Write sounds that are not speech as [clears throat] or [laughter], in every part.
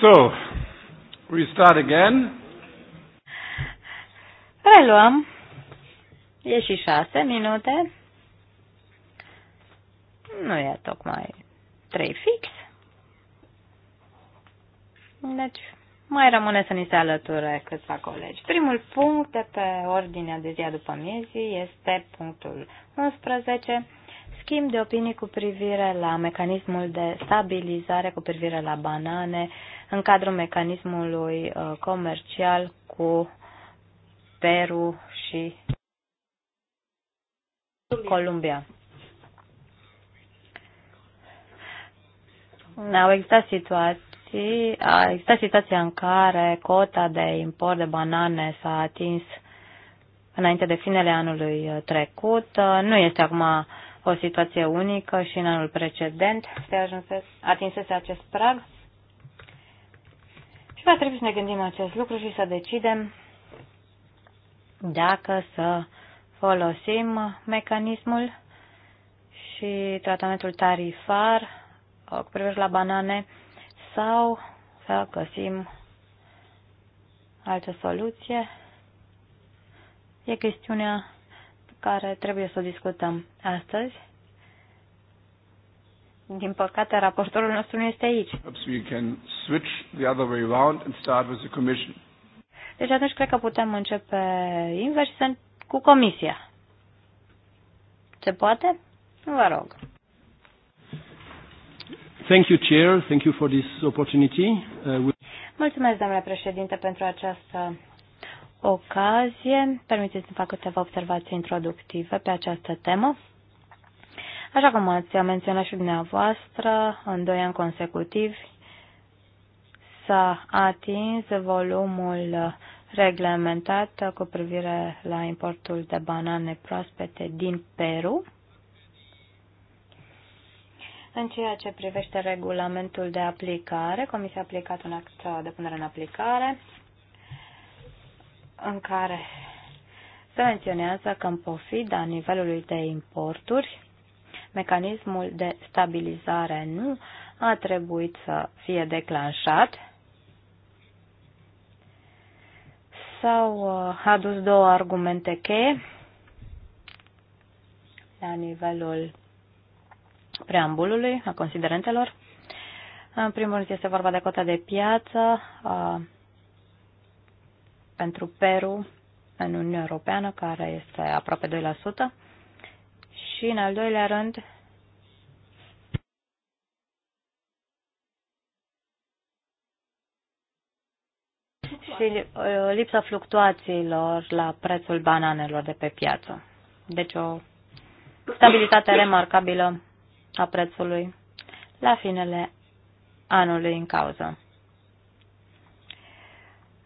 So, we start again. Reluăm. E și șase minute. Nu e tocmai trei fix. Deci, mai rămâne să ni se alăture câțiva colegi. Primul punct de pe ordinea de zi după miezii este punctul 11 schimb de opinii cu privire la mecanismul de stabilizare cu privire la banane în cadrul mecanismului uh, comercial cu Peru și Columbia. Au existat situații, a existat situația în care cota de import de banane s-a atins înainte de finele anului uh, trecut. Uh, nu este acum o situație unică și în anul precedent se ajunsese, atinsese acest prag. Și va trebui să ne gândim acest lucru și să decidem dacă să folosim mecanismul și tratamentul tarifar uh, cu privire la banane sau să găsim altă soluție. E chestiunea pe care trebuie să o discutăm astăzi. Din păcate, raportorul nostru nu este aici. Deci atunci cred că putem începe invers cu comisia. Se poate? Vă rog. Thank you, Chair. Thank you for this opportunity. Uh, Mulțumesc, domnule președinte, pentru această ocazie. Permiteți-mi să fac câteva observații introductive pe această temă. Așa cum ați menționat și dumneavoastră, în doi ani consecutivi s-a atins volumul reglementat cu privire la importul de banane proaspete din Peru. În ceea ce privește regulamentul de aplicare, Comisia a aplicat un act de punere în aplicare în care se menționează că în pofida nivelului de importuri mecanismul de stabilizare nu a trebuit să fie declanșat s-au uh, adus două argumente cheie la nivelul preambulului, a considerentelor. În primul rând este vorba de cota de piață a, uh, pentru Peru în Uniunea Europeană, care este aproape 2%. Și, în al doilea rând, și uh, lipsa fluctuațiilor la prețul bananelor de pe piață. Deci o stabilitate remarcabilă a prețului la finele anului în cauză.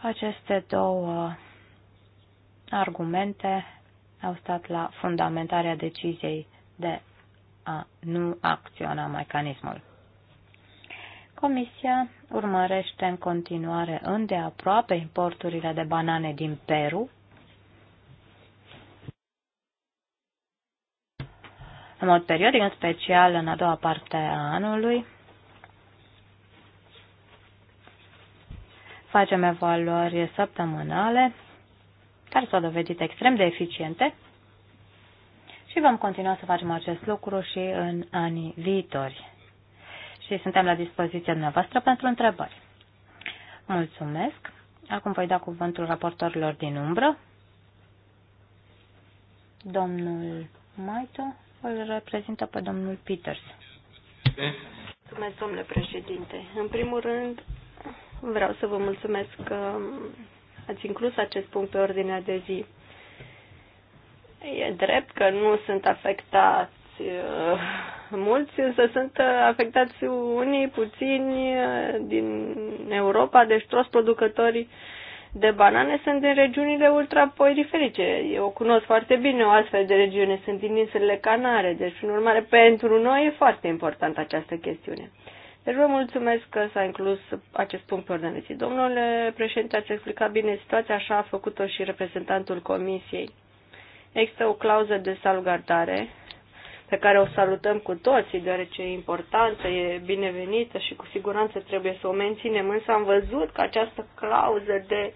Aceste două argumente au stat la fundamentarea deciziei de a nu acționa mecanismul. Comisia urmărește în continuare îndeaproape importurile de banane din Peru. În mod periodic, în special în a doua parte a anului, facem evaluări săptămânale care s-au dovedit extrem de eficiente și vom continua să facem acest lucru și în anii viitori. Și suntem la dispoziția dumneavoastră pentru întrebări. Mulțumesc. Acum voi da cuvântul raportorilor din umbră. Domnul Maito îl reprezintă pe domnul Peters. Mulțumesc, domnule președinte. În primul rând, vreau să vă mulțumesc um, ați inclus acest punct pe ordinea de zi. E drept că nu sunt afectați uh, mulți, însă sunt uh, afectați unii puțini uh, din Europa, deci toți producătorii de banane sunt din regiunile ultraperiferice. Eu cunosc foarte bine o astfel de regiune, sunt din insulele Canare, deci, în urmare, pentru noi e foarte importantă această chestiune. Deci vă mulțumesc că s-a inclus acest punct pe ordine zi. Domnule președinte, ați explicat bine situația, așa a făcut-o și reprezentantul comisiei. Există o clauză de salvgardare pe care o salutăm cu toții, deoarece e importantă, e binevenită și cu siguranță trebuie să o menținem, însă am văzut că această clauză de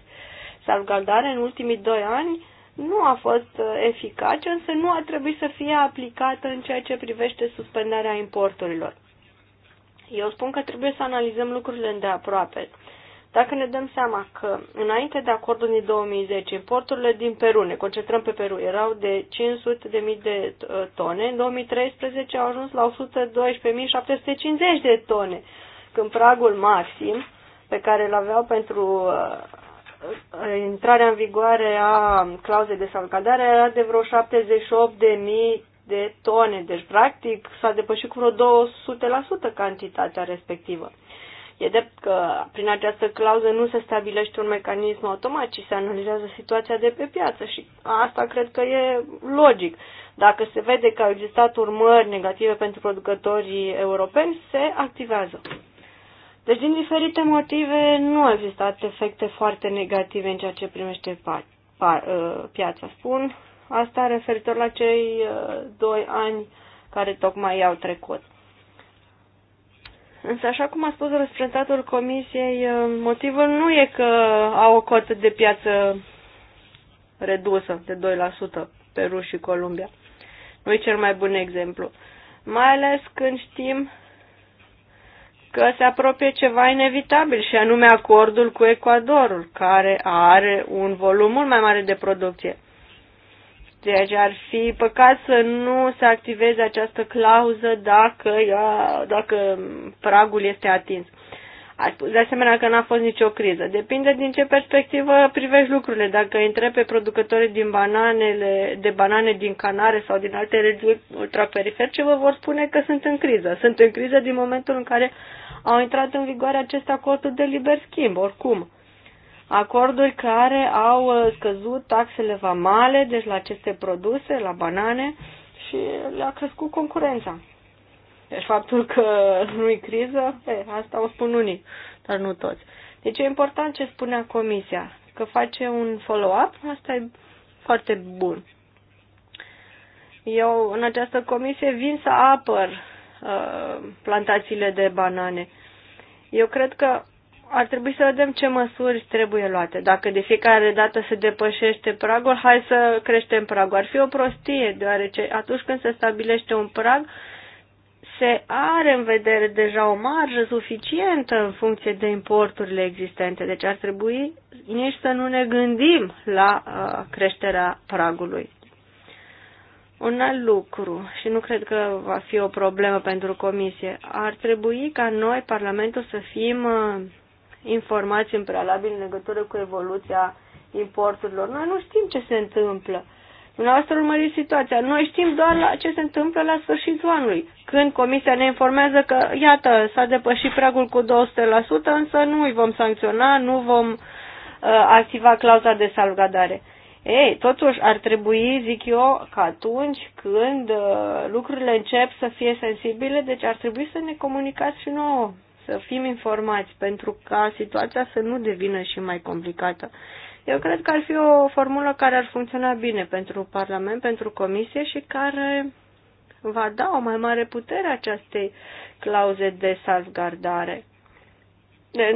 salvgardare în ultimii doi ani nu a fost uh, eficace, însă nu a trebuit să fie aplicată în ceea ce privește suspendarea importurilor. Eu spun că trebuie să analizăm lucrurile îndeaproape. Dacă ne dăm seama că înainte de acordul din 2010, importurile din Peru, ne concentrăm pe Peru, erau de 500.000 de uh, tone, în 2013 au ajuns la 112.750 de tone, când pragul maxim pe care îl aveau pentru uh, uh, intrarea în vigoare a clauzei de salvgardare era de vreo 78.000 de tone, deci practic s-a depășit cu vreo 200% cantitatea respectivă. E drept că prin această clauză nu se stabilește un mecanism automat, ci se analizează situația de pe piață și asta cred că e logic. Dacă se vede că au existat urmări negative pentru producătorii europeni, se activează. Deci, din diferite motive, nu au existat efecte foarte negative în ceea ce primește uh, piața. Spun Asta referitor la cei uh, doi ani care tocmai i-au trecut. Însă, așa cum a spus reprezentantul comisiei, uh, motivul nu e că au o cotă de piață redusă de 2% Peru și Columbia. Nu e cel mai bun exemplu. Mai ales când știm că se apropie ceva inevitabil și anume acordul cu Ecuadorul, care are un volum mult mai mare de producție. Ceea ce ar fi păcat să nu se activeze această clauză dacă, dacă pragul este atins. A spus de asemenea că n-a fost nicio criză. Depinde din ce perspectivă privești lucrurile. Dacă întrebi pe producătorii din bananele, de banane din Canare sau din alte regiuni ultraperiferice, vă vor spune că sunt în criză. Sunt în criză din momentul în care au intrat în vigoare aceste acorduri de liber schimb, oricum acorduri care au uh, scăzut taxele vamale, deci la aceste produse, la banane, și le-a crescut concurența. Deci faptul că [laughs] nu-i criză, e, asta o spun unii, dar nu toți. Deci e important ce spunea comisia, că face un follow-up, asta e foarte bun. Eu în această comisie vin să apăr uh, plantațiile de banane. Eu cred că ar trebui să vedem ce măsuri trebuie luate. Dacă de fiecare dată se depășește pragul, hai să creștem pragul. Ar fi o prostie, deoarece atunci când se stabilește un prag, se are în vedere deja o marjă suficientă în funcție de importurile existente. Deci ar trebui nici să nu ne gândim la uh, creșterea pragului. Un alt lucru, și nu cred că va fi o problemă pentru Comisie, ar trebui ca noi, Parlamentul, să fim uh, informații în prealabil în legătură cu evoluția importurilor. Noi nu știm ce se întâmplă. Dumneavoastră urmăriți situația. Noi știm doar la ce se întâmplă la sfârșitul anului, când comisia ne informează că, iată, s-a depășit pragul cu 200%, însă nu îi vom sancționa, nu vom uh, activa clauza de salvgardare. Ei, totuși ar trebui, zic eu, că atunci când uh, lucrurile încep să fie sensibile, deci ar trebui să ne comunicați și nouă să fim informați pentru ca situația să nu devină și mai complicată. Eu cred că ar fi o formulă care ar funcționa bine pentru Parlament, pentru Comisie și care va da o mai mare putere acestei clauze de salvgardare.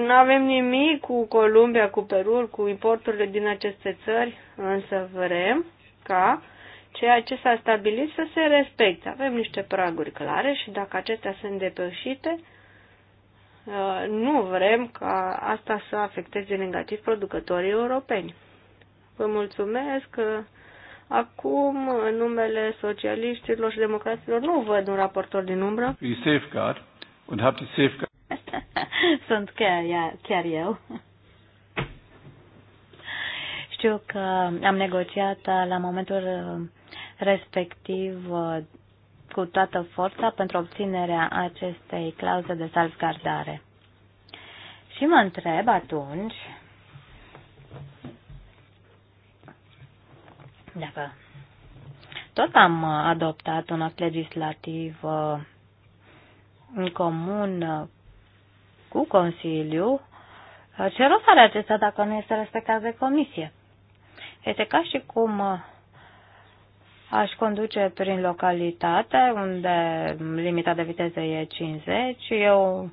Nu avem nimic cu Columbia, cu Peru, cu importurile din aceste țări, însă vrem ca ceea ce s-a stabilit să se respecte. Avem niște praguri clare și dacă acestea sunt depășite, Uh, nu vrem ca asta să afecteze negativ producătorii europeni. Vă mulțumesc. Uh, acum, în numele socialiștilor și democraților, nu văd un raportor din umbră. safeguard und die safeguard. [laughs] Sunt chiar, chiar eu. Știu că am negociat la momentul respectiv uh, cu toată forța pentru obținerea acestei clauze de salvgardare. Și mă întreb atunci dacă tot am adoptat un act legislativ uh, în comun uh, cu Consiliu, uh, ce rost are acesta dacă nu este respectat de Comisie? Este ca și cum aș conduce prin localitate unde limita de viteză e 50, eu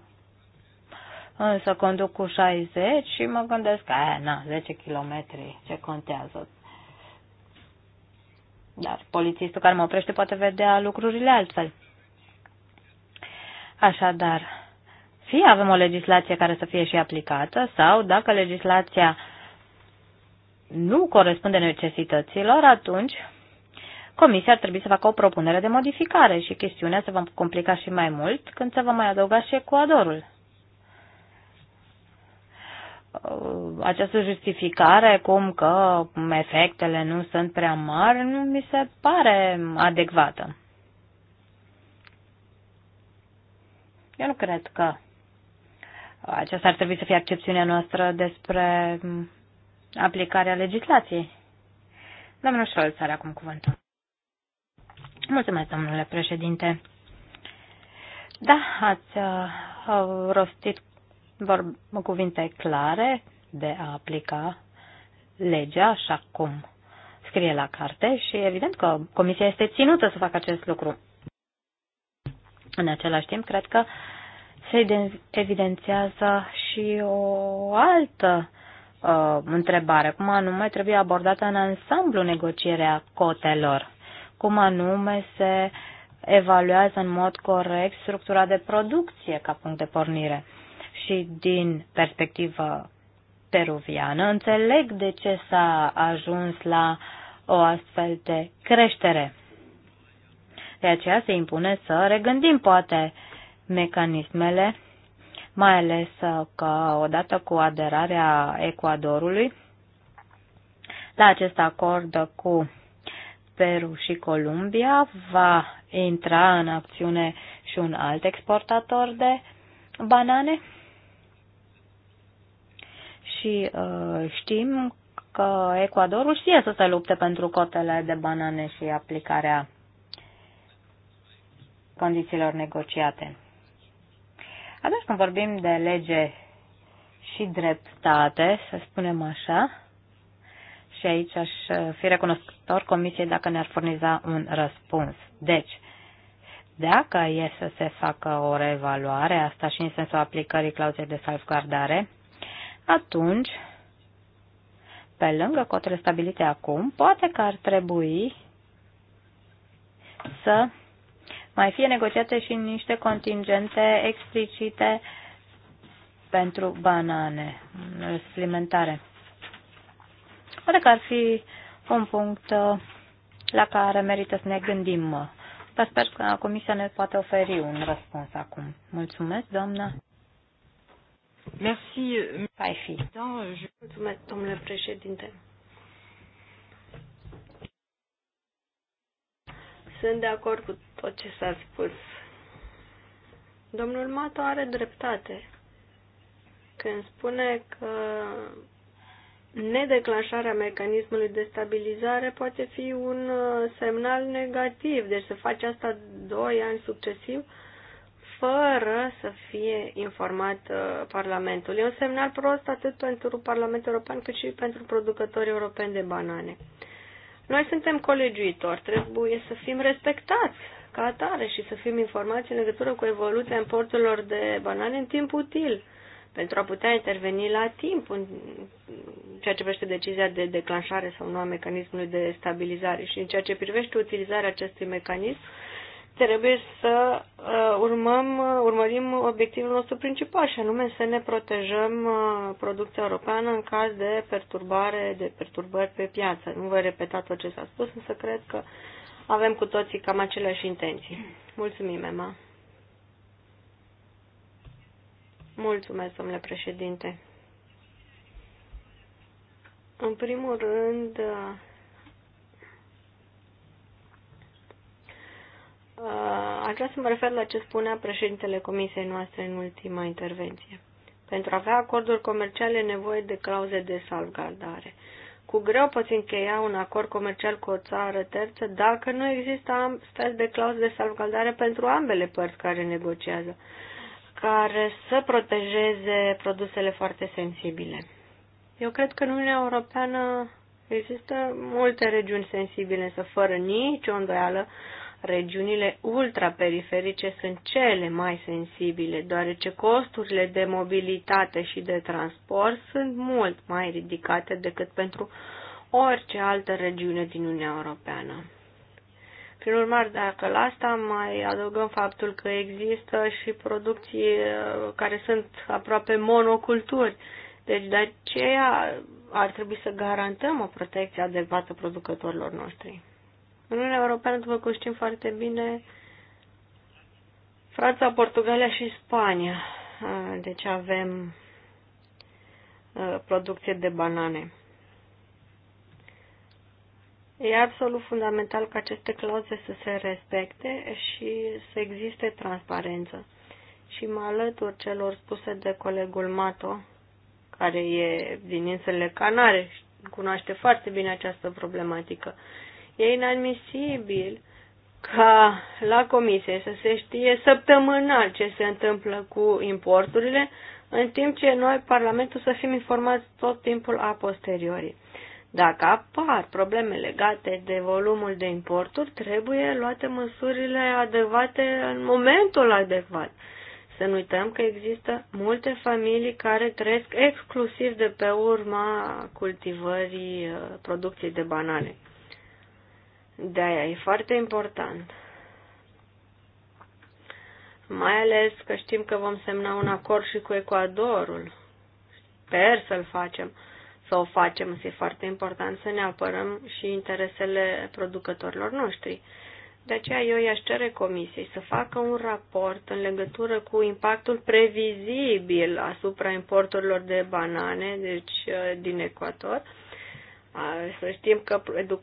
însă conduc cu 60 și mă gândesc, aia, na, 10 km, ce contează? Dar polițistul care mă oprește poate vedea lucrurile altfel. Așadar, fie avem o legislație care să fie și aplicată, sau dacă legislația nu corespunde necesităților, atunci Comisia ar trebui să facă o propunere de modificare și chestiunea se va complica și mai mult când se va mai adăuga și Ecuadorul. Uh, această justificare, cum că efectele nu sunt prea mari, nu mi se pare adecvată. Eu nu cred că aceasta ar trebui să fie accepțiunea noastră despre aplicarea legislației. Domnul Scholz are acum cuvântul. Mulțumesc, domnule președinte. Da, ați uh, rostit vorb, cuvinte clare de a aplica legea așa cum scrie la carte și evident că comisia este ținută să facă acest lucru. În același timp, cred că se evidențiază și o altă uh, întrebare, cum anume trebuie abordată în ansamblu negocierea cotelor cum anume se evaluează în mod corect structura de producție ca punct de pornire. Și din perspectivă peruviană, înțeleg de ce s-a ajuns la o astfel de creștere. De aceea se impune să regândim poate mecanismele, mai ales că odată cu aderarea Ecuadorului la acest acord cu Peru și Columbia, va intra în acțiune și un alt exportator de banane? Și uh, știm că Ecuadorul știe să se lupte pentru cotele de banane și aplicarea condițiilor negociate. Atunci când vorbim de lege și dreptate, să spunem așa, și aici aș uh, fi recunoscător Comisiei dacă ne-ar furniza un răspuns. Deci, dacă e să se facă o reevaluare, asta și în sensul aplicării clauzei de salvgardare, atunci, pe lângă cotele stabilite acum, poate că ar trebui să mai fie negociate și niște contingente explicite pentru banane suplimentare. Poate că ar fi un punct uh, la care merită să ne gândim. Uh. Dar sper că Comisia ne poate oferi un răspuns acum. Mulțumesc, doamnă. Merci. Ai Da, Mulțumesc, domnule președinte. Sunt de acord cu tot ce s-a spus. Domnul Mato are dreptate când spune că nedeclanșarea mecanismului de stabilizare poate fi un uh, semnal negativ, deci se face asta doi ani succesiv fără să fie informat uh, Parlamentul. E un semnal prost atât pentru Parlamentul European cât și pentru producătorii europeni de banane. Noi suntem colegiuitori, trebuie să fim respectați ca atare și să fim informați în legătură cu evoluția importurilor de banane în timp util pentru a putea interveni la timp în ceea ce privește decizia de declanșare sau nu a mecanismului de stabilizare. Și în ceea ce privește utilizarea acestui mecanism, trebuie să uh, urmăm, uh, urmărim obiectivul nostru principal și anume să ne protejăm uh, producția europeană în caz de perturbare, de perturbări pe piață. Nu voi repeta tot ce s-a spus, însă cred că avem cu toții cam aceleași intenții. Mulțumim, Emma! Mulțumesc, domnule președinte. În primul rând, uh, uh, aș vrea să mă refer la ce spunea președintele comisiei noastre în ultima intervenție. Pentru a avea acorduri comerciale nevoie de clauze de salvgardare. Cu greu poți încheia un acord comercial cu o țară terță dacă nu există astfel de clauze de salvgardare pentru ambele părți care negociază care să protejeze produsele foarte sensibile. Eu cred că în Uniunea Europeană există multe regiuni sensibile, însă fără nicio îndoială, regiunile ultraperiferice sunt cele mai sensibile, deoarece costurile de mobilitate și de transport sunt mult mai ridicate decât pentru orice altă regiune din Uniunea Europeană. Prin urmare, dacă la asta mai adăugăm faptul că există și producții uh, care sunt aproape monoculturi, deci de aceea ar trebui să garantăm o protecție adecvată producătorilor noștri. În Uniunea Europeană, după cum știm foarte bine, Franța, Portugalia și Spania. Uh, deci avem uh, producție de banane. E absolut fundamental ca aceste clauze să se respecte și să existe transparență. Și mă alătur celor spuse de colegul Mato, care e din insulele Canare și cunoaște foarte bine această problematică. E inadmisibil ca la comisie să se știe săptămânal ce se întâmplă cu importurile, în timp ce noi, Parlamentul, să fim informați tot timpul a posteriori. Dacă apar probleme legate de volumul de importuri, trebuie luate măsurile adecvate în momentul adecvat. Să nu uităm că există multe familii care trăiesc exclusiv de pe urma cultivării uh, producției de banane. De aia e foarte important. Mai ales că știm că vom semna un acord și cu Ecuadorul. Sper să-l facem să o facem, Este foarte important să ne apărăm și interesele producătorilor noștri. De aceea eu i-aș cere comisiei să facă un raport în legătură cu impactul previzibil asupra importurilor de banane, deci uh, din Ecuador. Să știm că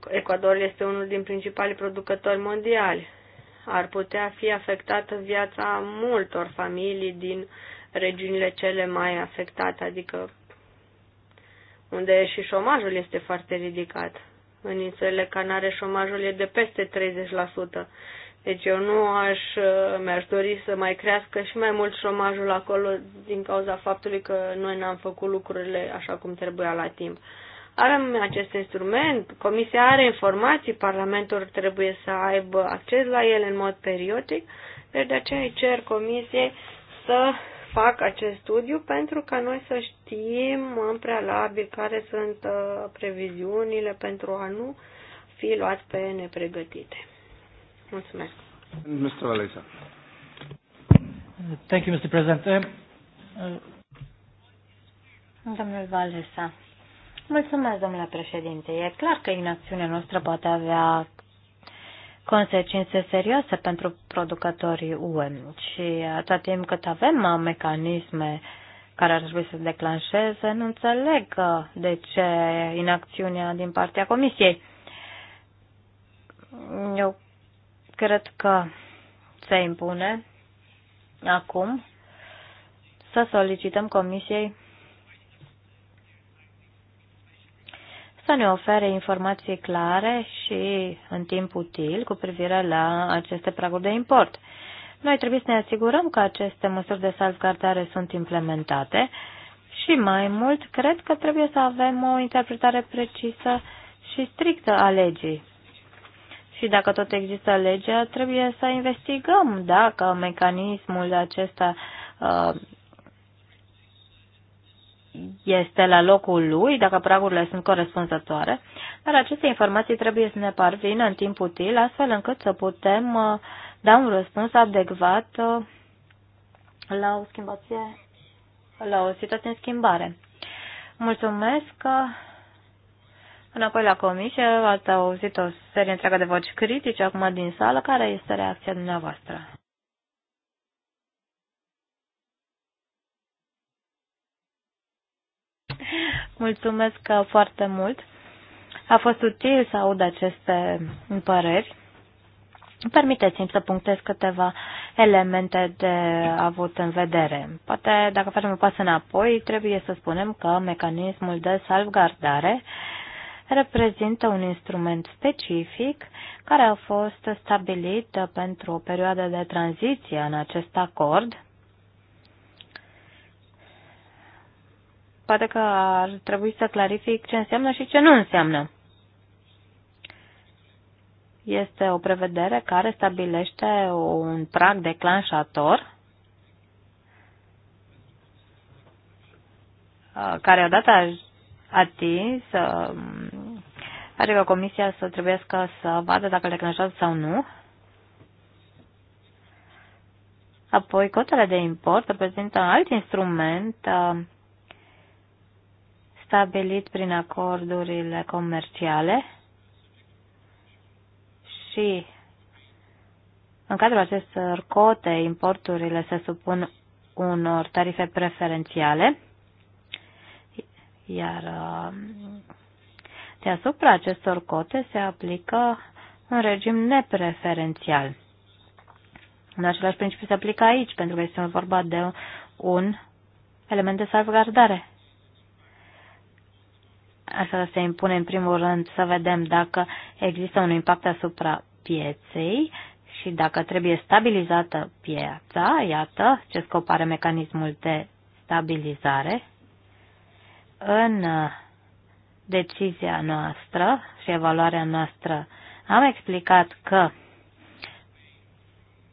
Ecuadorul este unul din principalii producători mondiali. Ar putea fi afectată viața multor familii din regiunile cele mai afectate, adică unde și șomajul este foarte ridicat. În țările canare șomajul e de peste 30%. Deci eu nu aș, uh, mi-aș dori să mai crească și mai mult șomajul acolo din cauza faptului că noi n-am făcut lucrurile așa cum trebuia la timp. Avem acest instrument, Comisia are informații, Parlamentul trebuie să aibă acces la ele în mod periodic, deci de aceea îi cer Comisiei să fac acest studiu pentru ca noi să știm în prealabil care sunt uh, previziunile pentru a nu fi luați pe nepregătite. Mulțumesc. Mr. Valesa. Thank you, Mr. President. Uh, uh, Domnul Valesa. Mulțumesc, domnule președinte. E clar că inacțiunea noastră poate avea consecințe serioase pentru producătorii UE. Și atât timp cât avem mecanisme care ar trebui să declanșeze, nu înțeleg uh, de ce inacțiunea din partea Comisiei. Eu cred că se impune acum să solicităm Comisiei să ne ofere informații clare și în timp util cu privire la aceste praguri de import. Noi trebuie să ne asigurăm că aceste măsuri de salvgardare sunt implementate și mai mult, cred că trebuie să avem o interpretare precisă și strictă a legii. Și dacă tot există legea, trebuie să investigăm dacă mecanismul acesta uh, este la locul lui, dacă pragurile sunt corespunzătoare, dar aceste informații trebuie să ne parvină în timp util, astfel încât să putem uh, da un răspuns adecvat uh, la o schimbație, la o situație în schimbare. Mulțumesc că uh, înapoi la comisie ați auzit o serie întreagă de voci critice acum din sală. Care este reacția dumneavoastră? [laughs] Mulțumesc uh, foarte mult. A fost util să aud aceste păreri. Permiteți-mi să punctez câteva elemente de avut în vedere. Poate, dacă facem un pas înapoi, trebuie să spunem că mecanismul de salvgardare reprezintă un instrument specific care a fost stabilit pentru o perioadă de tranziție în acest acord poate că ar trebui să clarific ce înseamnă și ce nu înseamnă. Este o prevedere care stabilește un prag declanșator uh, care odată atins uh, face ca comisia să trebuiască să vadă dacă le declanșează sau nu. Apoi, cotele de import reprezintă alt instrument uh, stabilit prin acordurile comerciale și în cadrul acestor cote, importurile se supun unor tarife preferențiale, iar uh, deasupra acestor cote se aplică un regim nepreferențial. În același principiu se aplică aici, pentru că este vorba de un element de salvgardare. Așa se impune în primul rând să vedem dacă există un impact asupra pieței și dacă trebuie stabilizată piața, iată ce scop are mecanismul de stabilizare. În uh, decizia noastră și evaluarea noastră am explicat că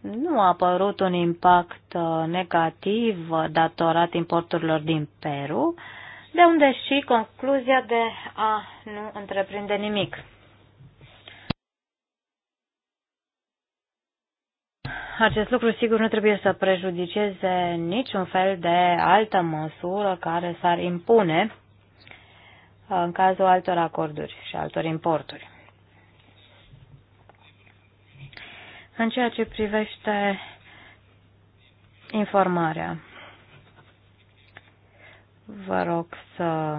nu a apărut un impact uh, negativ uh, datorat importurilor din Peru, de unde și concluzia de a nu întreprinde nimic. Acest lucru sigur nu trebuie să prejudiceze niciun fel de altă măsură care s-ar impune în cazul altor acorduri și altor importuri. În ceea ce privește informarea, Vă rog să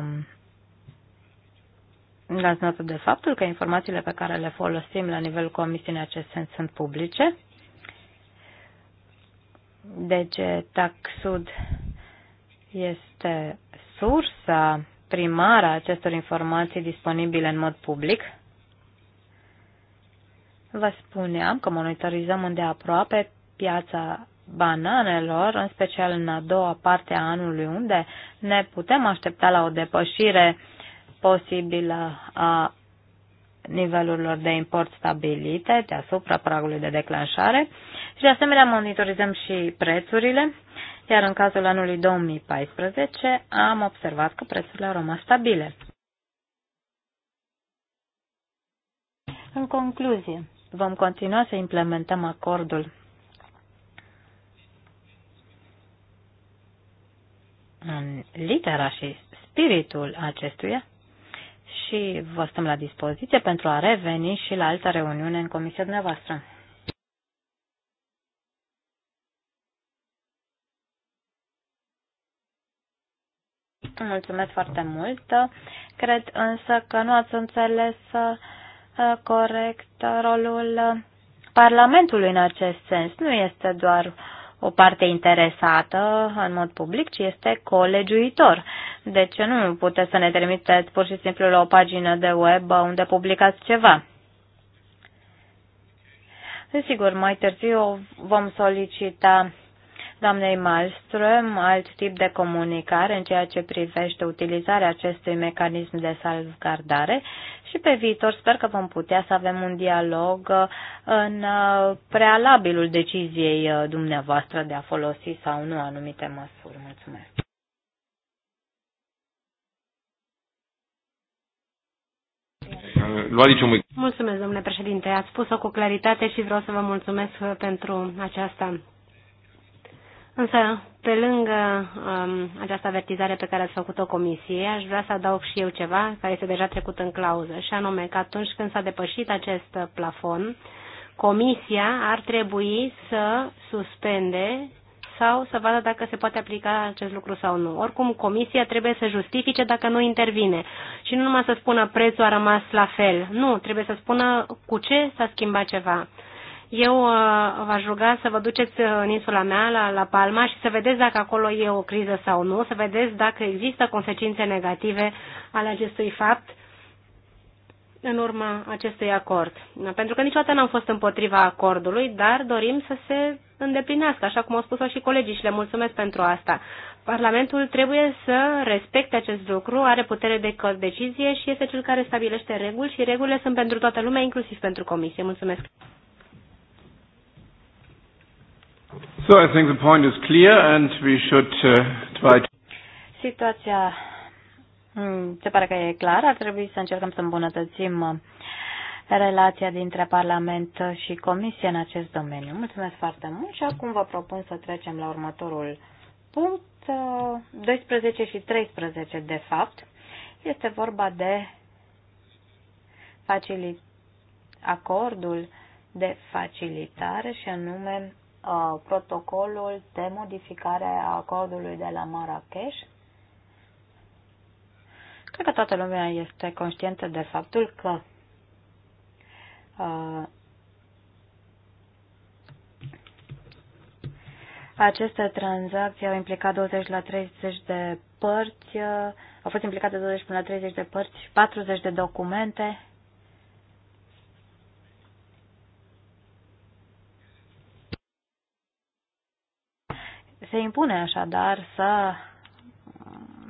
dați notă de faptul că informațiile pe care le folosim la nivelul comisiei în acest sens sunt publice. Deci, TACSUD este sursa primară a acestor informații disponibile în mod public. Vă spuneam că monitorizăm îndeaproape piața bananelor, în special în a doua parte a anului, unde ne putem aștepta la o depășire posibilă a nivelurilor de import stabilite deasupra pragului de declanșare și de asemenea monitorizăm și prețurile, iar în cazul anului 2014 am observat că prețurile au rămas stabile. În concluzie, vom continua să implementăm acordul în litera și spiritul acestuia și vă stăm la dispoziție pentru a reveni și la alta reuniune în comisia dumneavoastră. Mulțumesc foarte mult. Cred însă că nu ați înțeles uh, corect rolul Parlamentului în acest sens. Nu este doar o parte interesată în mod public, ci este colegiuitor. Deci nu puteți să ne trimiteți pur și simplu la o pagină de web unde publicați ceva. Desigur, mai târziu vom solicita doamnei Malmström alt tip de comunicare în ceea ce privește utilizarea acestui mecanism de salvgardare și pe viitor sper că vom putea să avem un dialog uh, în uh, prealabilul deciziei uh, dumneavoastră de a folosi sau nu anumite măsuri. Mulțumesc! Mulțumesc, domnule președinte. Ați spus-o cu claritate și vreau să vă mulțumesc pentru aceasta. Însă, pe lângă um, această avertizare pe care ați făcut-o comisie, aș vrea să adaug și eu ceva care este deja trecut în clauză, și anume că atunci când s-a depășit acest plafon, comisia ar trebui să suspende sau să vadă dacă se poate aplica acest lucru sau nu. Oricum, comisia trebuie să justifice dacă nu intervine. Și nu numai să spună prețul a rămas la fel. Nu, trebuie să spună cu ce s-a schimbat ceva. Eu uh, v-aș ruga să vă duceți uh, în insula mea, la, la Palma, și să vedeți dacă acolo e o criză sau nu, să vedeți dacă există consecințe negative ale acestui fapt în urma acestui acord. Pentru că niciodată n-am fost împotriva acordului, dar dorim să se îndeplinească, așa cum au spus-o și colegii și le mulțumesc pentru asta. Parlamentul trebuie să respecte acest lucru, are putere de decizie și este cel care stabilește reguli și regulile sunt pentru toată lumea, inclusiv pentru comisie. Mulțumesc! So I think the point is clear and we should uh, try to... Situația mm, se pare că e clar, ar trebui să încercăm să îmbunătățim uh, relația dintre Parlament și Comisie în acest domeniu. Mulțumesc foarte mult și acum vă propun să trecem la următorul punct, 12 uh, și 13 de fapt. Este vorba de facilit- acordul de facilitare și anume Uh, protocolul de modificare a acordului de la Marrakesh. Cred că toată lumea este conștientă de faptul că uh, aceste tranzacții au implicat 20 la 30 de părți, uh, au fost implicate 20 până la 30 de părți, 40 de documente Se impune așadar să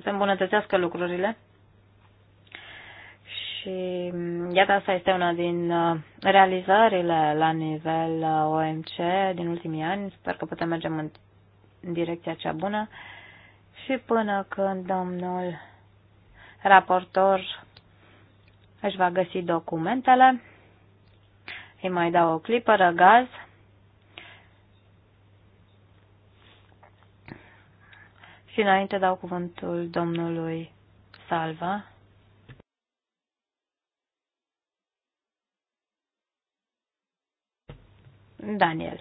se îmbunătățească lucrurile și iată asta este una din uh, realizările la nivel uh, OMC din ultimii ani. Sper că putem merge în, în direcția cea bună și până când domnul raportor își va găsi documentele, îi mai dau o clipă, răgaz. Și înainte dau cuvântul domnului Salva. Daniel.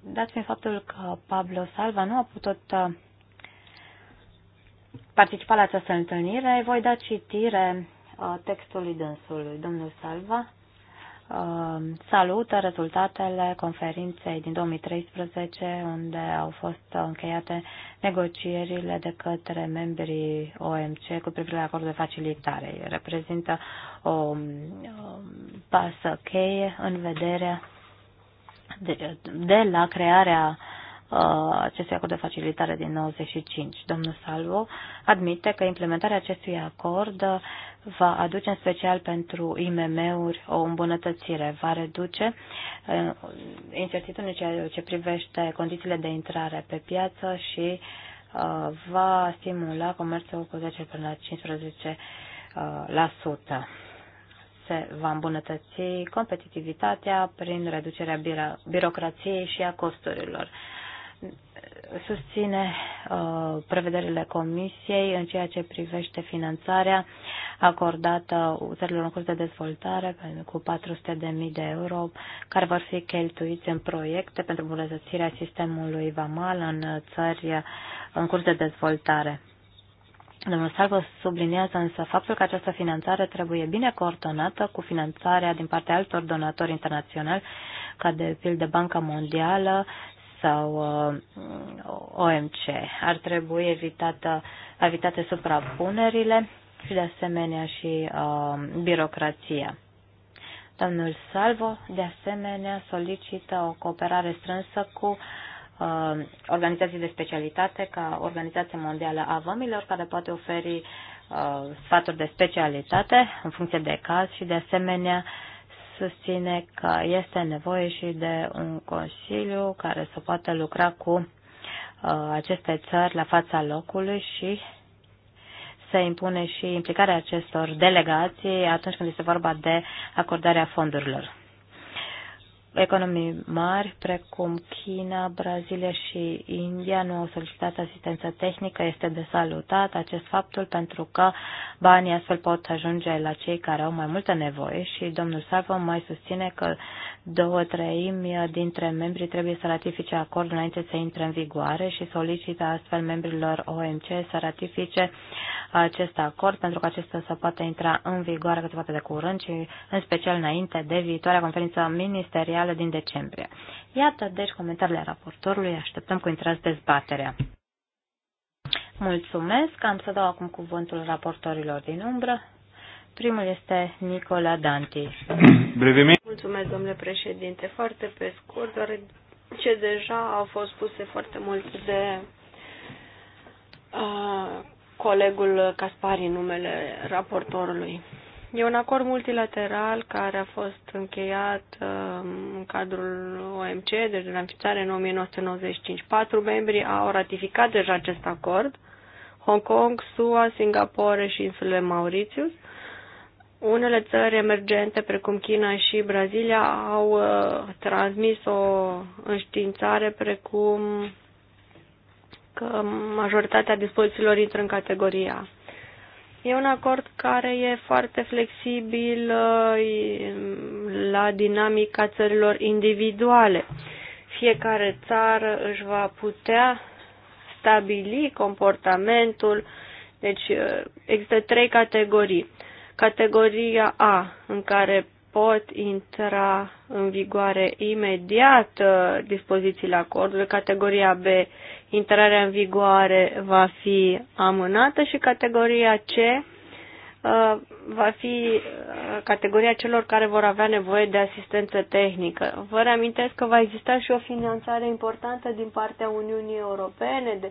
Dați mi faptul că Pablo Salva nu a putut uh, participa la această întâlnire, voi da citire uh, textului dânsului. Domnul Salva Um, salută rezultatele conferinței din 2013, unde au fost încheiate negocierile de către membrii OMC cu privire la acordul de facilitare. Reprezintă o um, pasă cheie în vederea de, de la crearea Uh, acestui acord de facilitare din 95. Domnul Salvo admite că implementarea acestui acord va aduce în special pentru IMM-uri o îmbunătățire, va reduce uh, incertitudinea ce privește condițiile de intrare pe piață și uh, va stimula comerțul cu 10 până la 15%. Se va îmbunătăți competitivitatea prin reducerea birocrației și a costurilor susține uh, prevederile Comisiei în ceea ce privește finanțarea acordată țărilor în curs de dezvoltare cu 400.000 de euro care vor fi cheltuiți în proiecte pentru îmbunătățirea sistemului VAMAL în țări în curs de dezvoltare. Domnul Salvo subliniază însă faptul că această finanțare trebuie bine coordonată cu finanțarea din partea altor donatori internaționali, ca de pildă Banca Mondială sau uh, OMC. Ar trebui evitată, evitate suprapunerile și de asemenea și uh, birocrația. Domnul Salvo, de asemenea, solicită o cooperare strânsă cu uh, organizații de specialitate ca Organizația Mondială a Vămilor, care poate oferi uh, sfaturi de specialitate în funcție de caz și, de asemenea, uh, susține că este nevoie și de un consiliu care să poată lucra cu uh, aceste țări la fața locului și să impune și implicarea acestor delegații atunci când este vorba de acordarea fondurilor economii mari precum China, Brazilia și India nu au solicitat asistență tehnică, este de salutat acest faptul pentru că banii astfel pot ajunge la cei care au mai multă nevoie și domnul Sarvo mai susține că două treimi dintre membri trebuie să ratifice acordul înainte să intre în vigoare și solicită astfel membrilor OMC să ratifice acest acord pentru că acesta să poată intra în vigoare cât poate de curând și în special înainte de viitoarea conferință ministerială din decembrie. Iată deci comentariile raportorului, așteptăm cu interes dezbaterea. Mulțumesc, am să dau acum cuvântul raportorilor din umbră. Primul este Nicola Danti. [clears throat] Brevemente. Mulțumesc, domnule președinte. Foarte pe scurt, doar ce deja au fost puse foarte multe de uh, colegul Caspari, numele raportorului. E un acord multilateral care a fost încheiat uh, în cadrul OMC, deci de la înființare în 1995. Patru membri au ratificat deja acest acord, Hong Kong, SUA, Singapore și insulele Mauritius. Uh, unele țări emergente, precum China și Brazilia, au uh, transmis o înștiințare precum că majoritatea dispozițiilor intră în categoria. E un acord care e foarte flexibil uh, la dinamica țărilor individuale. Fiecare țară își va putea stabili comportamentul. Deci uh, există trei categorii. Categoria A, în care pot intra în vigoare imediat uh, dispozițiile acordului. Categoria B, intrarea în vigoare va fi amânată și categoria C uh, va fi uh, categoria celor care vor avea nevoie de asistență tehnică. Vă reamintesc că va exista și o finanțare importantă din partea Uniunii Europene de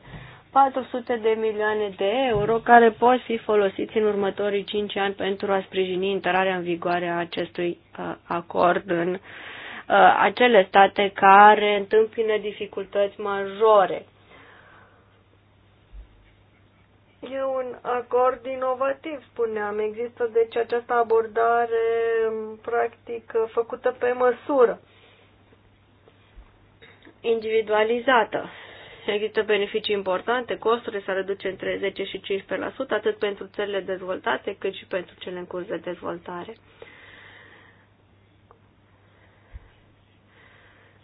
400 de milioane de euro care pot fi folosiți în următorii 5 ani pentru a sprijini intrarea în vigoare a acestui uh, acord în uh, acele state care întâmpină dificultăți majore. E un acord inovativ, spuneam. Există deci această abordare um, practic făcută pe măsură, individualizată. Există beneficii importante, costurile s-ar reduce între 10 și 15%, atât pentru țările dezvoltate, cât și pentru cele în curs de dezvoltare.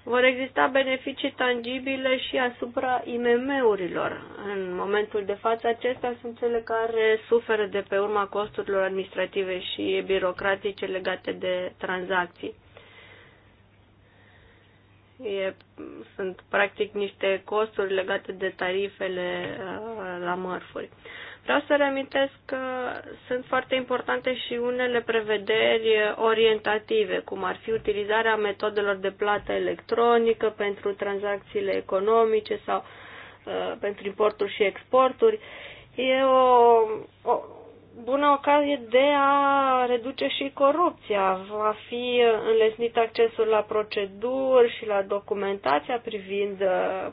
Vor exista beneficii tangibile și asupra IMM-urilor. În momentul de față, acestea sunt cele care suferă de pe urma costurilor administrative și birocratice legate de tranzacții. E, sunt practic niște costuri legate de tarifele uh, la mărfuri. Vreau să reamintesc că sunt foarte importante și unele prevederi orientative, cum ar fi utilizarea metodelor de plată electronică pentru tranzacțiile economice sau uh, pentru importuri și exporturi. E o, o, bună ocazie de a reduce și corupția. Va fi înlesnit accesul la proceduri și la documentația privind uh,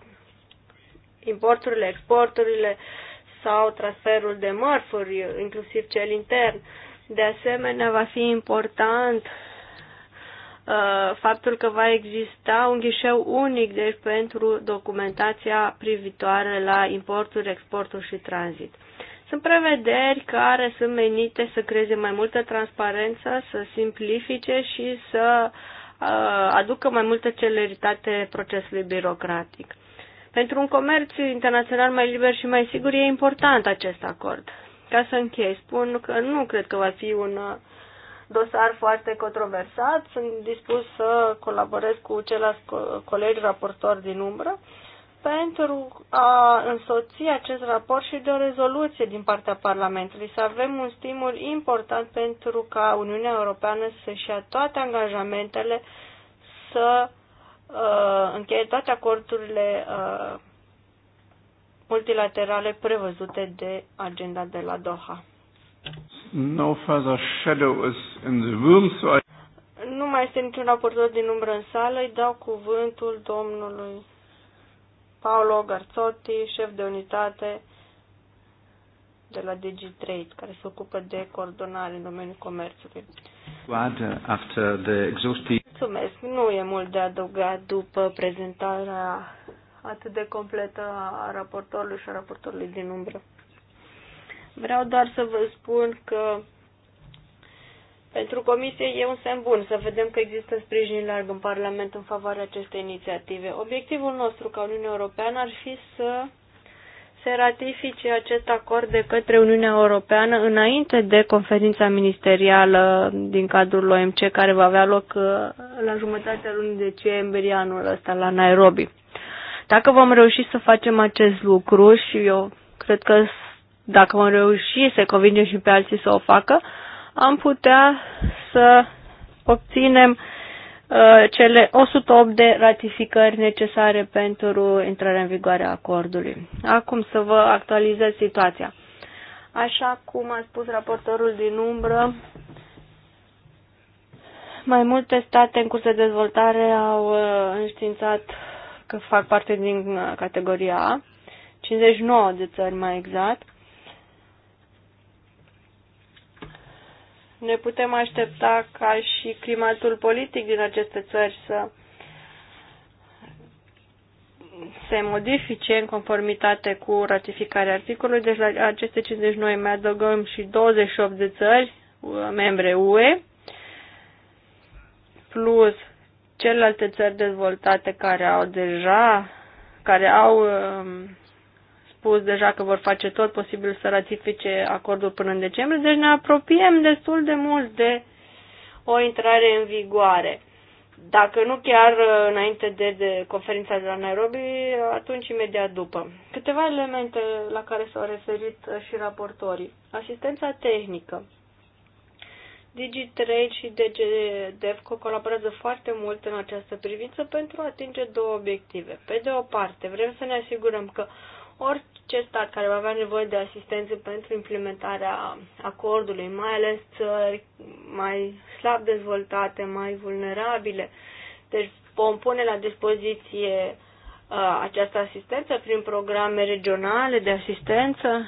importurile, exporturile sau transferul de mărfuri, inclusiv cel intern. De asemenea, va fi important uh, faptul că va exista un ghișeu unic deci pentru documentația privitoare la importuri, exporturi și tranzit. Sunt prevederi care sunt menite să creeze mai multă transparență, să simplifice și să uh, aducă mai multă celeritate procesului birocratic. Pentru un comerț internațional mai liber și mai sigur e important acest acord. Ca să închei, spun că nu cred că va fi un uh, dosar foarte controversat. Sunt dispus să colaborez cu ceilalți colegi raportori din umbră pentru a însoți acest raport și de o rezoluție din partea Parlamentului, să avem un stimul important pentru ca Uniunea Europeană să-și ia toate angajamentele, să uh, încheie toate acordurile uh, multilaterale prevăzute de agenda de la Doha. No further shadow is in the room, so I... Nu mai este niciun raportor din umbră în sală, îi dau cuvântul domnului Paolo Garzotti, șef de unitate de la DigiTrade, care se ocupă de coordonare în domeniul comerțului. Uh, after the exhaustive... Mulțumesc. Nu e mult de adăugat după prezentarea atât de completă a raportorului și a raportorului din umbră. Vreau doar să vă spun că pentru comisie e un semn bun să vedem că există sprijin larg în Parlament în favoarea acestei inițiative. Obiectivul nostru ca Uniunea Europeană ar fi să se ratifice acest acord de către Uniunea Europeană înainte de conferința ministerială din cadrul OMC care va avea loc uh, la jumătatea lunii decembrie anul ăsta la Nairobi. Dacă vom reuși să facem acest lucru și eu cred că dacă vom reuși să convingem și pe alții să o facă, am putea să obținem uh, cele 108 de ratificări necesare pentru intrarea în vigoare a acordului. Acum să vă actualizez situația. Așa cum a spus raportorul din umbră, mai multe state în curs de dezvoltare au uh, înștiințat că fac parte din uh, categoria A, 59 de țări mai exact, ne putem aștepta ca și climatul politic din aceste țări să se modifice în conformitate cu ratificarea articolului. Deci la aceste 59 mai adăugăm și 28 de țări uh, membre UE plus celelalte țări dezvoltate care au deja care au um, spus deja că vor face tot posibil să ratifice acordul până în decembrie, deci ne apropiem destul de mult de o intrare în vigoare. Dacă nu chiar uh, înainte de, de conferința de la Nairobi, uh, atunci imediat după. Câteva elemente la care s-au referit uh, și raportorii. Asistența tehnică. DigiTrade și DGDevco colaborează foarte mult în această privință pentru a atinge două obiective. Pe de o parte, vrem să ne asigurăm că uh, orice stat care va avea nevoie de asistență pentru implementarea acordului, mai ales țări mai slab dezvoltate, mai vulnerabile. Deci vom pune la dispoziție uh, această asistență prin programe regionale de asistență.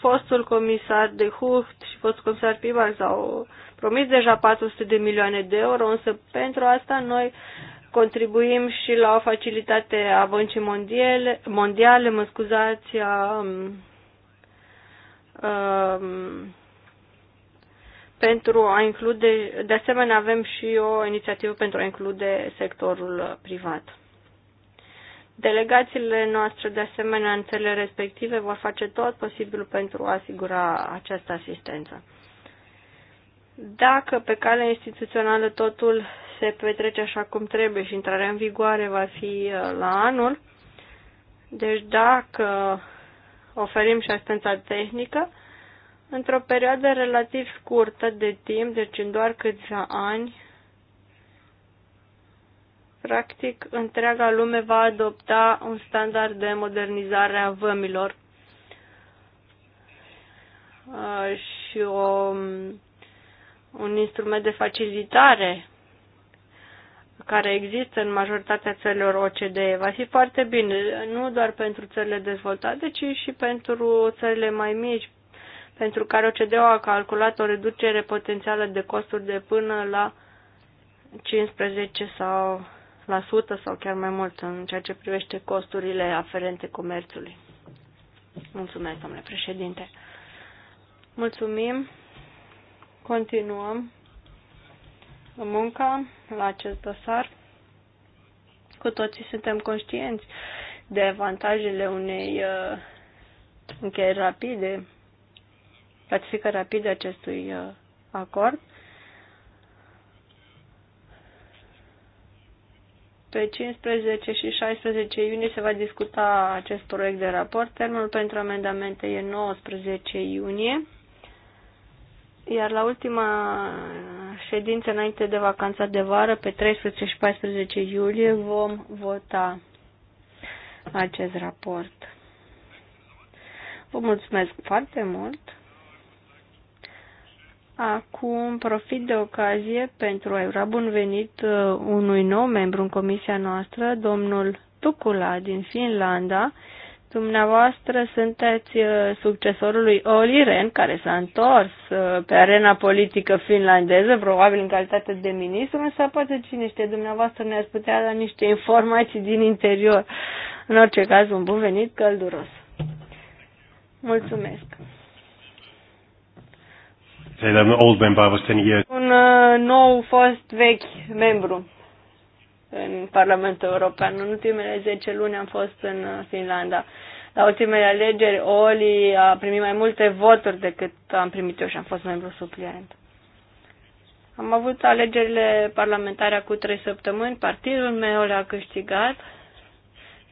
Fostul comisar de Hucht și fostul comisar Pibar au promis deja 400 de milioane de euro, însă pentru asta noi uh, contribuim și la o facilitate a băncii mondiale, mondiale mă scuzați, a, a, um, um, pentru a include, de asemenea avem și o inițiativă pentru a include sectorul privat. Delegațiile noastre, de asemenea, în țările respective vor face tot posibilul pentru a asigura această asistență. Dacă pe cale instituțională totul se petrece așa cum trebuie și intrarea în vigoare va fi uh, la anul. Deci dacă oferim și asistența tehnică, într-o perioadă relativ scurtă de timp, deci în doar câțiva ani, practic întreaga lume va adopta un standard de modernizare a vămilor uh, și o, um, un instrument de facilitare care există în majoritatea țărilor OCDE va fi foarte bine, nu doar pentru țările dezvoltate, ci și pentru țările mai mici, pentru care OCDE a calculat o reducere potențială de costuri de până la 15 sau la 100 sau chiar mai mult în ceea ce privește costurile aferente comerțului. Mulțumesc, domnule președinte. Mulțumim. Continuăm munca la acest dosar. Cu toții suntem conștienți de avantajele unei uh, încheieri rapide, ratifică rapide acestui uh, acord. Pe 15 și 16 iunie se va discuta acest proiect de raport. Termenul pentru amendamente e 19 iunie. Iar la ultima ședință înainte de vacanța de vară, pe 13 și 14 iulie, vom vota acest raport. Vă mulțumesc foarte mult! Acum profit de ocazie pentru a ura bun venit uh, unui nou membru în comisia noastră, domnul Tucula din Finlanda, Dumneavoastră sunteți uh, succesorul lui Oli Ren, care s-a întors uh, pe arena politică finlandeză, probabil în calitate de ministru, însă poate cine știe, dumneavoastră ne-ați putea da niște informații din interior. În orice caz, un bun venit călduros. Mulțumesc. Un uh, nou fost vechi membru în Parlamentul European. În ultimele 10 luni am fost în Finlanda. La ultimele alegeri, Oli a primit mai multe voturi decât am primit eu și am fost membru supliant. Am avut alegerile parlamentare cu trei săptămâni, partidul meu le-a câștigat.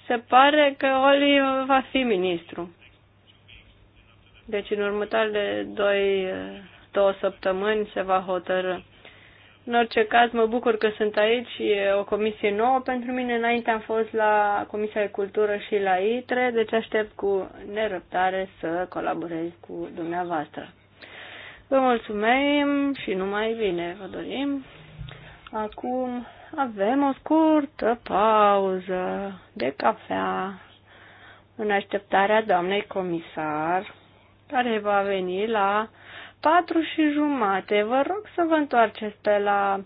Se pare că Oli va fi ministru. Deci în următoarele doi, două săptămâni se va hotărâ. În orice caz, mă bucur că sunt aici, e o comisie nouă pentru mine. Înainte am fost la Comisia de Cultură și la ITRE, deci aștept cu nerăbdare să colaborez cu dumneavoastră. Vă mulțumim și numai bine vă dorim. Acum avem o scurtă pauză de cafea în așteptarea doamnei comisar care va veni la patru și jumate. Vă rog să vă întoarceți pe la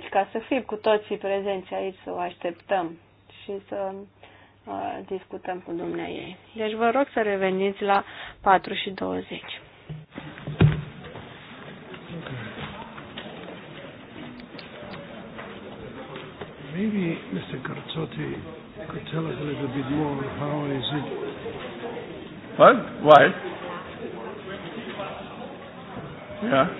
4.20 ca să fim cu toții prezenți aici, să o așteptăm și să uh, discutăm cu dumneai. ei. Deci vă rog să reveniți la 4 și 20. Maybe Mr. Garzotti could tell us a little bit more how is it What? Why? Yeah.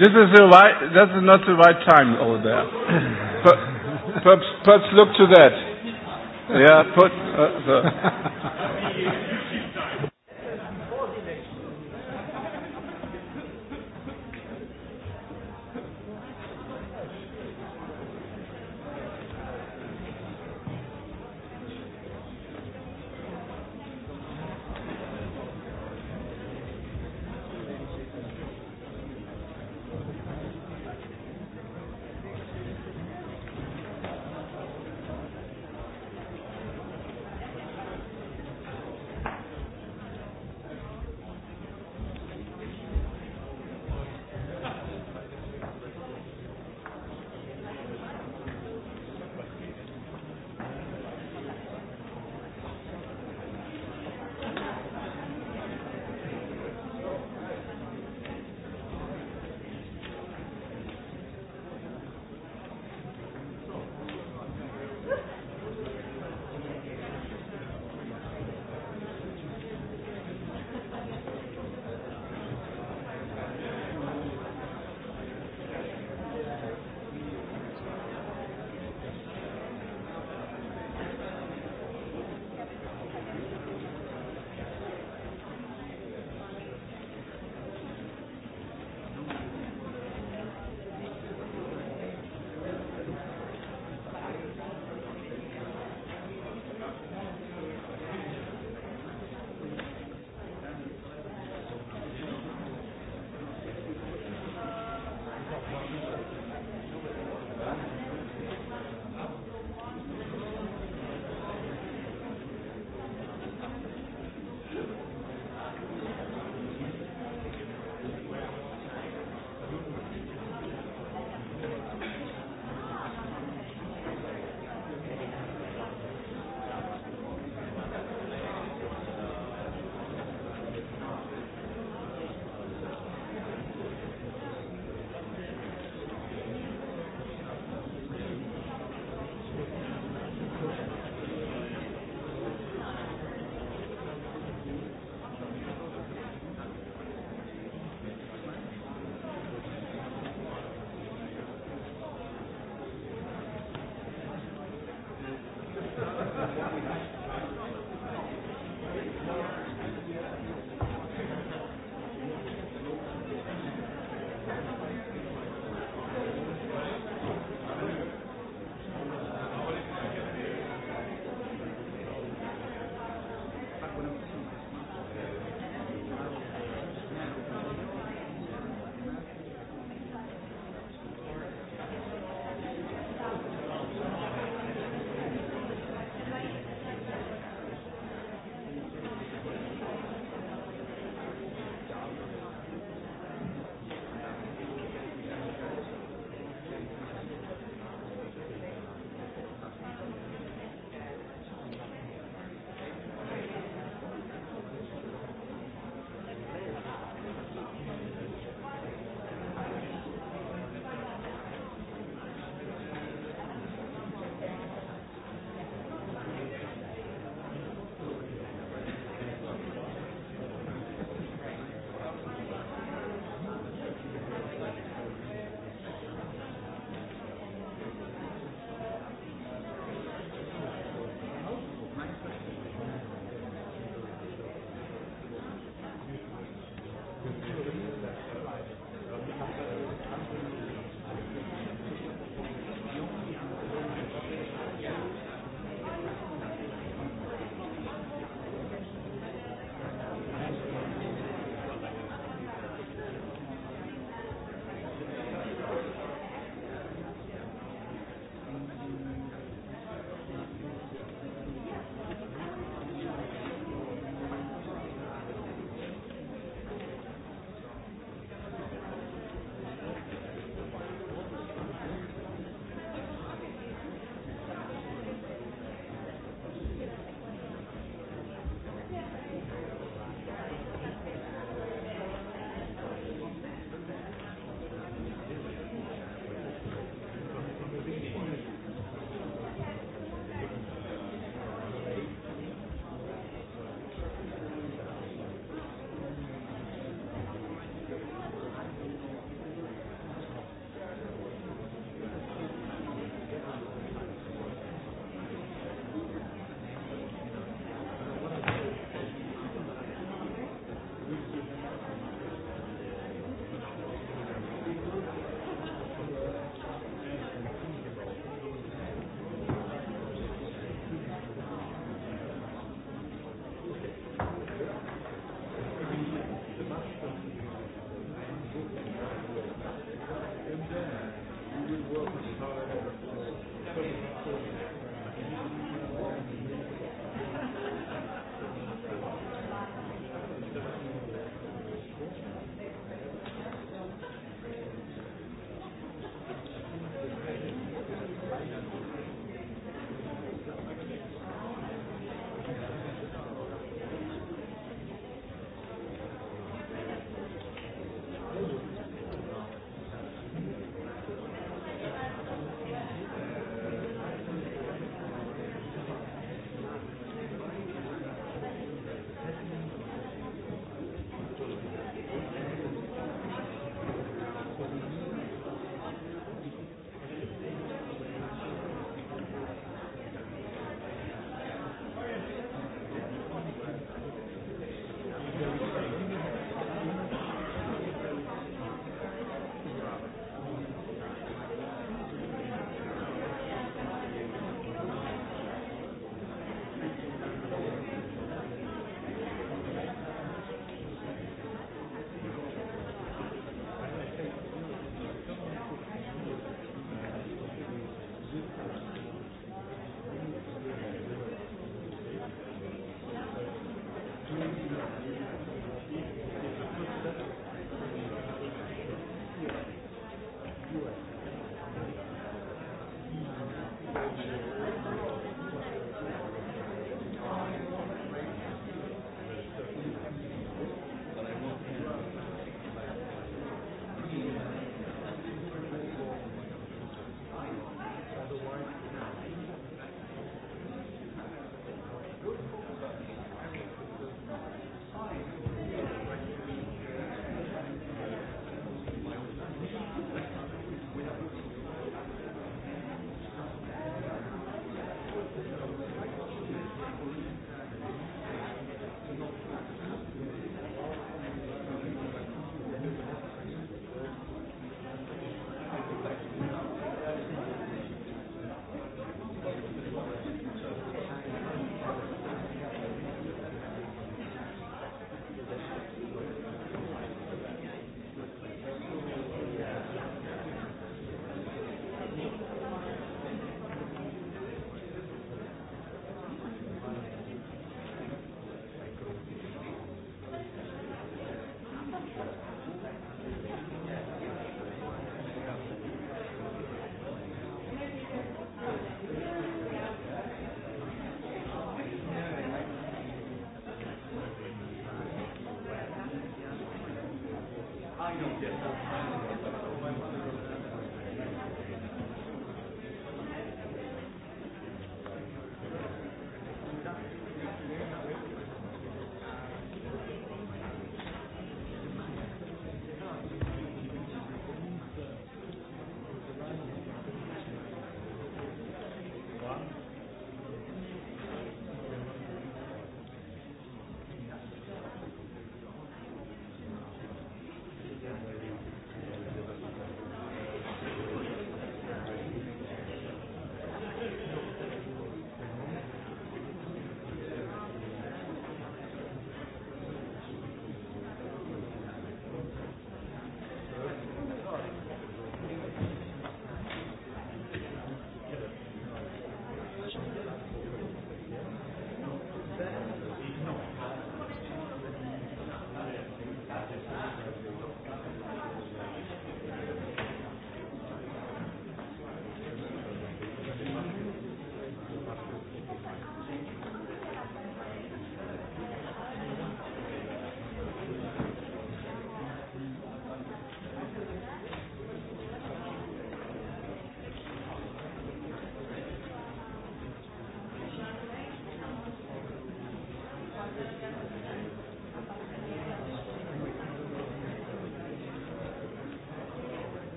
This is the right. This is not the right time over there. [laughs] perhaps, perhaps look to that. Yeah. Put. Uh, the [laughs]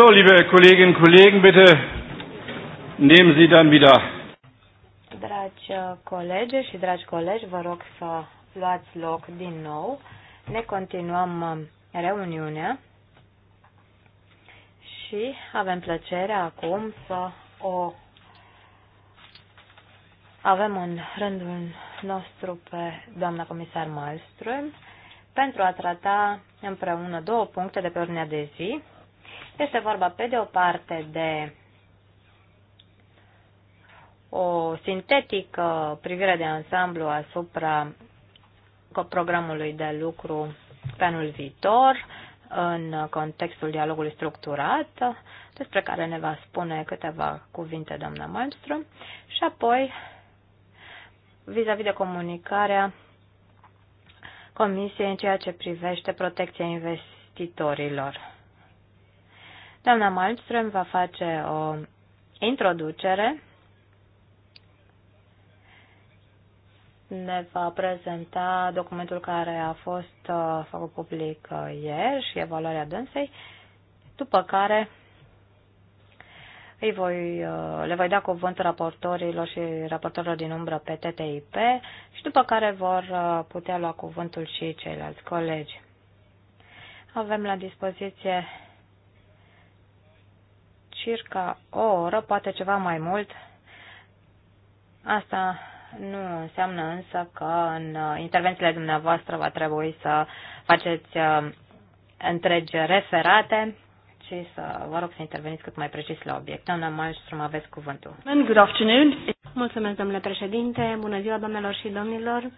So, liebe Kolleginnen und Kollegen, bitte nehmen Sie dann wieder. Dragi uh, colegi și dragi colegi, vă rog să luați loc din nou. Ne continuăm uh, reuniunea și avem plăcerea acum să o avem în rândul nostru pe doamna comisar Malmström pentru a trata împreună două puncte de pe ordinea de zi. Este vorba pe de o parte de o sintetică privire de ansamblu asupra programului de lucru pe anul viitor în contextul dialogului structurat, despre care ne va spune câteva cuvinte doamna Malmström, și apoi vis-a-vis -vis de comunicarea Comisiei în ceea ce privește protecția investitorilor. Doamna Malmström va face o introducere, ne va prezenta documentul care a fost uh, făcut public uh, ieri și evaluarea dânsei, după care îi voi, uh, le voi da cuvânt raportorilor și raportorilor din umbră pe TTIP și după care vor putea lua cuvântul și ceilalți colegi. Avem la dispoziție circa o oră, poate ceva mai mult. Asta nu înseamnă însă că în uh, intervențiile dumneavoastră va trebui să faceți uh, întregi referate, ci să vă rog să interveniți cât mai precis la obiect. Doamna mă aveți cuvântul. Good afternoon. Mulțumesc, domnule președinte. Bună ziua, doamnelor și domnilor.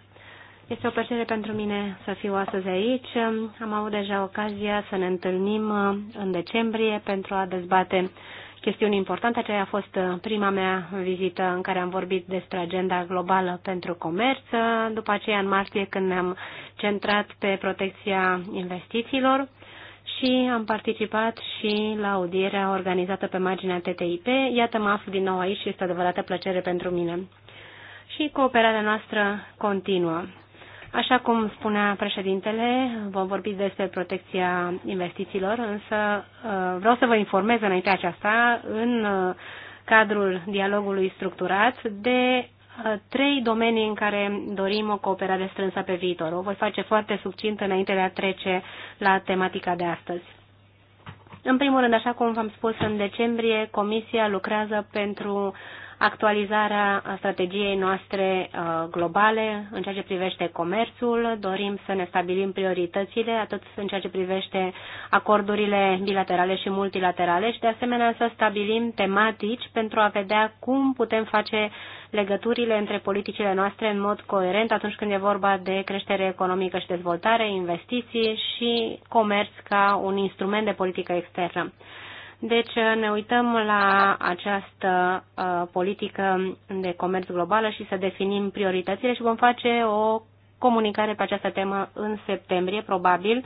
Este o plăcere pentru mine să fiu astăzi aici. Am avut deja ocazia să ne întâlnim uh, în decembrie pentru a dezbate chestiuni importante. Aceea a fost uh, prima mea vizită în care am vorbit despre agenda globală pentru comerț. Uh, după aceea, în martie, când ne-am centrat pe protecția investițiilor și am participat și la audierea organizată pe marginea TTIP. Iată, mă aflu din nou aici și este o adevărată plăcere pentru mine. Și cooperarea noastră continuă. Așa cum spunea președintele, vom vorbi despre protecția investițiilor, însă uh, vreau să vă informez înainte aceasta, în uh, cadrul dialogului structurat, de uh, trei domenii în care dorim o cooperare strânsă pe viitor. O voi face foarte subțint înainte de a trece la tematica de astăzi. În primul rând, așa cum v-am spus în decembrie, Comisia lucrează pentru actualizarea strategiei noastre uh, globale în ceea ce privește comerțul. Dorim să ne stabilim prioritățile, atât în ceea ce privește acordurile bilaterale și multilaterale și, de asemenea, să stabilim tematici pentru a vedea cum putem face legăturile între politicile noastre în mod coerent atunci când e vorba de creștere economică și dezvoltare, investiții și comerț ca un instrument de politică externă. Deci ne uităm la această uh, politică de comerț globală și să definim prioritățile și vom face o comunicare pe această temă în septembrie, probabil,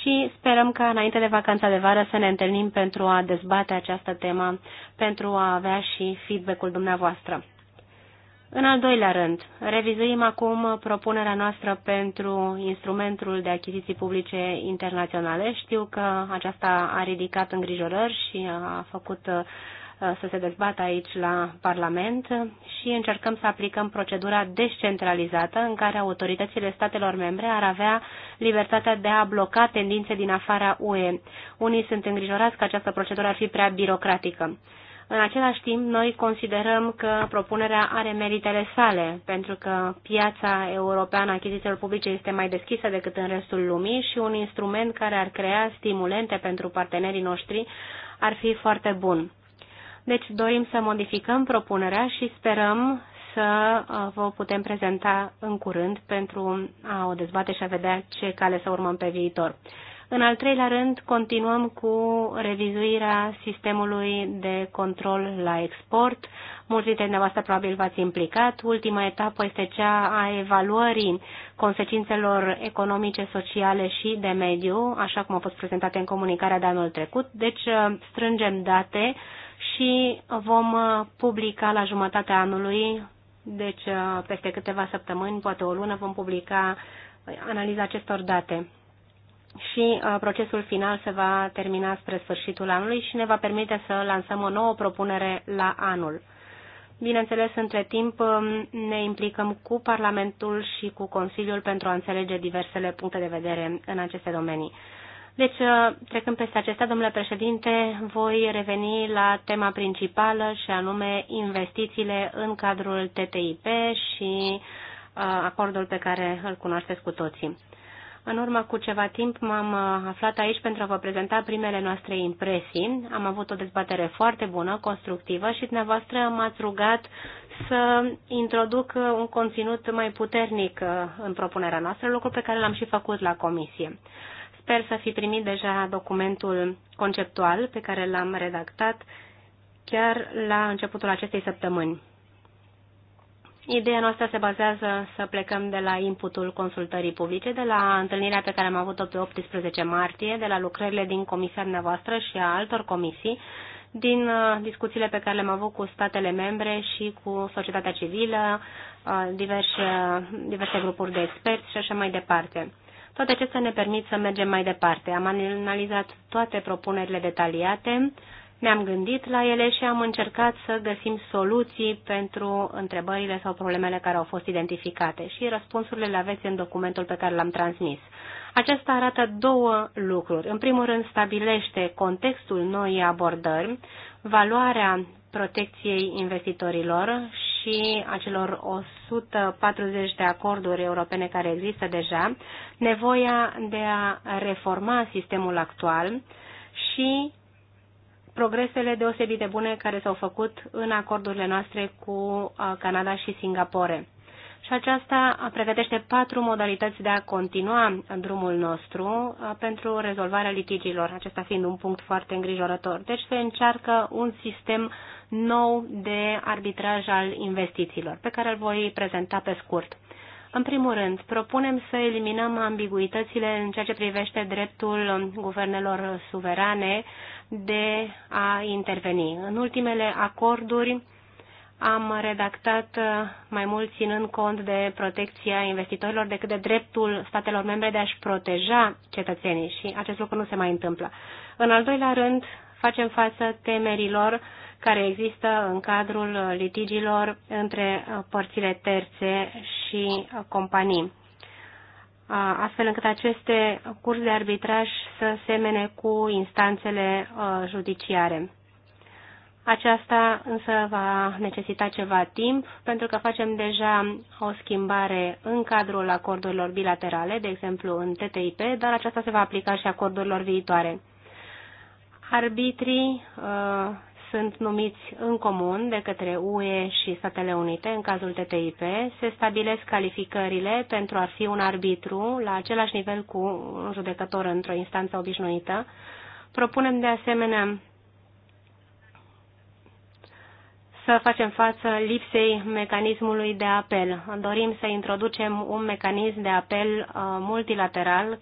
și sperăm că înainte de vacanța de vară să ne întâlnim pentru a dezbate această temă, pentru a avea și feedback-ul dumneavoastră. În al doilea rând, revizuim acum propunerea noastră pentru instrumentul de achiziții publice internaționale. Știu că aceasta a ridicat îngrijorări și a făcut uh, să se dezbată aici la Parlament și încercăm să aplicăm procedura descentralizată în care autoritățile statelor membre ar avea libertatea de a bloca tendințe din afara UE. Unii sunt îngrijorați că această procedură ar fi prea birocratică. În același timp, noi considerăm că propunerea are meritele sale, pentru că piața europeană a achizițiilor publice este mai deschisă decât în restul lumii și un instrument care ar crea stimulente pentru partenerii noștri ar fi foarte bun. Deci dorim să modificăm propunerea și sperăm să uh, vă putem prezenta în curând pentru a o dezbate și a vedea ce cale să urmăm pe viitor. În al treilea rând, continuăm cu revizuirea sistemului de control la export. Mulți dintre dumneavoastră probabil v-ați implicat. Ultima etapă este cea a evaluării consecințelor economice, sociale și de mediu, așa cum au fost prezentate în comunicarea de anul trecut. Deci uh, strângem date și vom uh, publica la jumătatea anului, deci uh, peste câteva săptămâni, poate o lună, vom publica analiza acestor date și uh, procesul final se va termina spre sfârșitul anului și ne va permite să lansăm o nouă propunere la anul. Bineînțeles, între timp um, ne implicăm cu Parlamentul și cu Consiliul pentru a înțelege diversele puncte de vedere în aceste domenii. Deci, uh, trecând peste acestea, domnule președinte, voi reveni la tema principală și anume investițiile în cadrul TTIP și uh, acordul pe care îl cunoașteți cu toții. În urmă cu ceva timp m-am uh, aflat aici pentru a vă prezenta primele noastre impresii. Am avut o dezbatere foarte bună, constructivă și dumneavoastră m-ați rugat să introduc uh, un conținut mai puternic uh, în propunerea noastră, lucru pe care l-am și făcut la comisie. Sper să fi primit deja documentul conceptual pe care l-am redactat chiar la începutul acestei săptămâni. Ideea noastră se bazează să plecăm de la inputul consultării publice, de la întâlnirea pe care am avut-o pe 18 martie, de la lucrările din comisia noastră și a altor comisii, din uh, discuțiile pe care le-am avut cu statele membre și cu societatea civilă, uh, diverse, diverse grupuri de experți și așa mai departe. Toate acestea ne permit să mergem mai departe. Am analizat toate propunerile detaliate, ne-am gândit la ele și am încercat să găsim soluții pentru întrebările sau problemele care au fost identificate și răspunsurile le aveți în documentul pe care l-am transmis. Acesta arată două lucruri. În primul rând, stabilește contextul noii abordări, valoarea protecției investitorilor și acelor 140 de acorduri europene care există deja, nevoia de a reforma sistemul actual și progresele deosebit de bune care s-au făcut în acordurile noastre cu Canada și Singapore. Și aceasta pregătește patru modalități de a continua drumul nostru pentru rezolvarea litigiilor, acesta fiind un punct foarte îngrijorător. Deci se încearcă un sistem nou de arbitraj al investițiilor, pe care îl voi prezenta pe scurt. În primul rând, propunem să eliminăm ambiguitățile în ceea ce privește dreptul guvernelor suverane de a interveni. În ultimele acorduri am redactat uh, mai mult ținând cont de protecția investitorilor decât de dreptul statelor membre de a-și proteja cetățenii și acest lucru nu se mai întâmplă. În al doilea rând, facem față temerilor care există în cadrul litigilor între uh, părțile terțe și uh, companii astfel încât aceste curs de arbitraj să semene cu instanțele judiciare. Aceasta însă va necesita ceva timp, pentru că facem deja o schimbare în cadrul acordurilor bilaterale, de exemplu în TTIP, dar aceasta se va aplica și acordurilor viitoare. Arbitrii sunt numiți în comun de către UE și Statele Unite în cazul TTIP, se stabilesc calificările pentru a fi un arbitru la același nivel cu un judecător într-o instanță obișnuită. Propunem de asemenea să facem față lipsei mecanismului de apel. Dorim să introducem un mecanism de apel uh, multilateral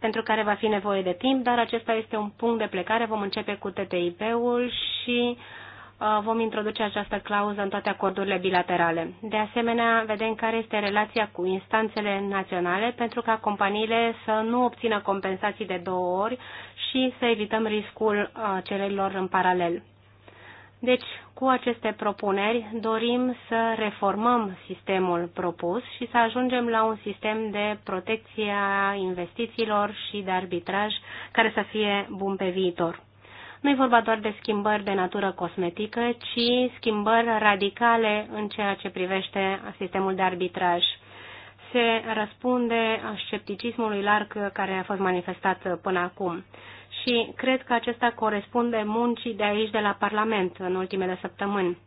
pentru care va fi nevoie de timp, dar acesta este un punct de plecare. Vom începe cu TTIP-ul și vom introduce această clauză în toate acordurile bilaterale. De asemenea, vedem care este relația cu instanțele naționale pentru ca companiile să nu obțină compensații de două ori și să evităm riscul cererilor în paralel. Deci, cu aceste propuneri, dorim să reformăm sistemul propus și să ajungem la un sistem de protecție a investițiilor și de arbitraj care să fie bun pe viitor. Nu e vorba doar de schimbări de natură cosmetică, ci schimbări radicale în ceea ce privește sistemul de arbitraj. Se răspunde scepticismului larg care a fost manifestat până acum și cred că acesta corespunde muncii de aici, de la Parlament, în ultimele săptămâni.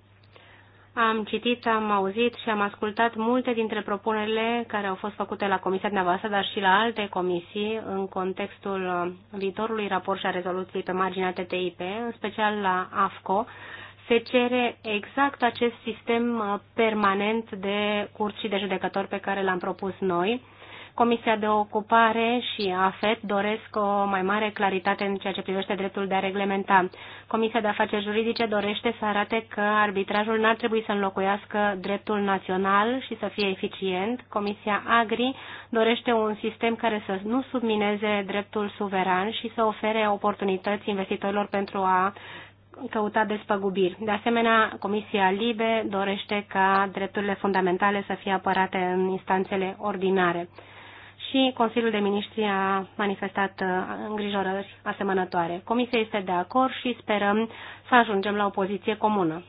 Am citit, am auzit și am ascultat multe dintre propunerile care au fost făcute la Comisia dumneavoastră, dar și la alte comisii, în contextul uh, viitorului raport și a rezoluției pe marginea TTIP, în special la AFCO, se cere exact acest sistem uh, permanent de curți și de judecători pe care l-am propus noi, Comisia de Ocupare și AFET doresc o mai mare claritate în ceea ce privește dreptul de a reglementa. Comisia de Afaceri Juridice dorește să arate că arbitrajul n-ar trebui să înlocuiască dreptul național și să fie eficient. Comisia Agri dorește un sistem care să nu submineze dreptul suveran și să ofere oportunități investitorilor pentru a căuta despăgubiri. De asemenea, Comisia Libe dorește ca drepturile fundamentale să fie apărate în instanțele ordinare și Consiliul de Miniștri a manifestat uh, îngrijorări asemănătoare. Comisia este de acord și sperăm să ajungem la o poziție comună.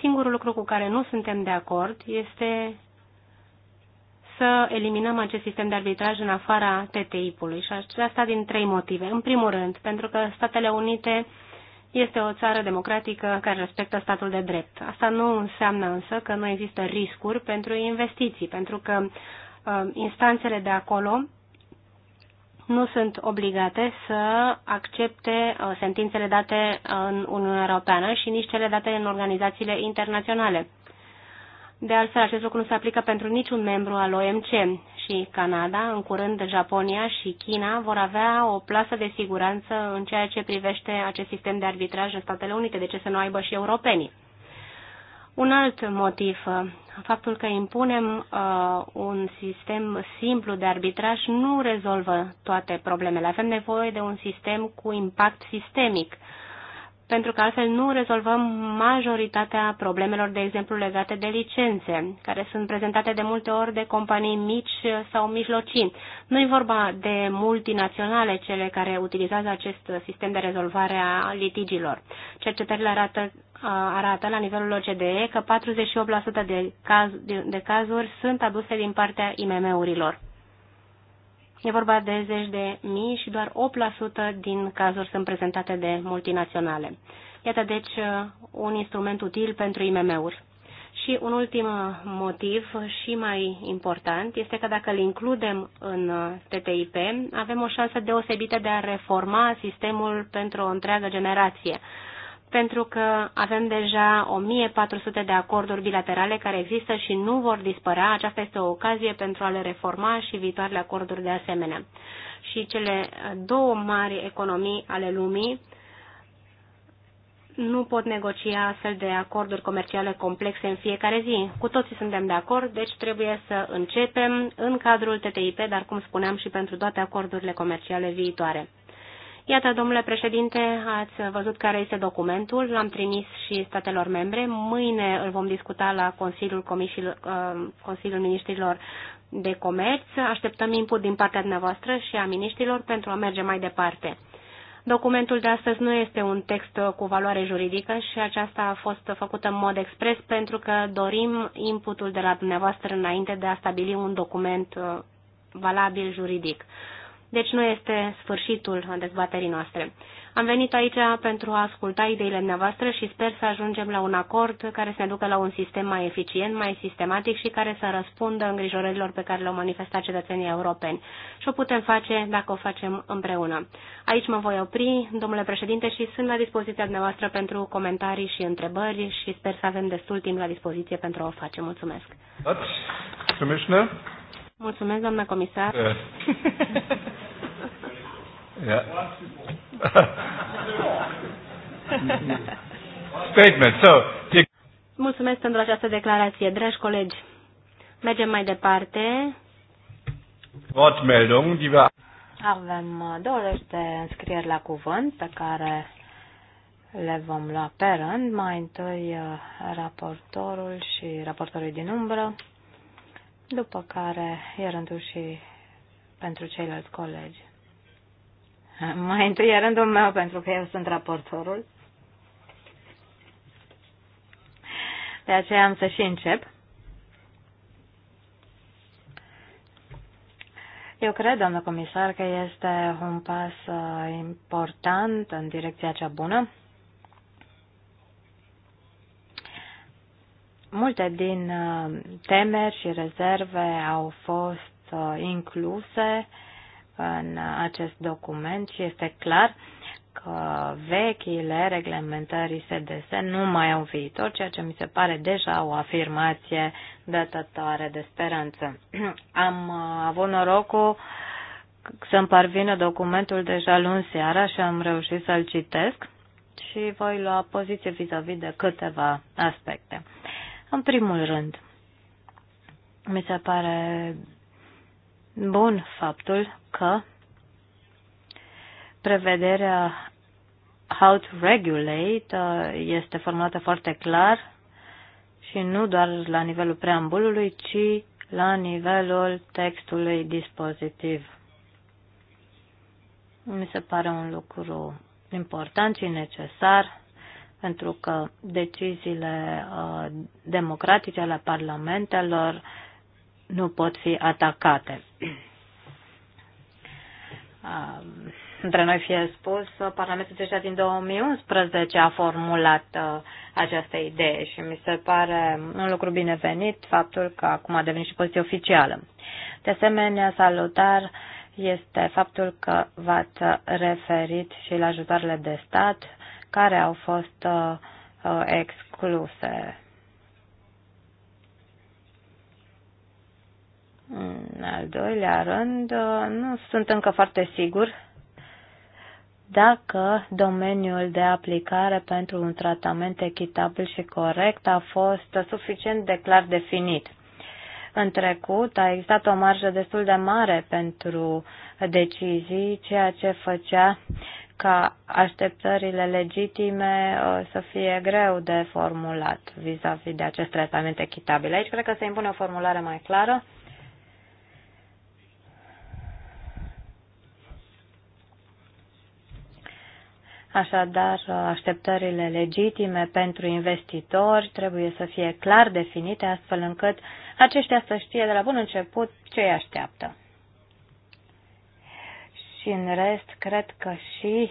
Singurul lucru cu care nu suntem de acord este să eliminăm acest sistem de arbitraj în afara TTIP-ului și asta din trei motive. În primul rând, pentru că Statele Unite este o țară democratică care respectă statul de drept. Asta nu înseamnă însă că nu există riscuri pentru investiții, pentru că Um, instanțele de acolo nu sunt obligate să accepte uh, sentințele date uh, în Uniunea Europeană și nici cele date în organizațiile internaționale. De altfel, acest lucru nu se aplică pentru niciun membru al OMC și Canada, în curând Japonia și China vor avea o plasă de siguranță în ceea ce privește acest sistem de arbitraj în Statele Unite. De ce să nu aibă și europenii? Un alt motiv uh, faptul că impunem uh, un sistem simplu de arbitraj nu rezolvă toate problemele. Avem nevoie de un sistem cu impact sistemic, pentru că altfel nu rezolvăm majoritatea problemelor, de exemplu, legate de licențe, care sunt prezentate de multe ori de companii mici sau mijlocii. Nu e vorba de multinaționale cele care utilizează acest sistem de rezolvare a litigilor. Cercetările arată arată la nivelul OCDE că 48% de, caz, de, de cazuri sunt aduse din partea IMM-urilor. E vorba de zeci de mii și doar 8% din cazuri sunt prezentate de multinaționale. Iată deci uh, un instrument util pentru IMM-uri. Și un ultim uh, motiv uh, și mai important este că dacă îl includem în TTIP, avem o șansă deosebită de a reforma sistemul pentru o întreagă generație pentru că avem deja 1400 de acorduri bilaterale care există și nu vor dispărea. Aceasta este o ocazie pentru a le reforma și viitoarele acorduri de asemenea. Și cele două mari economii ale lumii nu pot negocia astfel de acorduri comerciale complexe în fiecare zi. Cu toții suntem de acord, deci trebuie să începem în cadrul TTIP, dar cum spuneam și pentru toate acordurile comerciale viitoare. Iată, domnule președinte, ați văzut care este documentul, l-am trimis și statelor membre. Mâine îl vom discuta la Consiliul, Comisil, uh, Consiliul Ministrilor de Comerț. Așteptăm input din partea dumneavoastră și a ministrilor pentru a merge mai departe. Documentul de astăzi nu este un text cu valoare juridică și aceasta a fost făcută în mod expres pentru că dorim inputul de la dumneavoastră înainte de a stabili un document uh, valabil juridic. Deci nu este sfârșitul dezbaterii noastre. Am venit aici pentru a asculta ideile noastre și sper să ajungem la un acord care să ne ducă la un sistem mai eficient, mai sistematic și care să răspundă îngrijorărilor pe care le-au manifestat cetățenii europeni. Și o putem face dacă o facem împreună. Aici mă voi opri, domnule președinte, și sunt la dispoziția dumneavoastră pentru comentarii și întrebări și sper să avem destul timp la dispoziție pentru a o face. Mulțumesc! Mulțumesc. Mulțumesc, doamna comisar. Eh. [laughs] Statement. So, Mulțumesc pentru această declarație, dragi colegi. Mergem mai departe. Wortmeldung, die wir... Avem 20 uh, de înscrieri la cuvânt pe care le vom lua pe rând. Mai întâi uh, raportorul și raportorul din umbră după care e rândul și pentru ceilalți colegi. [laughs] Mai întâi e rândul meu, pentru că eu sunt raportorul. De aceea am să și încep. Eu cred, doamnă comisar, că este un pas uh, important în direcția cea bună. Multe din uh, temeri și rezerve au fost uh, incluse în acest document și este clar că vechile reglementări SDS nu mai au viitor, ceea ce mi se pare deja o afirmație datătoare de speranță. [clears throat] Am uh, avut norocul să-mi parvină documentul deja luni seara și am reușit să-l citesc și voi lua poziție vis-a-vis -vis de câteva aspecte. În primul rând, mi se pare bun faptul că prevederea how to regulate uh, este formulată foarte clar și nu doar la nivelul preambulului, ci la nivelul textului dispozitiv. Mi se pare un lucru important și necesar pentru că deciziile uh, democratice ale parlamentelor nu pot fi atacate. Uh, între noi fie spus, Parlamentul deja din 2011 a formulat uh, această idee și mi se pare un lucru binevenit faptul că acum a devenit și poziție oficială. De asemenea, salutar este faptul că v-ați referit și la ajutoarele de stat care au fost uh, uh, excluse. În al doilea rând, uh, nu sunt încă foarte sigur dacă domeniul de aplicare pentru un tratament echitabil și corect a fost suficient de clar definit. În trecut a existat o marjă destul de mare pentru decizii, ceea ce făcea ca așteptările legitime uh, să fie greu de formulat vis-a-vis -vis de acest tratament echitabil. Aici cred că se impune o formulare mai clară. Așadar, uh, așteptările legitime pentru investitori trebuie să fie clar definite, astfel încât aceștia să știe de la bun început ce îi așteaptă și în rest cred că și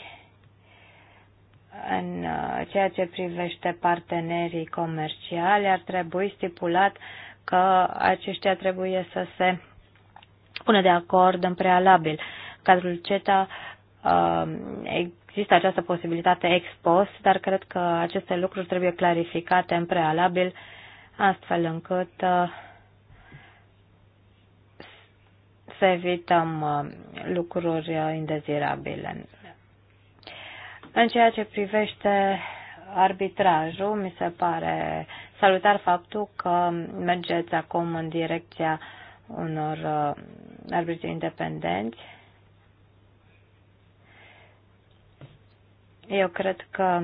în uh, ceea ce privește partenerii comerciali ar trebui stipulat că aceștia trebuie să se pună de acord în prealabil. În cadrul CETA uh, există această posibilitate ex post, dar cred că aceste lucruri trebuie clarificate în prealabil astfel încât uh, să evităm uh, lucruri uh, indezirabile. În ceea ce privește arbitrajul, mi se pare salutar faptul că mergeți acum în direcția unor uh, arbitri independenți. Eu cred că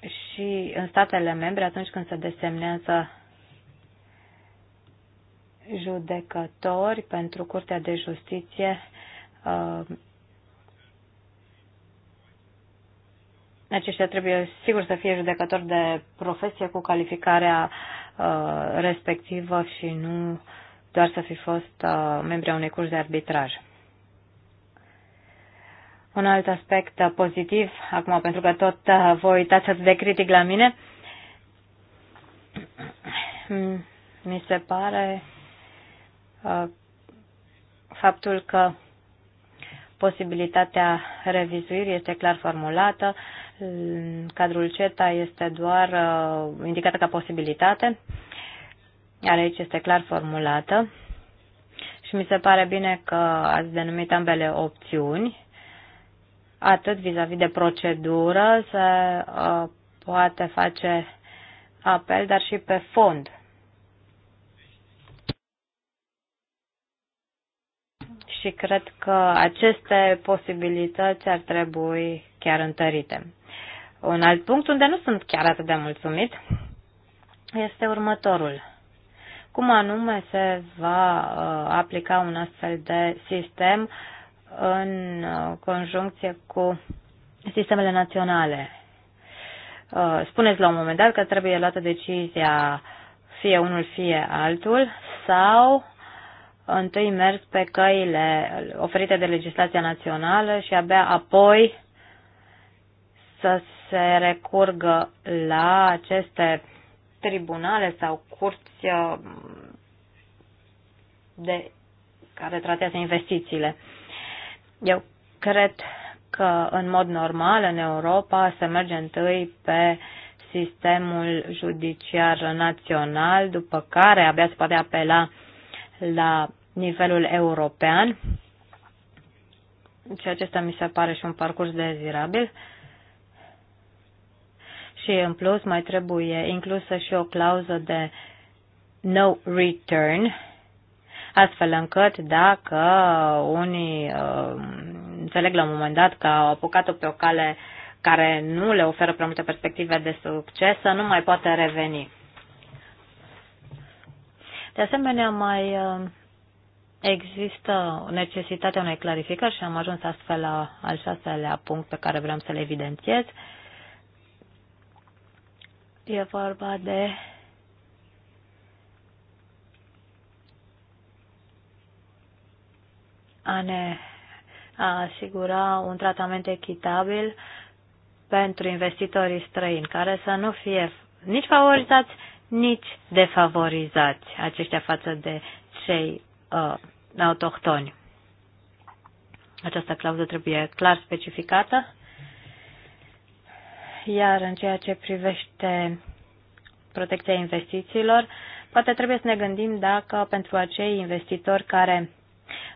și în statele membre, atunci când se desemnează judecători pentru Curtea de Justiție uh, aceștia trebuie sigur să fie judecători de profesie cu calificarea uh, respectivă și nu doar să fi fost uh, membri a unui curs de arbitraj. Un alt aspect pozitiv, acum pentru că tot vă uitați atât de critic la mine, [clears throat] mi se pare Uh, faptul că posibilitatea revizuirii este clar formulată, în cadrul CETA este doar uh, indicată ca posibilitate, iar aici este clar formulată. Și mi se pare bine că ați denumit ambele opțiuni, atât vis-a-vis -vis de procedură, se uh, poate face apel, dar și pe fond. și cred că aceste posibilități ar trebui chiar întărite. Un alt punct unde nu sunt chiar atât de mulțumit este următorul. Cum anume se va uh, aplica un astfel de sistem în uh, conjuncție cu sistemele naționale? Uh, spuneți la un moment dat că trebuie luată decizia fie unul, fie altul sau întâi mers pe căile oferite de legislația națională și abia apoi să se recurgă la aceste tribunale sau curți uh, de care tratează investițiile. Eu cred că în mod normal în Europa se merge întâi pe sistemul judiciar național, după care abia se poate apela la nivelul european și acesta mi se pare și un parcurs dezirabil. Și în plus mai trebuie inclusă și o clauză de no return, astfel încât dacă unii uh, înțeleg la un moment dat că au apucat-o pe o cale care nu le oferă prea multe perspective de succes, să nu mai poată reveni. De asemenea, mai uh, există necesitatea unei clarificări și am ajuns astfel la al șaselea punct pe care vreau să-l evidențiez. E vorba de a ne a asigura un tratament echitabil pentru investitorii străini, care să nu fie nici favorizați, nici defavorizați aceștia față de cei uh, autohtoni. Această clauză trebuie clar specificată. Iar în ceea ce privește protecția investițiilor, poate trebuie să ne gândim dacă pentru acei investitori care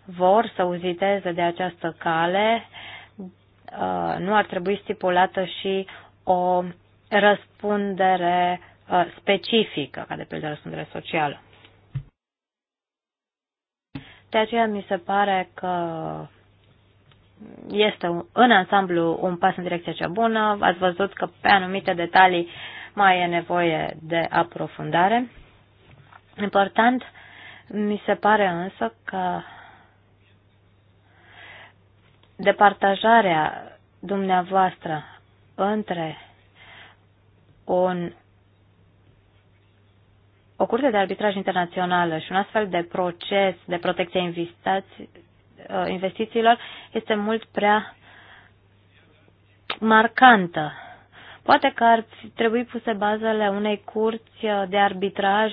vor să uziteze de această cale, uh, nu ar trebui stipulată și o răspundere Uh, specifică, ca de pildă răspundere socială. De aceea mi se pare că este în ansamblu un pas în direcția cea bună. Ați văzut că pe anumite detalii mai e nevoie de aprofundare. Important mi se pare însă că departajarea dumneavoastră între un curte de arbitraj internațională și un astfel de proces de protecție a uh, investițiilor este mult prea marcantă. Poate că ar trebui puse bazele unei curți uh, de arbitraj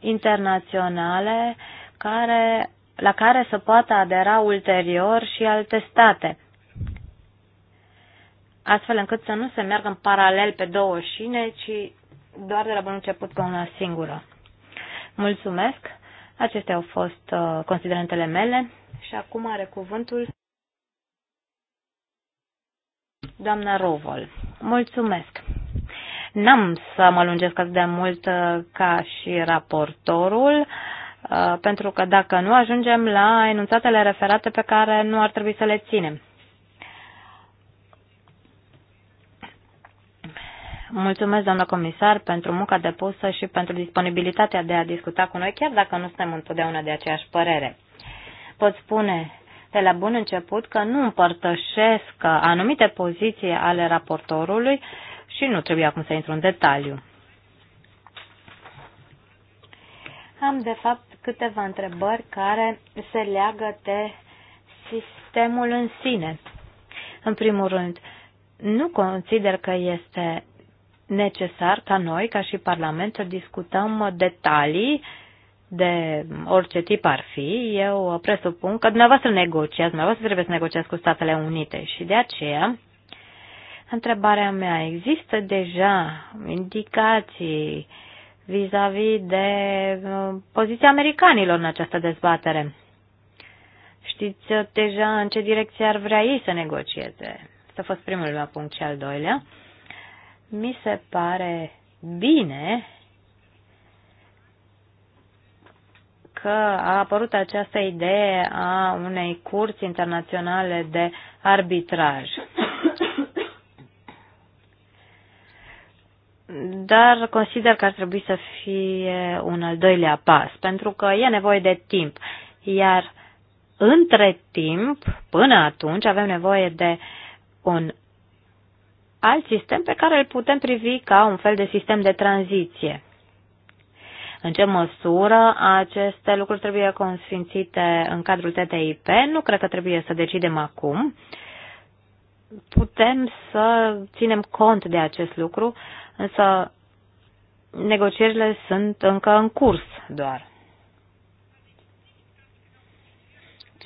internaționale care, la care să poată adera ulterior și alte state, astfel încât să nu se meargă în paralel pe două șine, ci doar de la bun început pe una singură. Mulțumesc. Acestea au fost uh, considerentele mele și acum are cuvântul doamna Rovol. Mulțumesc. N-am să mă lungesc atât de mult uh, ca și raportorul uh, pentru că dacă nu ajungem la enunțatele referate pe care nu ar trebui să le ținem. Mulțumesc, doamnă comisar, pentru munca depusă și pentru disponibilitatea de a discuta cu noi, chiar dacă nu suntem întotdeauna de aceeași părere. Pot spune de la bun început că nu împărtășesc anumite poziții ale raportorului și nu trebuie acum să intru în detaliu. Am, de fapt, câteva întrebări care se leagă de sistemul în sine. În primul rând, nu consider că este necesar ca noi, ca și Parlament, să discutăm detalii de orice tip ar fi, eu presupun că dumneavoastră negociați, dumneavoastră trebuie să negociați cu Statele Unite și de aceea întrebarea mea, există deja indicații vis-a-vis -vis de uh, poziția americanilor în această dezbatere? Știți uh, deja în ce direcție ar vrea ei să negocieze? Asta a fost primul meu punct și al doilea mi se pare bine că a apărut această idee a unei curți internaționale de arbitraj. Dar consider că ar trebui să fie un al doilea pas, pentru că e nevoie de timp. Iar între timp, până atunci, avem nevoie de un alt sistem pe care îl putem privi ca un fel de sistem de tranziție. În ce măsură aceste lucruri trebuie consfințite în cadrul TTIP? Nu cred că trebuie să decidem acum. Putem să ținem cont de acest lucru, însă negocierile sunt încă în curs doar.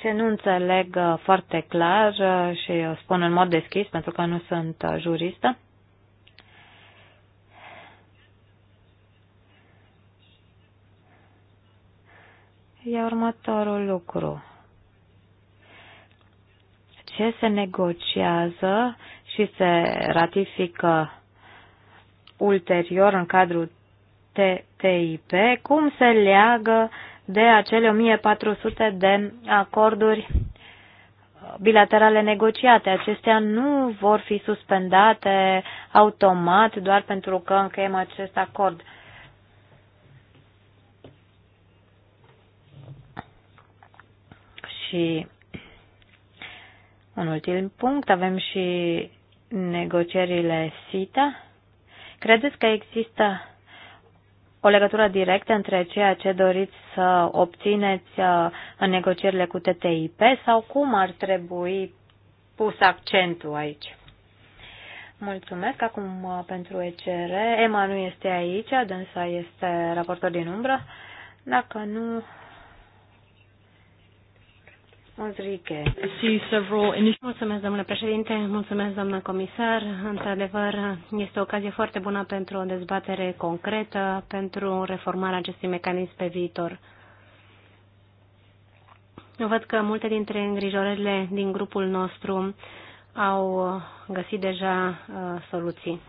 Ce nu înțeleg uh, foarte clar uh, și o spun în mod deschis pentru că nu sunt uh, juristă, e următorul lucru. Ce se negociază și se ratifică ulterior în cadrul TTIP, cum se leagă de acele 1400 de acorduri bilaterale negociate. Acestea nu vor fi suspendate automat doar pentru că încheiem acest acord. Și un ultim punct, avem și negocierile SITA. Credeți că există o legătură directă între ceea ce doriți să obțineți uh, în negocierile cu TTIP sau cum ar trebui pus accentul aici? Mulțumesc. Acum uh, pentru ECR. Ema nu este aici, dânsa este raportor din umbră. Dacă nu, Enrique. Mulțumesc, domnule președinte, mulțumesc, doamnă comisar. Într-adevăr, este o ocazie foarte bună pentru o dezbatere concretă, pentru reformarea acestui mecanism pe viitor. văd că multe dintre îngrijorările din grupul nostru au găsit deja uh, soluții.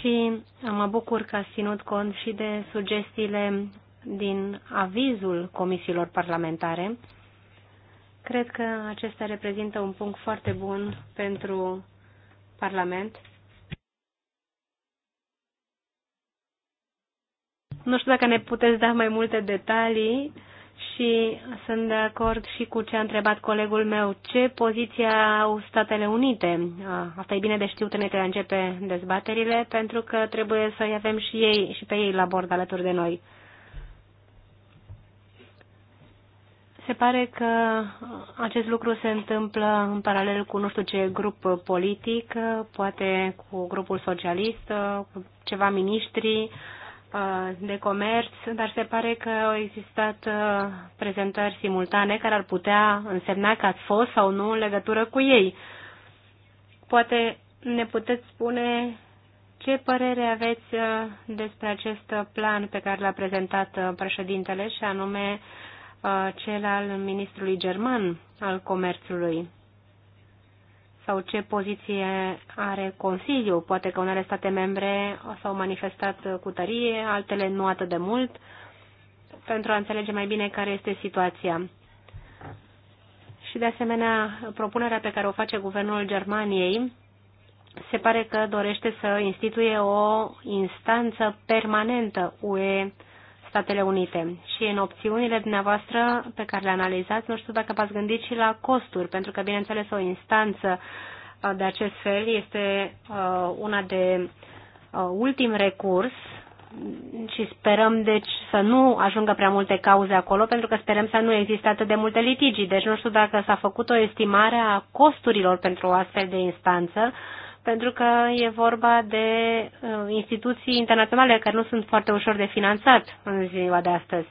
Și mă bucur că ați ținut cont și de sugestiile din avizul comisiilor parlamentare. Cred că acesta reprezintă un punct foarte bun pentru Parlament. Nu știu dacă ne puteți da mai multe detalii și sunt de acord și cu ce a întrebat colegul meu. Ce poziție au Statele Unite? Asta e bine de știut înainte de a începe dezbaterile, pentru că trebuie să-i avem și ei și pe ei la bord alături de noi. Se pare că acest lucru se întâmplă în paralel cu nu știu ce grup politic, poate cu grupul socialist, cu ceva miniștri uh, de comerț, dar se pare că au existat uh, prezentări simultane care ar putea însemna că ați fost sau nu în legătură cu ei. Poate ne puteți spune ce părere aveți uh, despre acest plan pe care l-a prezentat președintele și anume cel al ministrului german al comerțului sau ce poziție are Consiliul. Poate că unele state membre s-au manifestat cu tărie, altele nu atât de mult, pentru a înțelege mai bine care este situația. Și de asemenea, propunerea pe care o face guvernul Germaniei se pare că dorește să instituie o instanță permanentă UE Statele Unite. Și în opțiunile dumneavoastră pe care le analizați, nu știu dacă v-ați gândit și la costuri, pentru că, bineînțeles, o instanță uh, de acest fel este uh, una de uh, ultim recurs și sperăm deci să nu ajungă prea multe cauze acolo, pentru că sperăm să nu existe atât de multe litigi. Deci nu știu dacă s-a făcut o estimare a costurilor pentru o astfel de instanță pentru că e vorba de uh, instituții internaționale care nu sunt foarte ușor de finanțat în ziua de astăzi.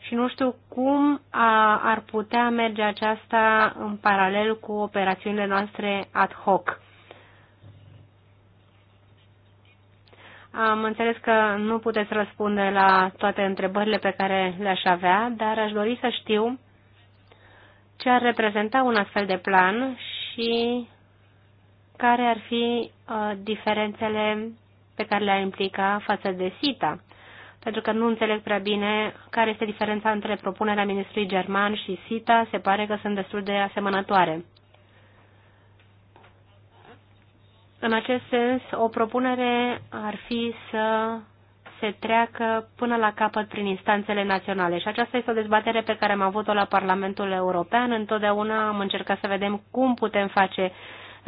Și nu știu cum a, ar putea merge aceasta în paralel cu operațiunile noastre ad hoc. Am înțeles că nu puteți răspunde la toate întrebările pe care le-aș avea, dar aș dori să știu ce ar reprezenta un astfel de plan și care ar fi uh, diferențele pe care le-ar implica față de SITA. Pentru că nu înțeleg prea bine care este diferența între propunerea ministrului german și SITA, se pare că sunt destul de asemănătoare. În acest sens, o propunere ar fi să se treacă până la capăt prin instanțele naționale. Și aceasta este o dezbatere pe care am avut-o la Parlamentul European. Întotdeauna am încercat să vedem cum putem face uh,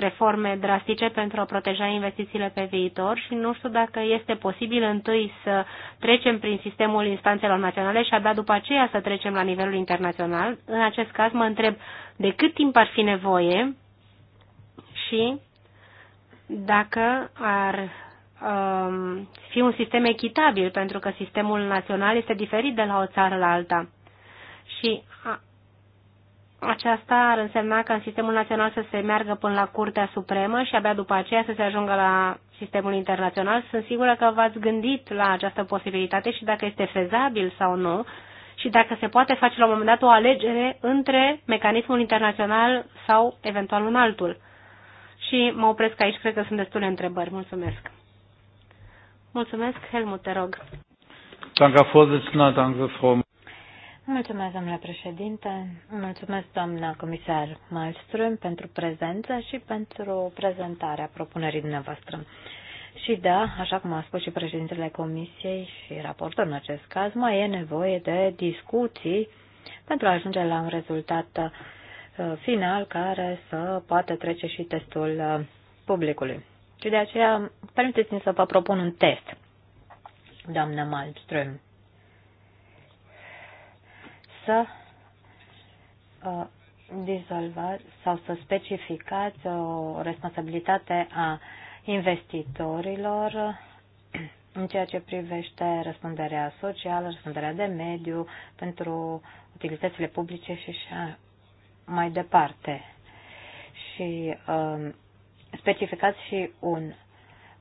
reforme drastice pentru a proteja investițiile pe viitor și nu știu dacă este posibil întâi să trecem prin sistemul instanțelor naționale și abia după aceea să trecem la nivelul internațional. În acest caz mă întreb de cât timp ar fi nevoie și dacă ar um, fi un sistem echitabil, pentru că sistemul național este diferit de la o țară la alta. Și aceasta ar însemna ca în sistemul național să se meargă până la Curtea Supremă și abia după aceea să se ajungă la sistemul internațional. Sunt sigură că v-ați gândit la această posibilitate și dacă este fezabil sau nu și dacă se poate face la un moment dat o alegere între mecanismul internațional sau eventual un altul. Și mă opresc aici, cred că sunt destule întrebări. Mulțumesc. Mulțumesc, Helmut, te rog. Danke, Vorsitzender, danke, Frau Mulțumesc, domnule președinte, mulțumesc, doamna comisar Malmström, pentru prezența și pentru prezentarea propunerii dumneavoastră. Și da, așa cum a spus și președintele Comisiei și raportor în acest caz, mai e nevoie de discuții pentru a ajunge la un rezultat uh, final care să poată trece și testul uh, publicului. Și de aceea, permiteți-mi să vă propun un test, doamnă Malmström să uh, dizolvați sau să specificați o responsabilitate a investitorilor în ceea ce privește răspunderea socială, răspunderea de mediu pentru utilitățile publice și așa mai departe. Și uh, specificați și un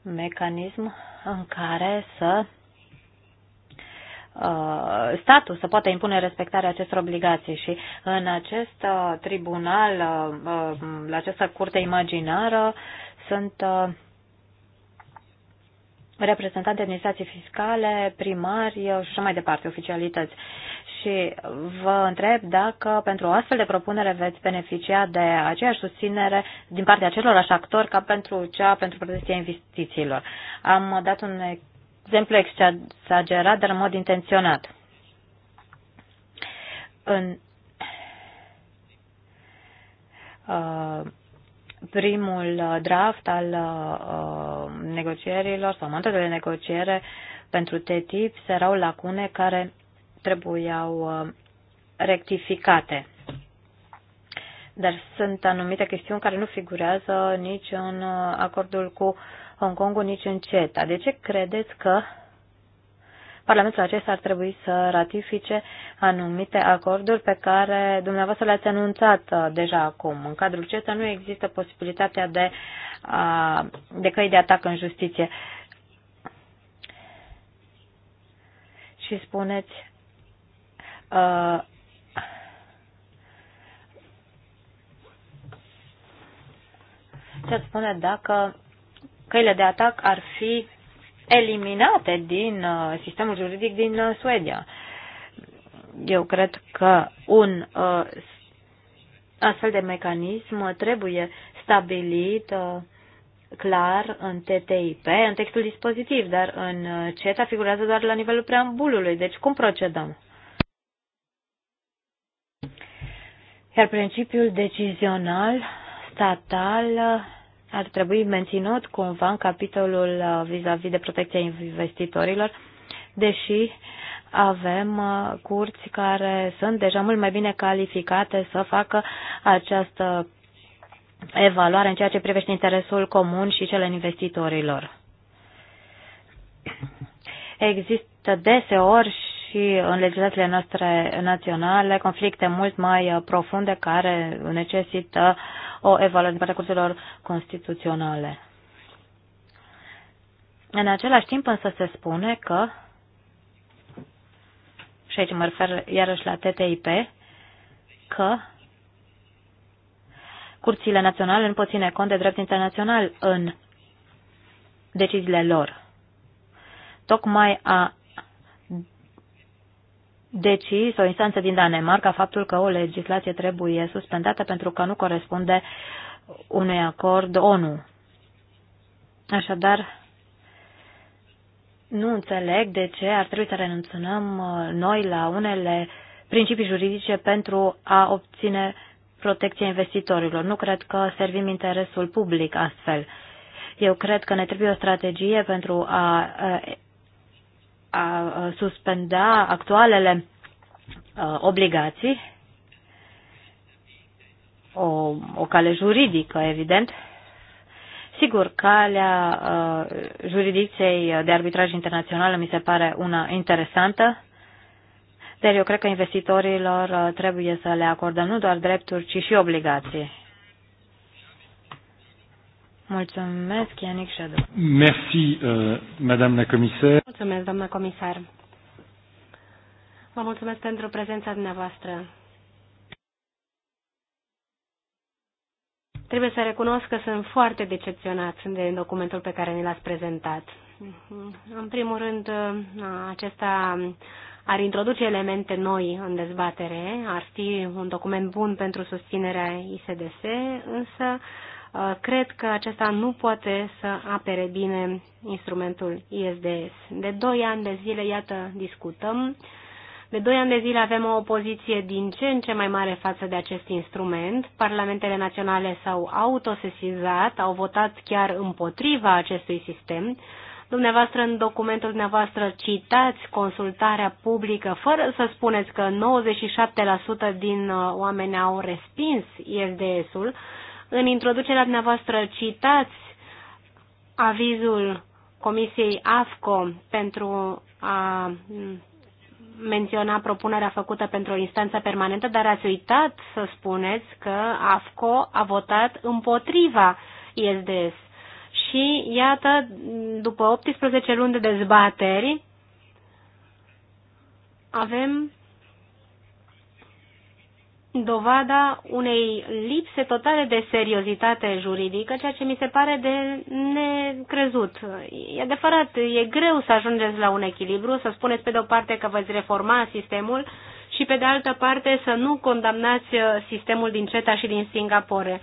mecanism în care să Uh, statul să poată impune respectarea acestor obligații și în acest uh, tribunal, uh, la această curte imaginară, sunt reprezentante administrații fiscale, primari și așa mai departe, oficialități. Și vă întreb dacă pentru o astfel de propunere veți beneficia de aceeași susținere din partea acelorași actori ca pentru cea pentru protecția investițiilor. Am dat un exemplu exagerat, dar în mod intenționat. În uh, primul draft al uh, negocierilor sau momentul de negociere pentru TTIP erau lacune care trebuiau uh, rectificate. Dar sunt anumite chestiuni care nu figurează nici în uh, acordul cu uh, Hong Kongul, nici în CETA. De ce credeți că Parlamentul acesta ar trebui să ratifice anumite acorduri pe care dumneavoastră le-ați anunțat uh, deja acum. În cadrul CETA nu există posibilitatea de, uh, de căi de atac în justiție. Și spuneți uh, ce ați spune dacă căile de atac ar fi eliminate din uh, sistemul juridic din uh, Suedia. Eu cred că un uh, astfel de mecanism trebuie stabilit clar în TTIP, în textul dispozitiv, dar în CETA figurează doar la nivelul preambulului. Deci cum procedăm? Iar principiul decizional statal ar trebui menținut cumva în capitolul uh, vis-a-vis -vis de protecția investitorilor, deși avem uh, curți care sunt deja mult mai bine calificate să facă această evaluare în ceea ce privește interesul comun și cel al investitorilor. Există deseori și în legislațiile noastre naționale conflicte mult mai uh, profunde care necesită o evaluare din partea curselor constituționale. În același timp însă se spune că, și aici mă refer iarăși la TTIP, că curțile naționale nu pot ține cont de drept internațional în deciziile lor. Tocmai a decis o instanță din Danemarca faptul că o legislație trebuie suspendată pentru că nu corespunde unui acord ONU. Așadar, nu înțeleg de ce ar trebui să renunțăm uh, noi la unele principii juridice pentru a obține protecția investitorilor. Nu cred că servim interesul public astfel. Eu cred că ne trebuie o strategie pentru a uh, a suspenda actualele obligații, o, o cale juridică, evident. Sigur, calea uh, juridicției de arbitraj internațională mi se pare una interesantă, dar eu cred că investitorilor trebuie să le acordăm nu doar drepturi, ci și obligații. Mulțumesc, Ianic Șadu. Merci, uh, madame la comisar. Mulțumesc, doamna comisar. Vă mulțumesc pentru prezența dumneavoastră. Trebuie să recunosc că sunt foarte decepționat de documentul pe care ni l-ați prezentat. În primul rând, uh, acesta ar introduce elemente noi în dezbatere, ar fi un document bun pentru susținerea ISDS, însă Uh, cred că acesta nu poate să apere bine instrumentul ISDS. De 2 ani de zile, iată, discutăm. De 2 ani de zile avem o opoziție din ce în ce mai mare față de acest instrument. Parlamentele naționale s-au autosesizat, au votat chiar împotriva acestui sistem. Dumneavoastră, în documentul dumneavoastră, citați consultarea publică fără să spuneți că 97% din uh, oameni au respins ISDS-ul în introducerea dumneavoastră citați avizul Comisiei AFCO pentru a menționa propunerea făcută pentru o instanță permanentă, dar ați uitat să spuneți că AFCO a votat împotriva ISDS. Și iată, după 18 luni de dezbateri, avem dovada unei lipse totale de seriozitate juridică, ceea ce mi se pare de necrezut. E adevărat, e greu să ajungeți la un echilibru, să spuneți pe de o parte că veți reforma sistemul și pe de altă parte să nu condamnați sistemul din CETA și din Singapore.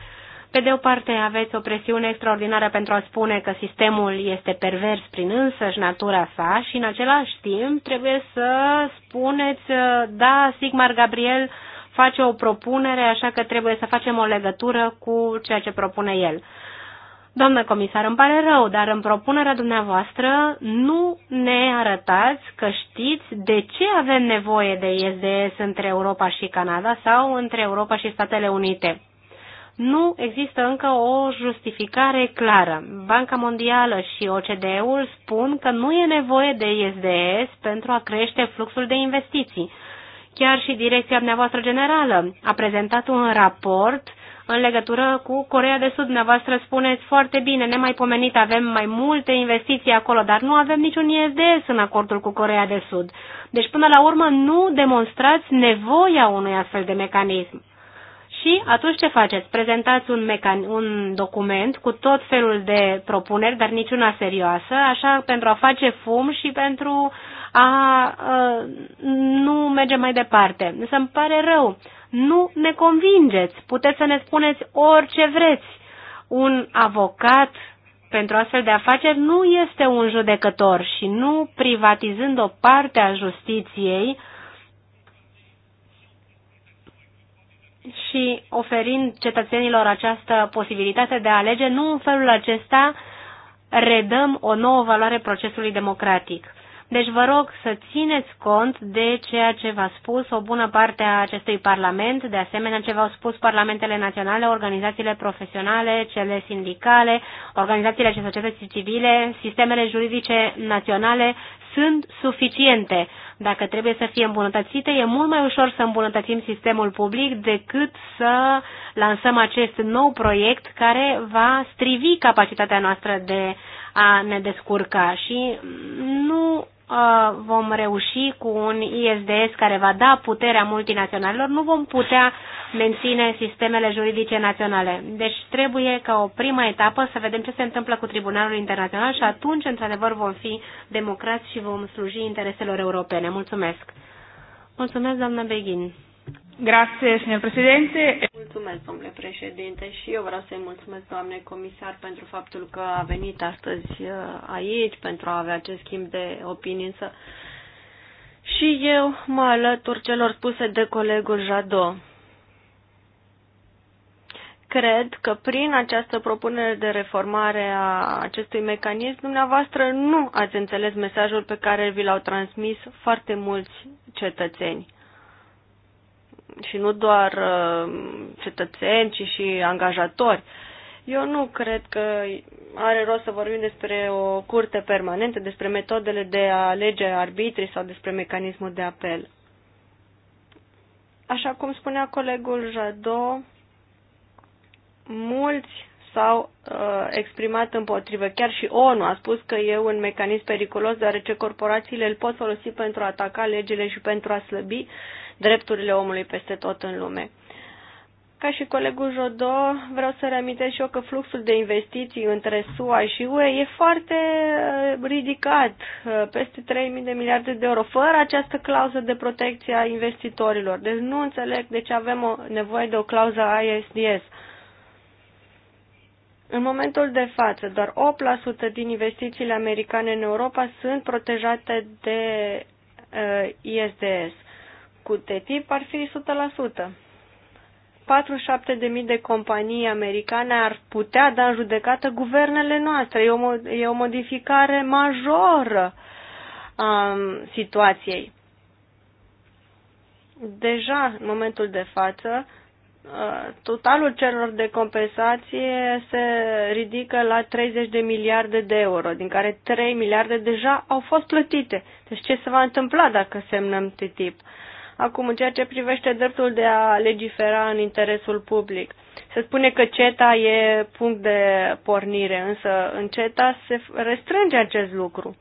Pe de o parte aveți o presiune extraordinară pentru a spune că sistemul este pervers prin însăși natura sa și în același timp trebuie să spuneți, da, Sigmar Gabriel, uh, face o propunere, așa că trebuie să facem o legătură cu ceea ce propune el. Doamnă comisar, îmi pare rău, dar în propunerea dumneavoastră nu ne arătați că știți de ce avem nevoie de ISDS între Europa și Canada sau între Europa și Statele Unite. Nu există încă o justificare clară. Banca Mondială și OCDE-ul spun că nu e nevoie de ISDS pentru a crește fluxul de investiții. Chiar și direcția dumneavoastră generală a prezentat un raport în legătură cu Corea de Sud. Dumneavoastră spuneți foarte bine, nemaipomenit, avem mai multe investiții acolo, dar nu avem niciun ISDS în acordul cu Corea de Sud. Deci, până la urmă, nu demonstrați nevoia unui astfel de mecanism. Și atunci ce faceți? Prezentați un, mecan- un document cu tot felul de propuneri, dar niciuna serioasă, așa pentru a face fum și pentru a nu merge mai departe. Însă îmi pare rău. Nu ne convingeți. Puteți să ne spuneți orice vreți. Un avocat pentru astfel de afaceri nu este un judecător și nu privatizând o parte a justiției și oferind cetățenilor această posibilitate de a alege, nu în felul acesta redăm o nouă valoare procesului democratic. Deci vă rog să țineți cont de ceea ce v-a spus o bună parte a acestui Parlament, de asemenea ce v-au spus Parlamentele Naționale, organizațiile profesionale, cele sindicale, organizațiile și societății civile, sistemele juridice naționale sunt suficiente. Dacă trebuie să fie îmbunătățite, e mult mai ușor să îmbunătățim sistemul public decât să lansăm acest nou proiect care va strivi capacitatea noastră de a ne descurca și nu Uh, vom reuși cu un ISDS care va da puterea multinaționalilor, nu vom putea menține sistemele juridice naționale. Deci trebuie ca o prima etapă să vedem ce se întâmplă cu Tribunalul Internațional și atunci, într-adevăr, vom fi democrați și vom sluji intereselor europene. Mulțumesc! Mulțumesc, doamnă Beghin! Grazie, signor Presidente. Mulțumesc, domnule președinte, și eu vreau să-i mulțumesc, doamne comisar, pentru faptul că a venit astăzi uh, aici pentru a avea acest schimb de opinii. Însă și eu mă alătur celor spuse de colegul Jado. Cred că prin această propunere de reformare a acestui mecanism, dumneavoastră nu ați înțeles mesajul pe care vi l-au transmis foarte mulți cetățeni și nu doar uh, cetățeni, ci și angajatori. Eu nu cred că are rost să vorbim despre o curte permanentă, despre metodele de a alege arbitrii sau despre mecanismul de apel. Așa cum spunea colegul Jado, mulți s-au uh, exprimat împotrivă. Chiar și ONU a spus că e un mecanism periculos, deoarece corporațiile îl pot folosi pentru a ataca legile și pentru a slăbi drepturile omului peste tot în lume. Ca și colegul Jodo, vreau să reamintesc și eu că fluxul de investiții între SUA și UE e foarte uh, ridicat, uh, peste 3.000 de miliarde de euro, fără această clauză de protecție a investitorilor. Deci nu înțeleg de ce avem o, nevoie de o clauză ISDS. În momentul de față, doar 8% din investițiile americane în Europa sunt protejate de uh, ISDS cu TTIP ar fi 100%. 47.000 de companii americane ar putea da în judecată guvernele noastre. E o, e o modificare majoră a um, situației. Deja, în momentul de față, totalul celor de compensație se ridică la 30 de miliarde de euro, din care 3 miliarde deja au fost plătite. Deci ce se va întâmpla dacă semnăm TTIP? Uh, Acum, în ceea ce privește dreptul de a legifera în interesul public, se spune că CETA e punct de pornire, însă în CETA se restrânge acest lucru.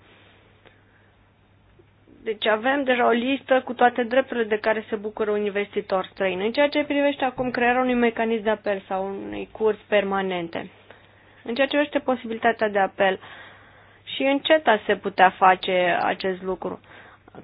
Deci avem deja o listă cu toate drepturile de care se bucură un investitor străin, în ceea ce privește acum crearea unui mecanism de apel sau unei curs permanente. În ceea ce privește posibilitatea de apel, și în CETA se putea face acest lucru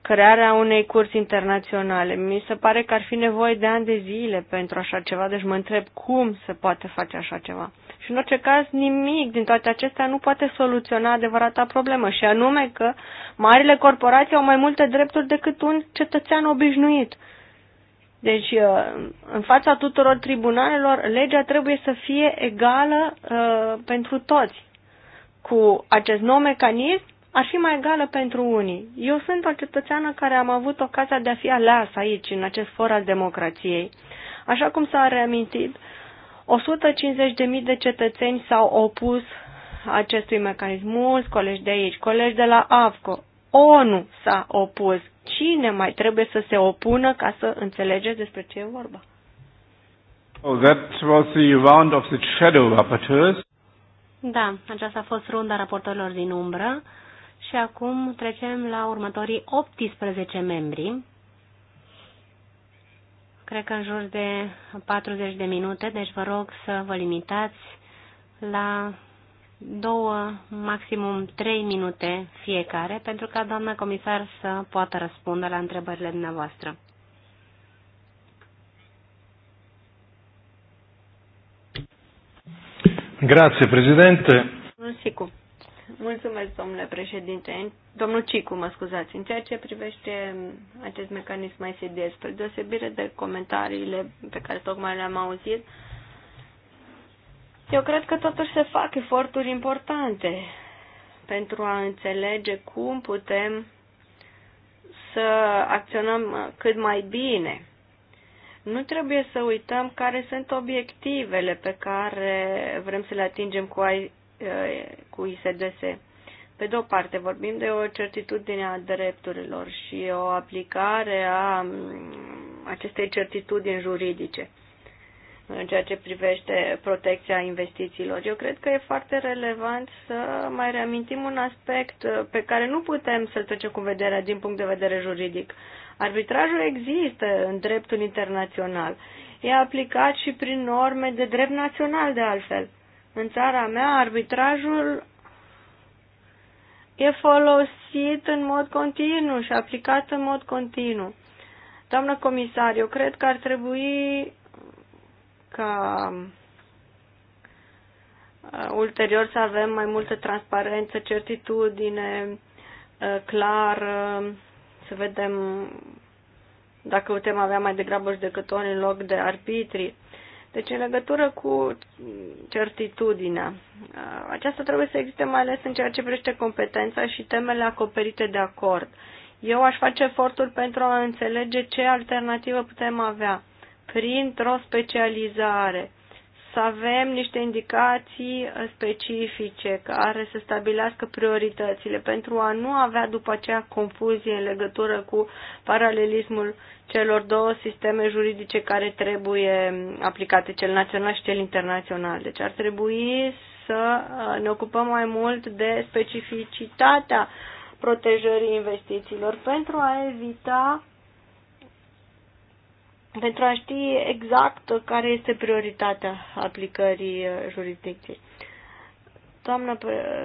crearea unei curți internaționale. Mi se pare că ar fi nevoie de ani de zile pentru așa ceva, deci mă întreb cum se poate face așa ceva. Și în orice caz, nimic din toate acestea nu poate soluționa adevărata problemă, și anume că marile corporații au mai multe drepturi decât un cetățean obișnuit. Deci, uh, în fața tuturor tribunalelor, legea trebuie să fie egală uh, pentru toți. Cu acest nou mecanism, ar fi mai egală pentru unii. Eu sunt o cetățeană care am avut ocazia de a fi aleasă aici, în acest for al democrației. Așa cum s-a reamintit, 150.000 de cetățeni s-au opus acestui mecanism. Mulți colegi de aici, colegi de la AFCO, ONU s-a opus. Cine mai trebuie să se opună ca să înțelegeți despre ce e vorba? Oh, that was the round of the shadow rapporteurs. Da, aceasta a fost runda raportorilor din umbră. Și acum trecem la următorii 18 membri. Cred că în jur de 40 de minute, deci vă rog să vă limitați la două, maximum trei minute fiecare, pentru ca doamna comisar să poată răspunde la întrebările dumneavoastră. Grazie, Presidente. Sigur. Mulțumesc, domnule președinte. Domnul Cicu, mă scuzați. În ceea ce privește acest mecanism ICD, spre deosebire de comentariile pe care tocmai le-am auzit, eu cred că totuși se fac eforturi importante pentru a înțelege cum putem să acționăm cât mai bine. Nu trebuie să uităm care sunt obiectivele pe care vrem să le atingem cu cu ISDS. Pe de o parte, vorbim de o certitudine a drepturilor și o aplicare a mm, acestei certitudini juridice în ceea ce privește protecția investițiilor. Eu cred că e foarte relevant să mai reamintim un aspect uh, pe care nu putem să-l trecem cu vederea din punct de vedere juridic. Arbitrajul există în dreptul internațional. E aplicat și prin norme de drept național, de altfel. În țara mea, arbitrajul e folosit în mod continuu și aplicat în mod continuu. Doamnă comisar, eu cred că ar trebui ca uh, ulterior să avem mai multă transparență, certitudine, uh, clar, să vedem dacă putem avea mai degrabă judecători în loc de arbitri. Deci, în legătură cu certitudinea, uh, aceasta trebuie să existe mai ales în ceea ce privește competența și temele acoperite de acord. Eu aș face efortul pentru a înțelege ce alternativă putem avea printr-o specializare. Să avem niște indicații specifice care să stabilească prioritățile pentru a nu avea după aceea confuzie în legătură cu paralelismul celor două sisteme juridice care trebuie aplicate, cel național și cel internațional. Deci ar trebui să uh, ne ocupăm mai mult de specificitatea protejării investițiilor pentru a evita pentru a ști exact care este prioritatea aplicării uh, jurisdicției. Doamnă,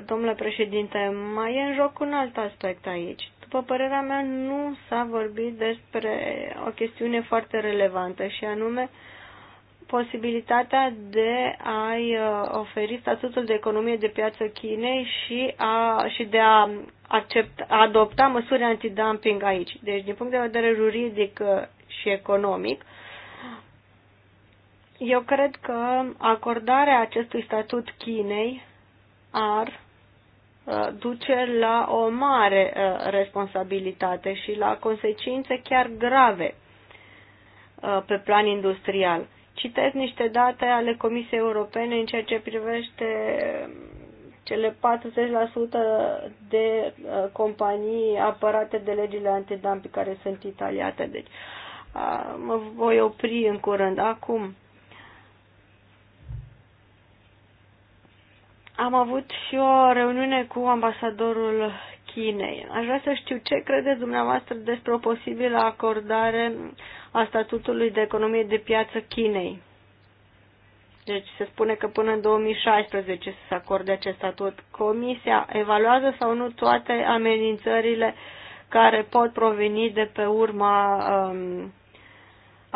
domnule președinte, mai e în joc un alt aspect aici după părerea mea, nu s-a vorbit despre o chestiune foarte relevantă și anume posibilitatea de a-i uh, oferi statutul de economie de piață Chinei și, a, și de a accepta, adopta măsuri antidumping aici. Deci, din punct de vedere juridic uh, și economic, eu cred că acordarea acestui statut Chinei ar Uh, duce la o mare uh, responsabilitate și la consecințe chiar grave uh, pe plan industrial. Citesc niște date ale Comisiei Europene în ceea ce privește um, cele 40% de companii apărate de legile antidumping care sunt italiate. Deci mă voi opri în curând. Acum, Am avut și o reuniune cu ambasadorul Chinei. Aș vrea să știu ce credeți dumneavoastră despre o posibilă acordare a statutului de economie de piață Chinei. Deci se spune că până în 2016 să se acorde acest statut. Comisia evaluează sau nu toate amenințările care pot proveni de pe urma um,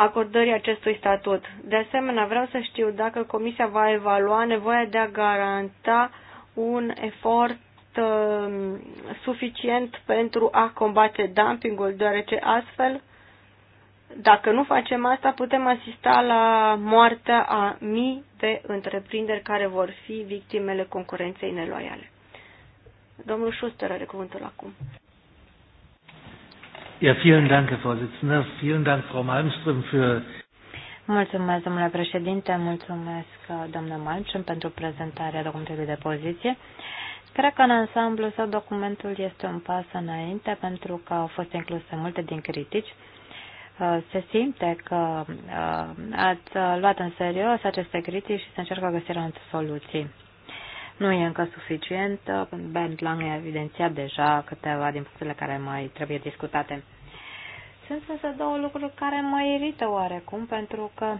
acordării acestui statut. De asemenea, vreau să știu dacă Comisia va evalua nevoia de a garanta un efort uh, suficient pentru a combate dumpingul, deoarece astfel, dacă nu facem asta, putem asista la moartea a mii de întreprinderi care vor fi victimele concurenței neloiale. Domnul Schuster are cuvântul acum. Ja, vielen Dank, Herr Vorsitzender. Vielen Dank, Frau Malmström, für Mulțumesc, domnule președinte, mulțumesc, doamna Malmström, pentru prezentarea documentului de poziție. Cred că în ansamblu sau documentul este un pas înainte pentru că au fost incluse multe din critici. Uh, se simte că uh, ați luat în serios aceste critici și se încearcă găsirea unor soluții nu e încă suficientă. Bernd Lang a evidențiat deja câteva din punctele care mai trebuie discutate. Sunt însă două lucruri care mă irită oarecum, pentru că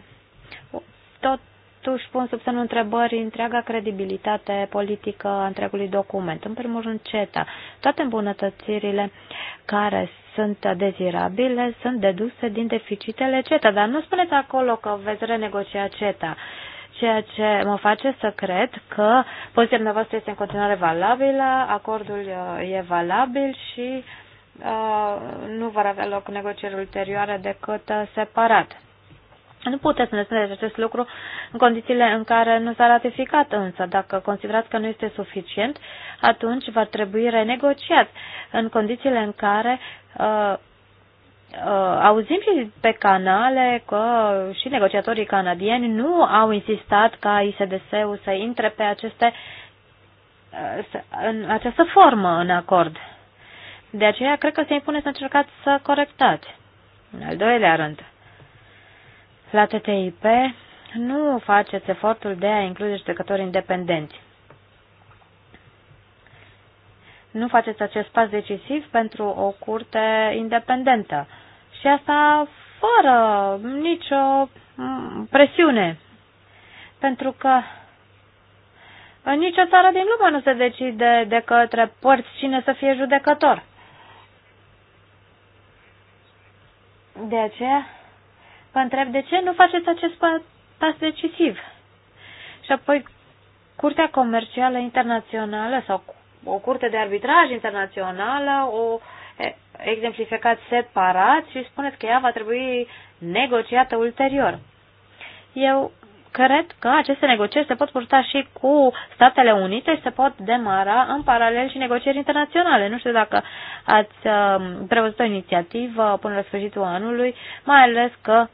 totuși pun sub semnul întrebări întreaga credibilitate politică a întregului document. În primul rând, CETA. Toate îmbunătățirile care sunt dezirabile sunt deduse din deficitele CETA, dar nu spuneți acolo că veți renegocia CETA ceea ce mă face să cred că poziția dumneavoastră este în continuare valabilă, acordul uh, e valabil și uh, nu vor avea loc negocieri ulterioare decât uh, separat. Nu puteți să ne spuneți acest lucru în condițiile în care nu s-a ratificat însă. Dacă considerați că nu este suficient, atunci va trebui renegociat în condițiile în care uh, Uh, auzim și pe canale că și negociatorii canadieni nu au insistat ca ISDS-ul să intre pe aceste, uh, în această formă în acord. De aceea cred că se impune să încercați să corectați. În al doilea rând, la TTIP nu faceți efortul de a include judecători independenți nu faceți acest pas decisiv pentru o curte independentă. Și asta fără nicio presiune. Pentru că în nicio țară din lume nu se decide de către părți cine să fie judecător. De aceea vă întreb de ce nu faceți acest pas decisiv. Și apoi Curtea Comercială Internațională sau o curte de arbitraj internațională, o exemplificați separat și spuneți că ea va trebui negociată ulterior. Eu cred că aceste negocieri se pot purta și cu Statele Unite și se pot demara în paralel și negocieri internaționale. Nu știu dacă ați um, prevăzut o inițiativă până la sfârșitul anului, mai ales că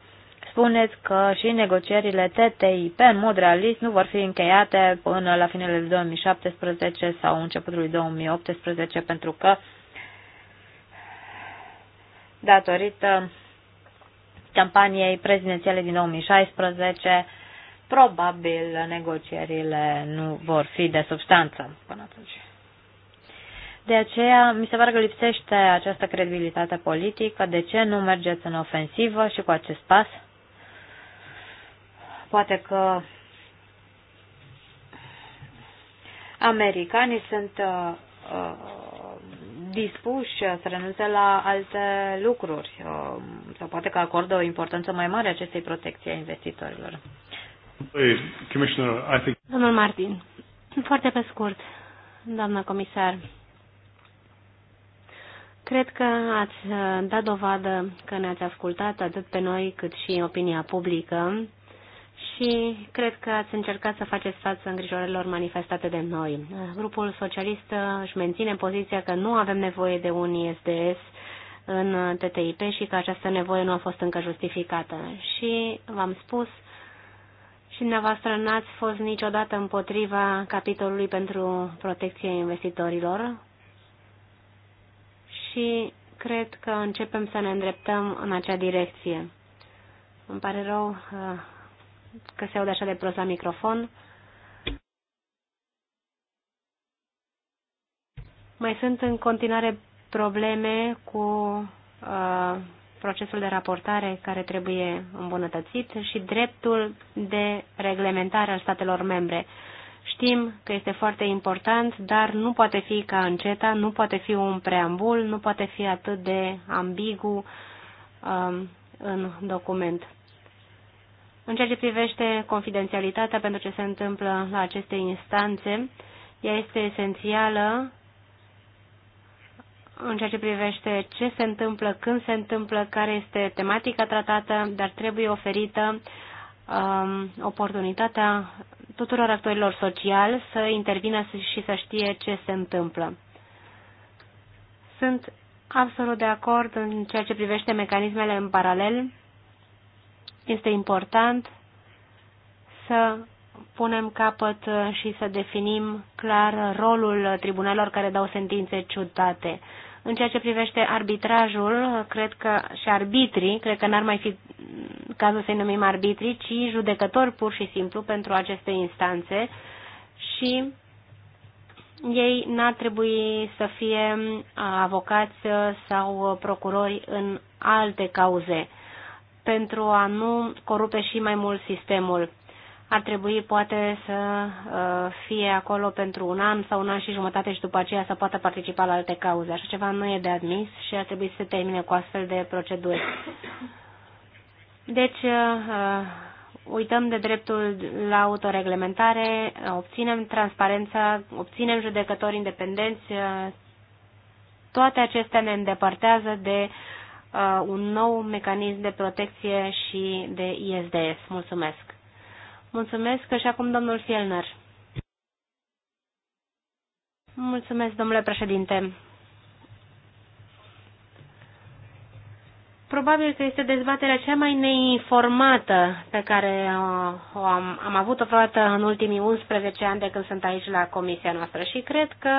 spuneți că și negocierile TTIP, în mod realist, nu vor fi încheiate până la finele 2017 sau începutul lui 2018, pentru că datorită campaniei prezidențiale din 2016, probabil negocierile nu vor fi de substanță până atunci. De aceea, mi se pare că lipsește această credibilitate politică. De ce nu mergeți în ofensivă și cu acest pas? Poate că americanii sunt uh, uh, dispuși să renunțe la alte lucruri uh, sau poate că acordă o importanță mai mare acestei protecții a investitorilor. Domnul Martin, foarte pe scurt, doamna comisar, cred că ați uh, dat dovadă că ne-ați ascultat atât pe noi cât și opinia publică și cred că ați încercat să faceți față îngrijorărilor manifestate de noi. Grupul socialist își menține poziția că nu avem nevoie de un ISDS în TTIP și că această nevoie nu a fost încă justificată. Și v-am spus și dumneavoastră n-ați fost niciodată împotriva capitolului pentru protecția investitorilor și cred că începem să ne îndreptăm în acea direcție. Îmi pare rău, uh, că se aude așa de prost la microfon. Mai sunt în continuare probleme cu uh, procesul de raportare care trebuie îmbunătățit și dreptul de reglementare al statelor membre. Știm că este foarte important, dar nu poate fi ca în CETA, nu poate fi un preambul, nu poate fi atât de ambigu uh, în document. În ceea ce privește confidențialitatea pentru ce se întâmplă la aceste instanțe, ea este esențială în ceea ce privește ce se întâmplă, când se întâmplă, care este tematica tratată, dar trebuie oferită um, oportunitatea tuturor actorilor sociali să intervină și să știe ce se întâmplă. Sunt absolut de acord în ceea ce privește mecanismele în paralel este important să punem capăt și să definim clar rolul tribunalelor care dau sentințe ciudate. În ceea ce privește arbitrajul, cred că și arbitrii, cred că n-ar mai fi cazul să-i numim arbitrii, ci judecători pur și simplu pentru aceste instanțe și ei n-ar trebui să fie uh, avocați uh, sau uh, procurori în alte cauze pentru a nu corupe și mai mult sistemul. Ar trebui poate să uh, fie acolo pentru un an sau un an și jumătate și după aceea să poată participa la alte cauze. Așa ceva nu e de admis și ar trebui să se termine cu astfel de proceduri. Deci, uh, uh, uităm de dreptul la autoreglementare, obținem transparența, obținem judecători independenți, toate acestea ne îndepărtează de uh, un nou mecanism de protecție și de ISDS. Mulțumesc! Mulțumesc și acum domnul Fielner. Mulțumesc, domnule președinte. Probabil că este dezbaterea cea mai neinformată pe care uh, o am, am avut-o vreodată în ultimii 11 ani de când sunt aici la comisia noastră și cred că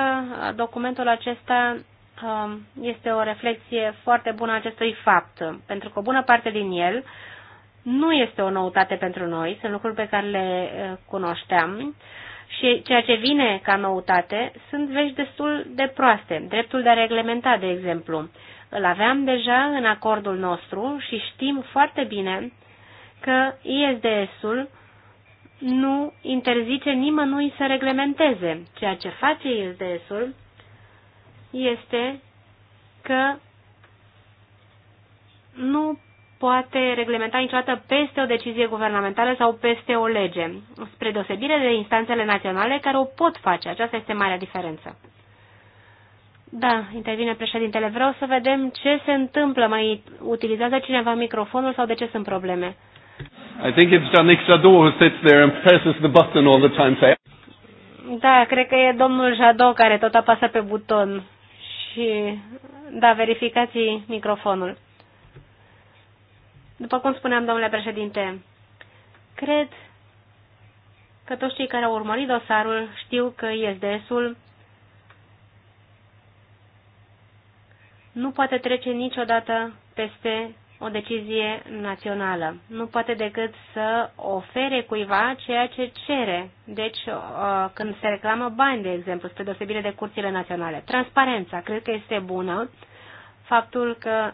documentul acesta este o reflexie foarte bună acestui fapt, pentru că o bună parte din el nu este o noutate pentru noi, sunt lucruri pe care le cunoșteam și ceea ce vine ca noutate sunt vești destul de proaste. Dreptul de a reglementa, de exemplu, îl aveam deja în acordul nostru și știm foarte bine că ISDS-ul nu interzice nimănui să reglementeze. Ceea ce face ISDS-ul este că nu poate reglementa niciodată peste o decizie guvernamentală sau peste o lege, spre deosebire de instanțele naționale care o pot face. Aceasta este marea diferență. Da, intervine președintele. Vreau să vedem ce se întâmplă. Mai utilizează cineva microfonul sau de ce sunt probleme? I think it's who sits there and presses the button all the time. Da, cred că e domnul Jadot care tot apasă pe buton și, da, verificați microfonul. După cum spuneam, domnule președinte, cred că toți cei care au urmărit dosarul știu că ISDS-ul nu poate trece niciodată peste o decizie națională. Nu poate decât să ofere cuiva ceea ce cere. Deci, uh, când se reclamă bani, de exemplu, spre deosebire de curțile naționale. Transparența, cred că este bună. Faptul că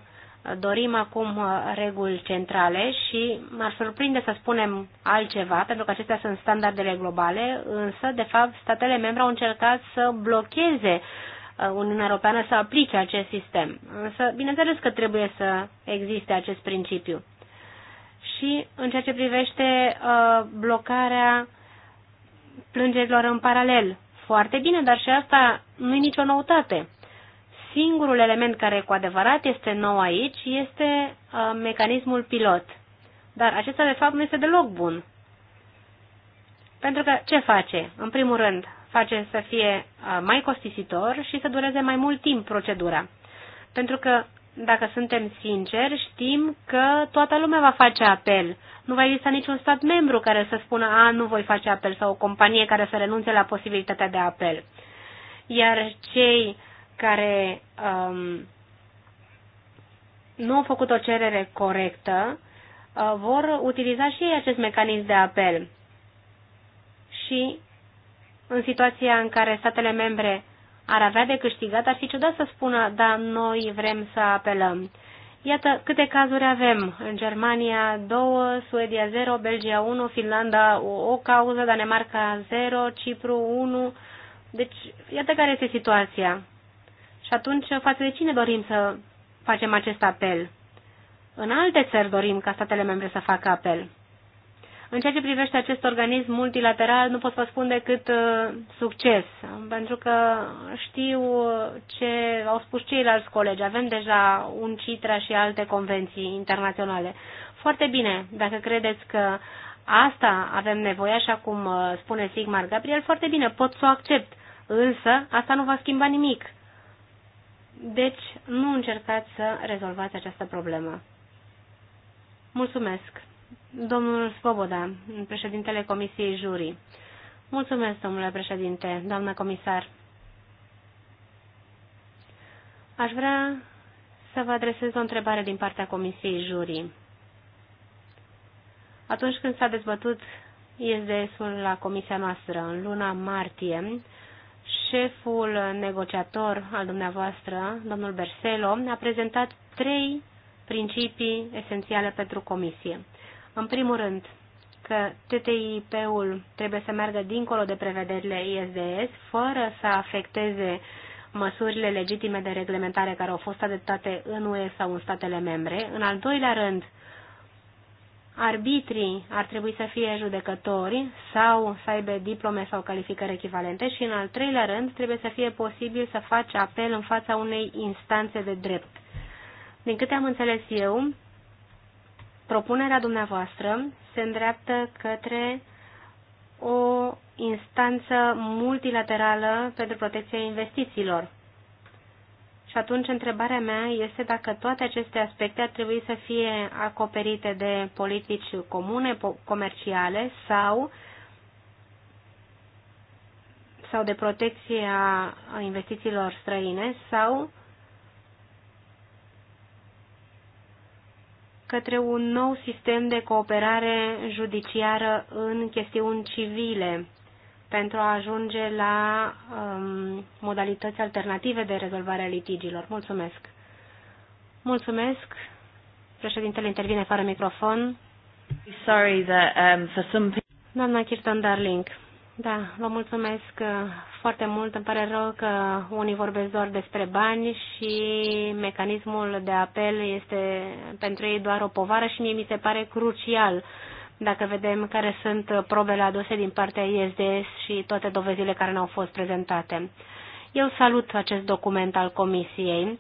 dorim acum uh, reguli centrale și m-ar surprinde să spunem altceva, pentru că acestea sunt standardele globale, însă, de fapt, statele membre au încercat să blocheze Uh, Uniunea Europeană să aplice acest sistem. Însă, bineînțeles că trebuie să existe acest principiu. Și în ceea ce privește uh, blocarea plângerilor în paralel, foarte bine, dar și asta nu e nicio noutate. Singurul element care cu adevărat este nou aici este uh, mecanismul pilot. Dar acesta, de fapt, nu este deloc bun. Pentru că ce face? În primul rând, face să fie uh, mai costisitor și să dureze mai mult timp procedura. Pentru că, dacă suntem sinceri, știm că toată lumea va face apel. Nu va exista niciun stat membru care să spună, a, nu voi face apel, sau o companie care să renunțe la posibilitatea de apel. Iar cei care um, nu au făcut o cerere corectă uh, vor utiliza și ei acest mecanism de apel. Și în situația în care statele membre ar avea de câștigat, ar fi ciudat să spună, da, noi vrem să apelăm. Iată câte cazuri avem. În Germania 2, Suedia 0, Belgia 1, Finlanda o, o cauză, Danemarca 0, Cipru 1. Deci, iată care este situația. Și atunci, față de cine dorim să facem acest apel? În alte țări dorim ca statele membre să facă apel. În ceea ce privește acest organism multilateral, nu pot să vă spun decât uh, succes, pentru că știu ce au spus ceilalți colegi. Avem deja un CITRA și alte convenții internaționale. Foarte bine, dacă credeți că asta avem nevoie, așa cum uh, spune Sigmar Gabriel, foarte bine, pot să o accept, însă asta nu va schimba nimic. Deci, nu încercați să rezolvați această problemă. Mulțumesc! Domnul Svoboda, președintele Comisiei Jurii. Mulțumesc, domnule președinte, doamnă comisar. Aș vrea să vă adresez o întrebare din partea Comisiei Jurii. Atunci când s-a dezbătut ISDS-ul la comisia noastră în luna martie, șeful negociator al dumneavoastră, domnul Berselo, a prezentat trei principii esențiale pentru comisie. În primul rând, că TTIP-ul trebuie să meargă dincolo de prevederile ISDS, fără să afecteze măsurile legitime de reglementare care au fost adoptate în UE sau în statele membre. În al doilea rând, arbitrii ar trebui să fie judecători sau să aibă diplome sau calificări echivalente și, în al treilea rând, trebuie să fie posibil să faci apel în fața unei instanțe de drept. Din câte am înțeles eu, propunerea dumneavoastră se îndreaptă către o instanță multilaterală pentru protecția investițiilor. Și atunci întrebarea mea este dacă toate aceste aspecte ar trebui să fie acoperite de politici comune, comerciale sau sau de protecția investițiilor străine sau către un nou sistem de cooperare judiciară în chestiuni civile pentru a ajunge la um, modalități alternative de rezolvare a litigilor. Mulțumesc. Mulțumesc. Președintele intervine fără microfon. Sorry that, um, for some... Doamna Kirsten Darling. Da, vă mulțumesc uh, foarte mult. Îmi pare rău că unii vorbesc doar despre bani și mecanismul de apel este pentru ei doar o povară și mie mi se pare crucial dacă vedem care sunt probele aduse din partea ISDS și toate dovezile care ne-au fost prezentate. Eu salut acest document al Comisiei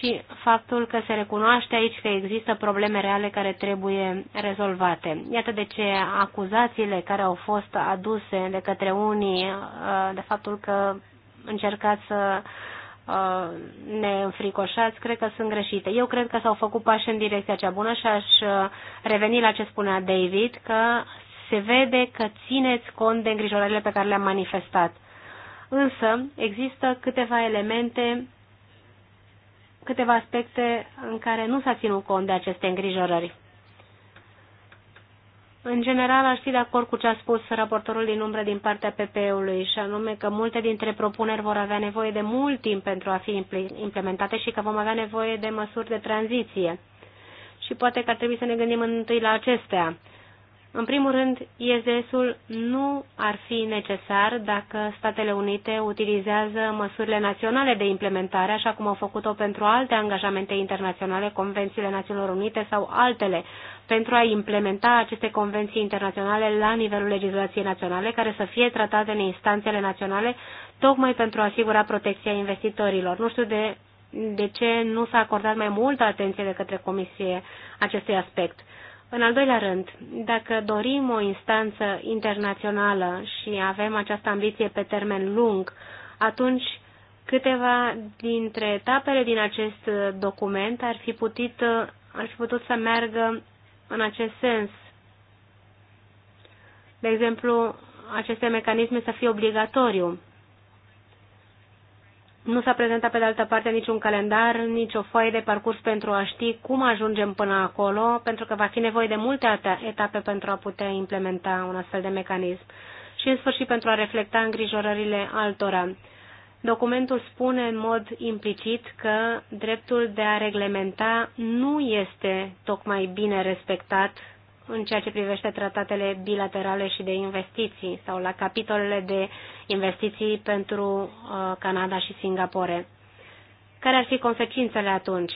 și faptul că se recunoaște aici că există probleme reale care trebuie rezolvate. Iată de ce acuzațiile care au fost aduse de către unii uh, de faptul că încercați să uh, ne înfricoșați, cred că sunt greșite. Eu cred că s-au făcut pași în direcția cea bună și aș uh, reveni la ce spunea David, că se vede că țineți cont de îngrijorările pe care le-am manifestat. Însă, există câteva elemente câteva aspecte în care nu s-a ținut cont de aceste îngrijorări. În general, aș fi de acord cu ce a spus raportorul din umbră din partea PPE-ului, și anume că multe dintre propuneri vor avea nevoie de mult timp pentru a fi implementate și că vom avea nevoie de măsuri de tranziție. Și poate că ar trebui să ne gândim întâi la acestea în primul rând, izs ul nu ar fi necesar dacă Statele Unite utilizează măsurile naționale de implementare, așa cum au făcut-o pentru alte angajamente internaționale, convențiile Națiunilor Unite sau altele, pentru a implementa aceste convenții internaționale la nivelul legislației naționale, care să fie tratate în instanțele naționale, tocmai pentru a asigura protecția investitorilor. Nu știu de, de ce nu s-a acordat mai multă atenție de către Comisie acestui aspect. În al doilea rând, dacă dorim o instanță internațională și avem această ambiție pe termen lung, atunci câteva dintre etapele din acest document ar fi, putut, ar fi putut să meargă în acest sens. De exemplu, aceste mecanisme să fie obligatoriu. Nu s-a prezentat pe de altă parte niciun calendar, nici o foaie de parcurs pentru a ști cum ajungem până acolo, pentru că va fi nevoie de multe etape pentru a putea implementa un astfel de mecanism și, în sfârșit, pentru a reflecta îngrijorările altora. Documentul spune în mod implicit că dreptul de a reglementa nu este tocmai bine respectat în ceea ce privește tratatele bilaterale și de investiții sau la capitolele de investiții pentru uh, Canada și Singapore. Care ar fi consecințele atunci?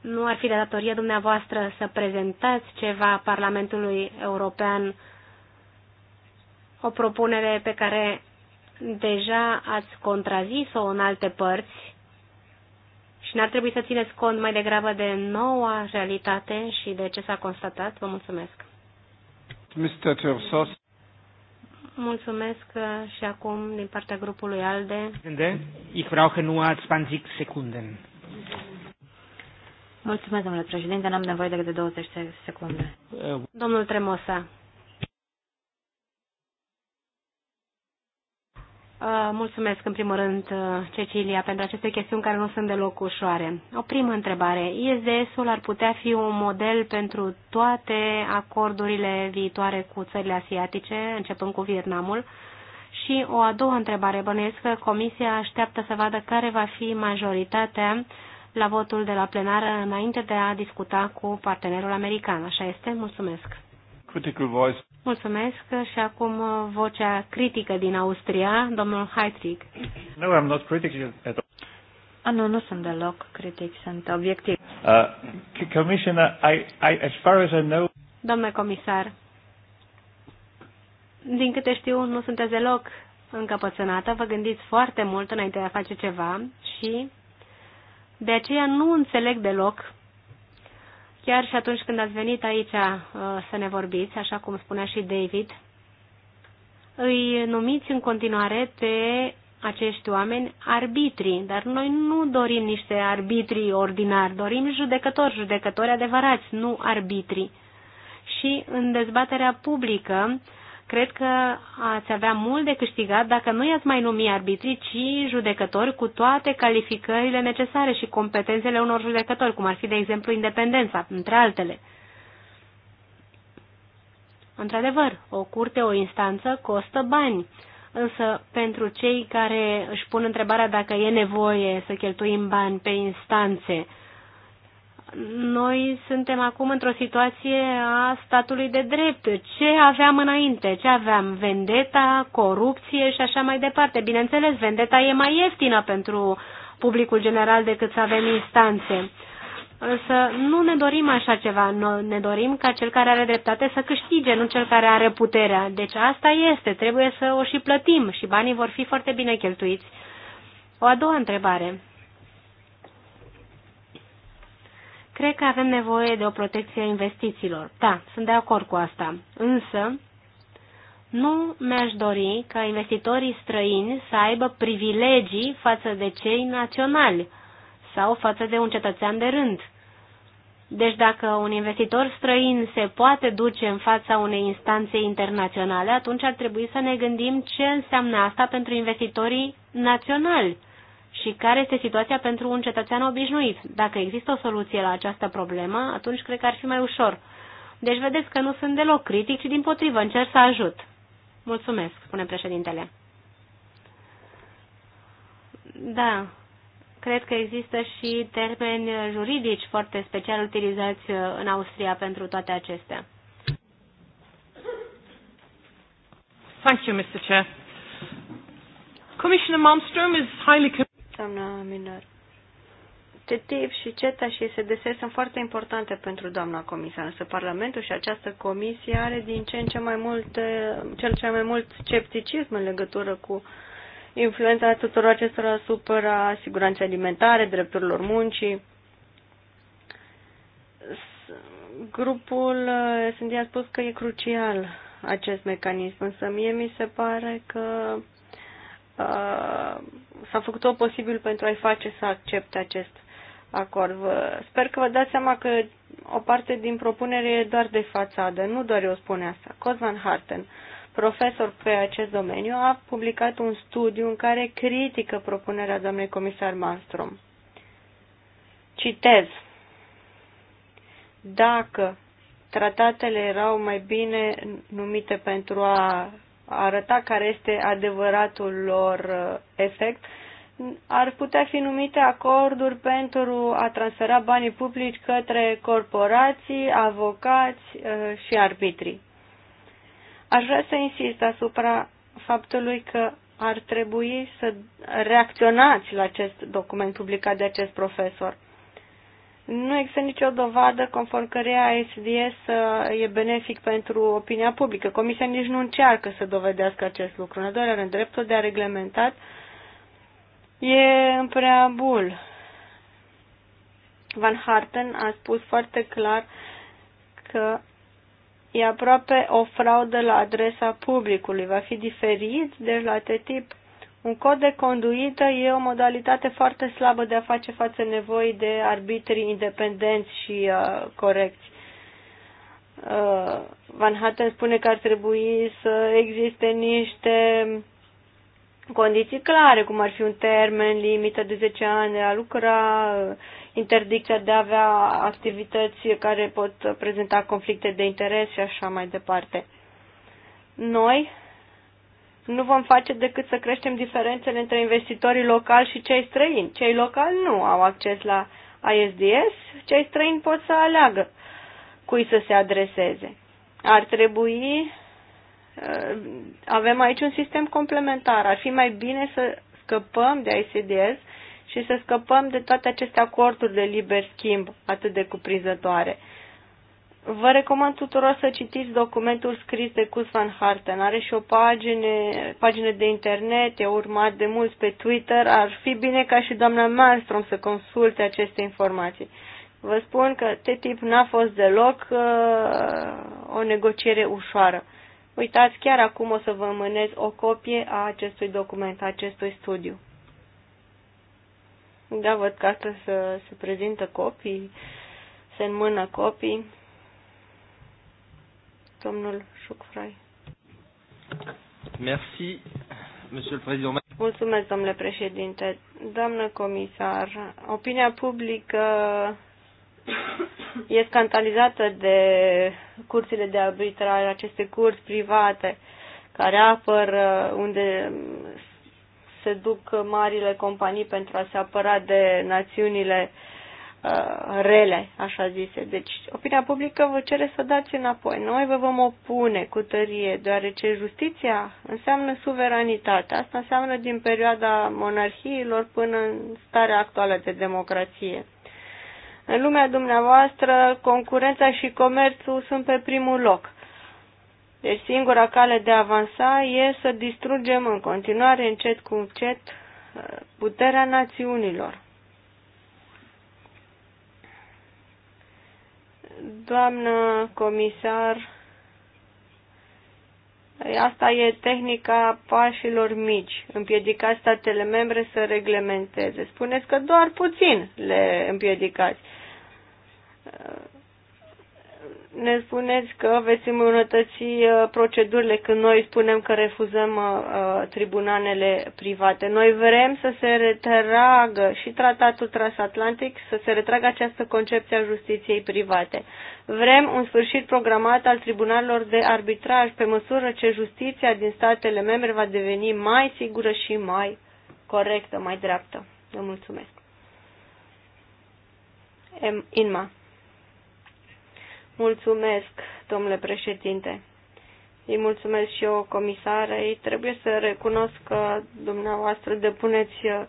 Nu ar fi de datorie dumneavoastră să prezentați ceva Parlamentului European, o propunere pe care deja ați contrazis-o în alte părți și n-ar trebui să țineți cont mai degrabă de noua realitate și de ce s-a constatat? Vă mulțumesc. Mr. Tersos. Mulțumesc uh, și acum din partea grupului ALDE. Ich brauche nur 20 Sekunden. Mulțumesc, domnule președinte, n-am nevoie decât de 20 secunde. Domnul Tremosa, Uh, mulțumesc, în primul rând, uh, Cecilia, pentru aceste chestiuni care nu sunt deloc ușoare. O primă întrebare. ISDS-ul ar putea fi un model pentru toate acordurile viitoare cu țările asiatice, începând cu Vietnamul? Și o a doua întrebare. Bănuiesc că Comisia așteaptă să vadă care va fi majoritatea la votul de la plenară înainte de a discuta cu partenerul american. Așa este? Mulțumesc. Critical Voice. Mulțumesc și acum uh, vocea critică din Austria, domnul Heitrich. No, I'm not critic at all. A, ah, nu, nu sunt deloc critic, sunt obiectiv. Uh, commissioner, I, I, as far as I know... Domnule comisar, din câte știu, nu sunteți deloc încăpățânată, vă gândiți foarte mult înainte de a face ceva și de aceea nu înțeleg deloc Chiar și atunci când ați venit aici uh, să ne vorbiți, așa cum spunea și David, îi numiți în continuare pe acești oameni arbitri, dar noi nu dorim niște arbitri ordinari, dorim judecători, judecători adevărați, nu arbitri. Și în dezbaterea publică, uh, Cred că ați avea mult de câștigat dacă nu i-ați mai numi arbitrii, ci judecători cu toate calificările necesare și competențele unor judecători, cum ar fi, de exemplu, independența, între altele. Într-adevăr, o curte, o instanță costă bani, însă pentru cei care își pun întrebarea dacă e nevoie să cheltuim bani pe instanțe, noi suntem acum într-o situație a statului de drept. Ce aveam înainte? Ce aveam? Vendeta, corupție și așa mai departe. Bineînțeles, vendeta e mai ieftină pentru publicul general decât să avem instanțe. Însă nu ne dorim așa ceva, ne dorim ca cel care are dreptate să câștige, nu cel care are puterea. Deci asta este, trebuie să o și plătim și banii vor fi foarte bine cheltuiți. O a doua întrebare. Cred că avem nevoie de o protecție a investițiilor. Da, sunt de acord cu asta. Însă, nu mi-aș dori ca investitorii străini să aibă privilegii față de cei naționali sau față de un cetățean de rând. Deci dacă un investitor străin se poate duce în fața unei instanțe internaționale, atunci ar trebui să ne gândim ce înseamnă asta pentru investitorii naționali și care este situația pentru un cetățean obișnuit. Dacă există o soluție la această problemă, atunci cred că ar fi mai ușor. Deci vedeți că nu sunt deloc critic, ci din potrivă încerc să ajut. Mulțumesc, spune președintele. Da, cred că există și termeni juridici foarte special utilizați uh, în Austria pentru toate acestea. Thank you, Mr. Chair. Commissioner Malmström is highly înseamnă minor. TTIP și CETA și SDS sunt foarte importante pentru doamna comisar, însă Parlamentul și această comisie are din ce în ce mai mult, cel ce mai mult scepticism în legătură cu influența tuturor acestora asupra siguranței alimentare, drepturilor muncii. Grupul S&D a spus că e crucial acest mecanism, însă mie mi se pare că Uh, s-a făcut tot posibil pentru a-i face să accepte acest acord. Vă, sper că vă dați seama că o parte din propunere e doar de fațadă, nu doar eu spun asta. Cosman Harten, profesor pe acest domeniu, a publicat un studiu în care critică propunerea doamnei comisar Malmström. Citez. Dacă tratatele erau mai bine numite pentru a arăta care este adevăratul lor uh, efect, ar putea fi numite acorduri pentru a transfera banii publici către corporații, avocați uh, și arbitrii. Aș vrea să insist asupra faptului că ar trebui să reacționați la acest document publicat de acest profesor. Nu există nicio dovadă conform căreia SDS uh, e benefic pentru opinia publică. Comisia nici nu încearcă să dovedească acest lucru. În al doilea rând, dreptul de a reglementat e în preambul. Van Harten a spus foarte clar că e aproape o fraudă la adresa publicului. Va fi diferit, deci la TTIP un cod de conduită e o modalitate foarte slabă de a face față nevoii de arbitri independenți și uh, corecți. Uh, Van Hatten spune că ar trebui să existe niște condiții clare, cum ar fi un termen limită de 10 ani de a lucra, uh, interdicția de a avea activități care pot prezenta conflicte de interes și așa mai departe. Noi, nu vom face decât să creștem diferențele între investitorii locali și cei străini. Cei locali nu au acces la ISDS, cei străini pot să aleagă cui să se adreseze. Ar trebui, uh, avem aici un sistem complementar, ar fi mai bine să scăpăm de ISDS și să scăpăm de toate aceste acorduri de liber schimb atât de cuprinzătoare. Vă recomand tuturor să citiți documentul scris de Cus van Harten. Are și o pagine, pagine de internet, e urmat de mulți pe Twitter. Ar fi bine ca și doamna Malmström să consulte aceste informații. Vă spun că TTIP n-a fost deloc uh, o negociere ușoară. Uitați, chiar acum o să vă mânez o copie a acestui document, a acestui studiu. Da, văd că astăzi se, se prezintă copii, se înmână copii domnul Șucfrai. Merci, monsieur le président. Mulțumesc, domnule președinte. Doamnă comisar, opinia publică e scandalizată de curțile de arbitraj, aceste curți private care apără unde se duc marile companii pentru a se apăra de națiunile uh, Uh, rele, așa zise. Deci, opinia publică vă cere să dați înapoi. Noi vă vom opune cu tărie, deoarece justiția înseamnă suveranitate. Asta înseamnă din perioada monarhiilor până în starea actuală de democrație. În lumea dumneavoastră, concurența și comerțul sunt pe primul loc. Deci singura cale de a avansa e să distrugem în continuare încet cu încet uh, puterea națiunilor Doamnă comisar, asta e tehnica pașilor mici. Împiedicați statele membre să reglementeze. Spuneți că doar puțin le împiedicați ne spuneți că veți îmbunătăți uh, procedurile când noi spunem că refuzăm uh, uh, tribunalele private. Noi vrem să se retragă și tratatul transatlantic, să se retragă această concepție a justiției private. Vrem un sfârșit programat al tribunalelor de arbitraj pe măsură ce justiția din statele membre va deveni mai sigură și mai corectă, mai dreaptă. Vă mulțumesc. Inma. Mulțumesc, domnule președinte. Îi mulțumesc și eu comisarei. Trebuie să recunosc că dumneavoastră depuneți uh,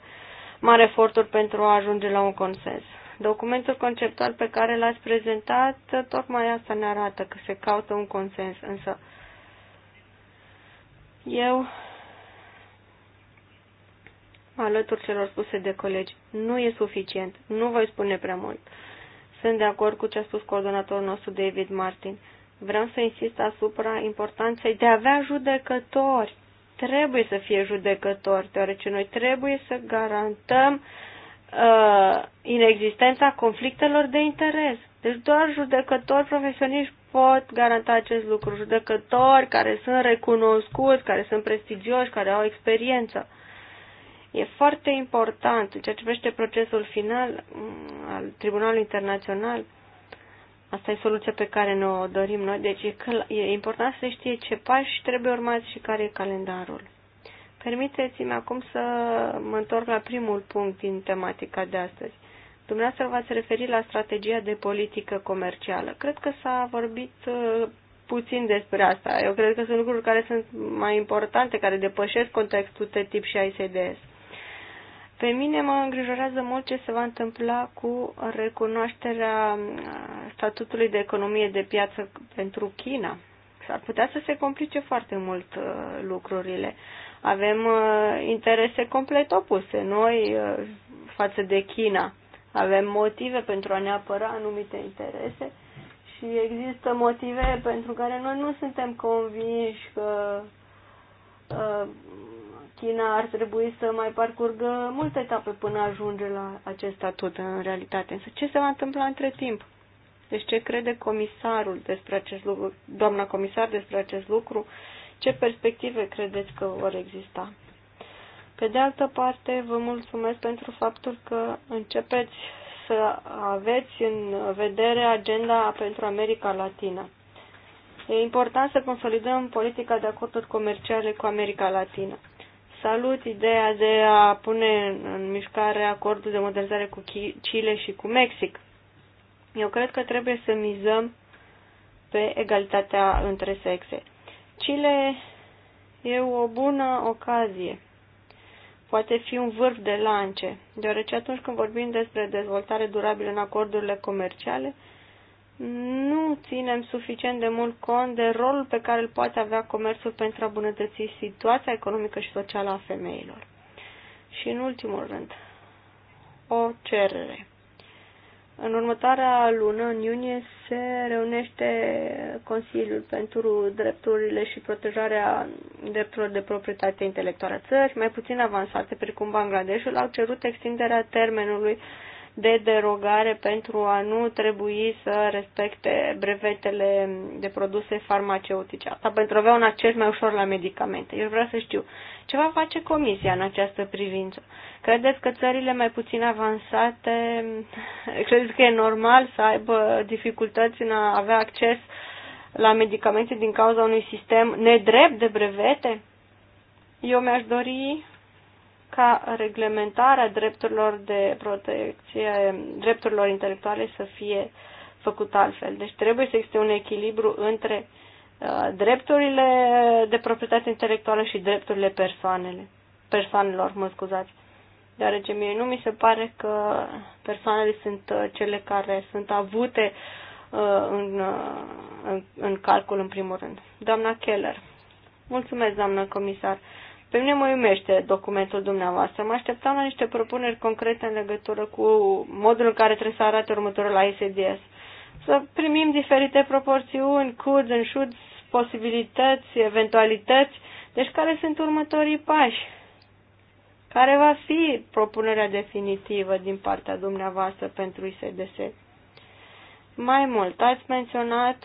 mare eforturi pentru a ajunge la un consens. Documentul conceptual pe care l-ați prezentat, tocmai asta ne arată că se caută un consens, însă eu alături celor spuse de colegi, nu e suficient, nu voi spune prea mult. Uh, sunt de acord cu ce a spus coordonatorul nostru David Martin. Vreau să insist asupra importanței de a avea judecători. Trebuie să fie judecători, deoarece noi trebuie să garantăm uh, inexistența conflictelor de interes. Deci doar judecători profesioniști pot garanta acest lucru. Judecători care sunt recunoscuți, care sunt prestigioși, care au experiență. E foarte important în ceea ce privește procesul final mm, al Tribunalului Internațional. Asta e soluția pe care ne o dorim noi, deci e, important să știe ce pași trebuie urmați și care e calendarul. Permiteți-mi acum să mă întorc la primul punct din tematica de astăzi. Dumneavoastră v-ați referit la strategia de politică comercială. Cred că s-a vorbit uh, puțin despre asta. Eu cred că sunt lucruri care sunt mai importante, care depășesc contextul TTIP și ICDS. Pe mine mă îngrijorează mult ce se va întâmpla cu recunoașterea uh, statutului de economie de piață pentru China. S-ar putea să se complice foarte mult uh, lucrurile. Avem uh, interese complet opuse. Noi, față de China, avem motive pentru a ne apăra anumite interese și există motive pentru care noi nu suntem convinși că China ar trebui să mai parcurgă multe etape până ajunge la acest statut în realitate. Însă ce se va întâmpla între timp? Deci ce crede comisarul despre acest lucru, doamna comisar despre acest lucru? Ce perspective credeți că vor exista? Pe de altă parte, vă mulțumesc pentru faptul că începeți să aveți în vedere agenda pentru America Latină. E important să consolidăm politica de acorduri comerciale cu America Latină. Salut ideea de a pune în mișcare acordul de modernizare cu Chile și cu Mexic. Eu cred că trebuie să mizăm pe egalitatea între sexe. Chile e o bună ocazie. Poate fi un vârf de lance, deoarece atunci când vorbim despre dezvoltare durabilă în acordurile comerciale, nu ținem suficient de mult cont de rolul pe care îl poate avea comerțul pentru a bunătăți situația economică și socială a femeilor. Și în ultimul rând, o cerere. În următoarea lună, în iunie, se reunește Consiliul pentru Drepturile și Protejarea Drepturilor de Proprietate Intelectuală. Țări mai puțin avansate, precum Bangladeshul, au cerut extinderea termenului uh, de derogare pentru a nu trebui să respecte brevetele de produse farmaceutice. Asta pentru a avea un acces mai ușor la medicamente. Eu vreau să știu ce va face Comisia în această privință. Credeți că țările mai puțin avansate, [laughs] credeți că e normal să aibă dificultăți în a avea acces la medicamente din cauza unui sistem nedrept de brevete? Eu mi-aș dori ca reglementarea drepturilor de protecție, drepturilor intelectuale să fie făcută altfel. Deci trebuie să existe un echilibru între uh, drepturile de proprietate intelectuală și drepturile persoanele, persoanelor, mă scuzați. Deoarece mie nu mi se pare că persoanele sunt uh, cele care sunt avute uh, în, în, în calcul în primul rând. Doamna Keller. Mulțumesc, doamnă comisar. Pe mine mă iumește documentul dumneavoastră. Mă așteptam la niște propuneri concrete în legătură cu modul în care trebuie să arate următorul la ICDS. Să primim diferite proporțiuni, cuți, înșuți, posibilități, eventualități. Deci care sunt următorii pași? Care va fi propunerea definitivă din partea dumneavoastră pentru ISDS? Mai mult, ați menționat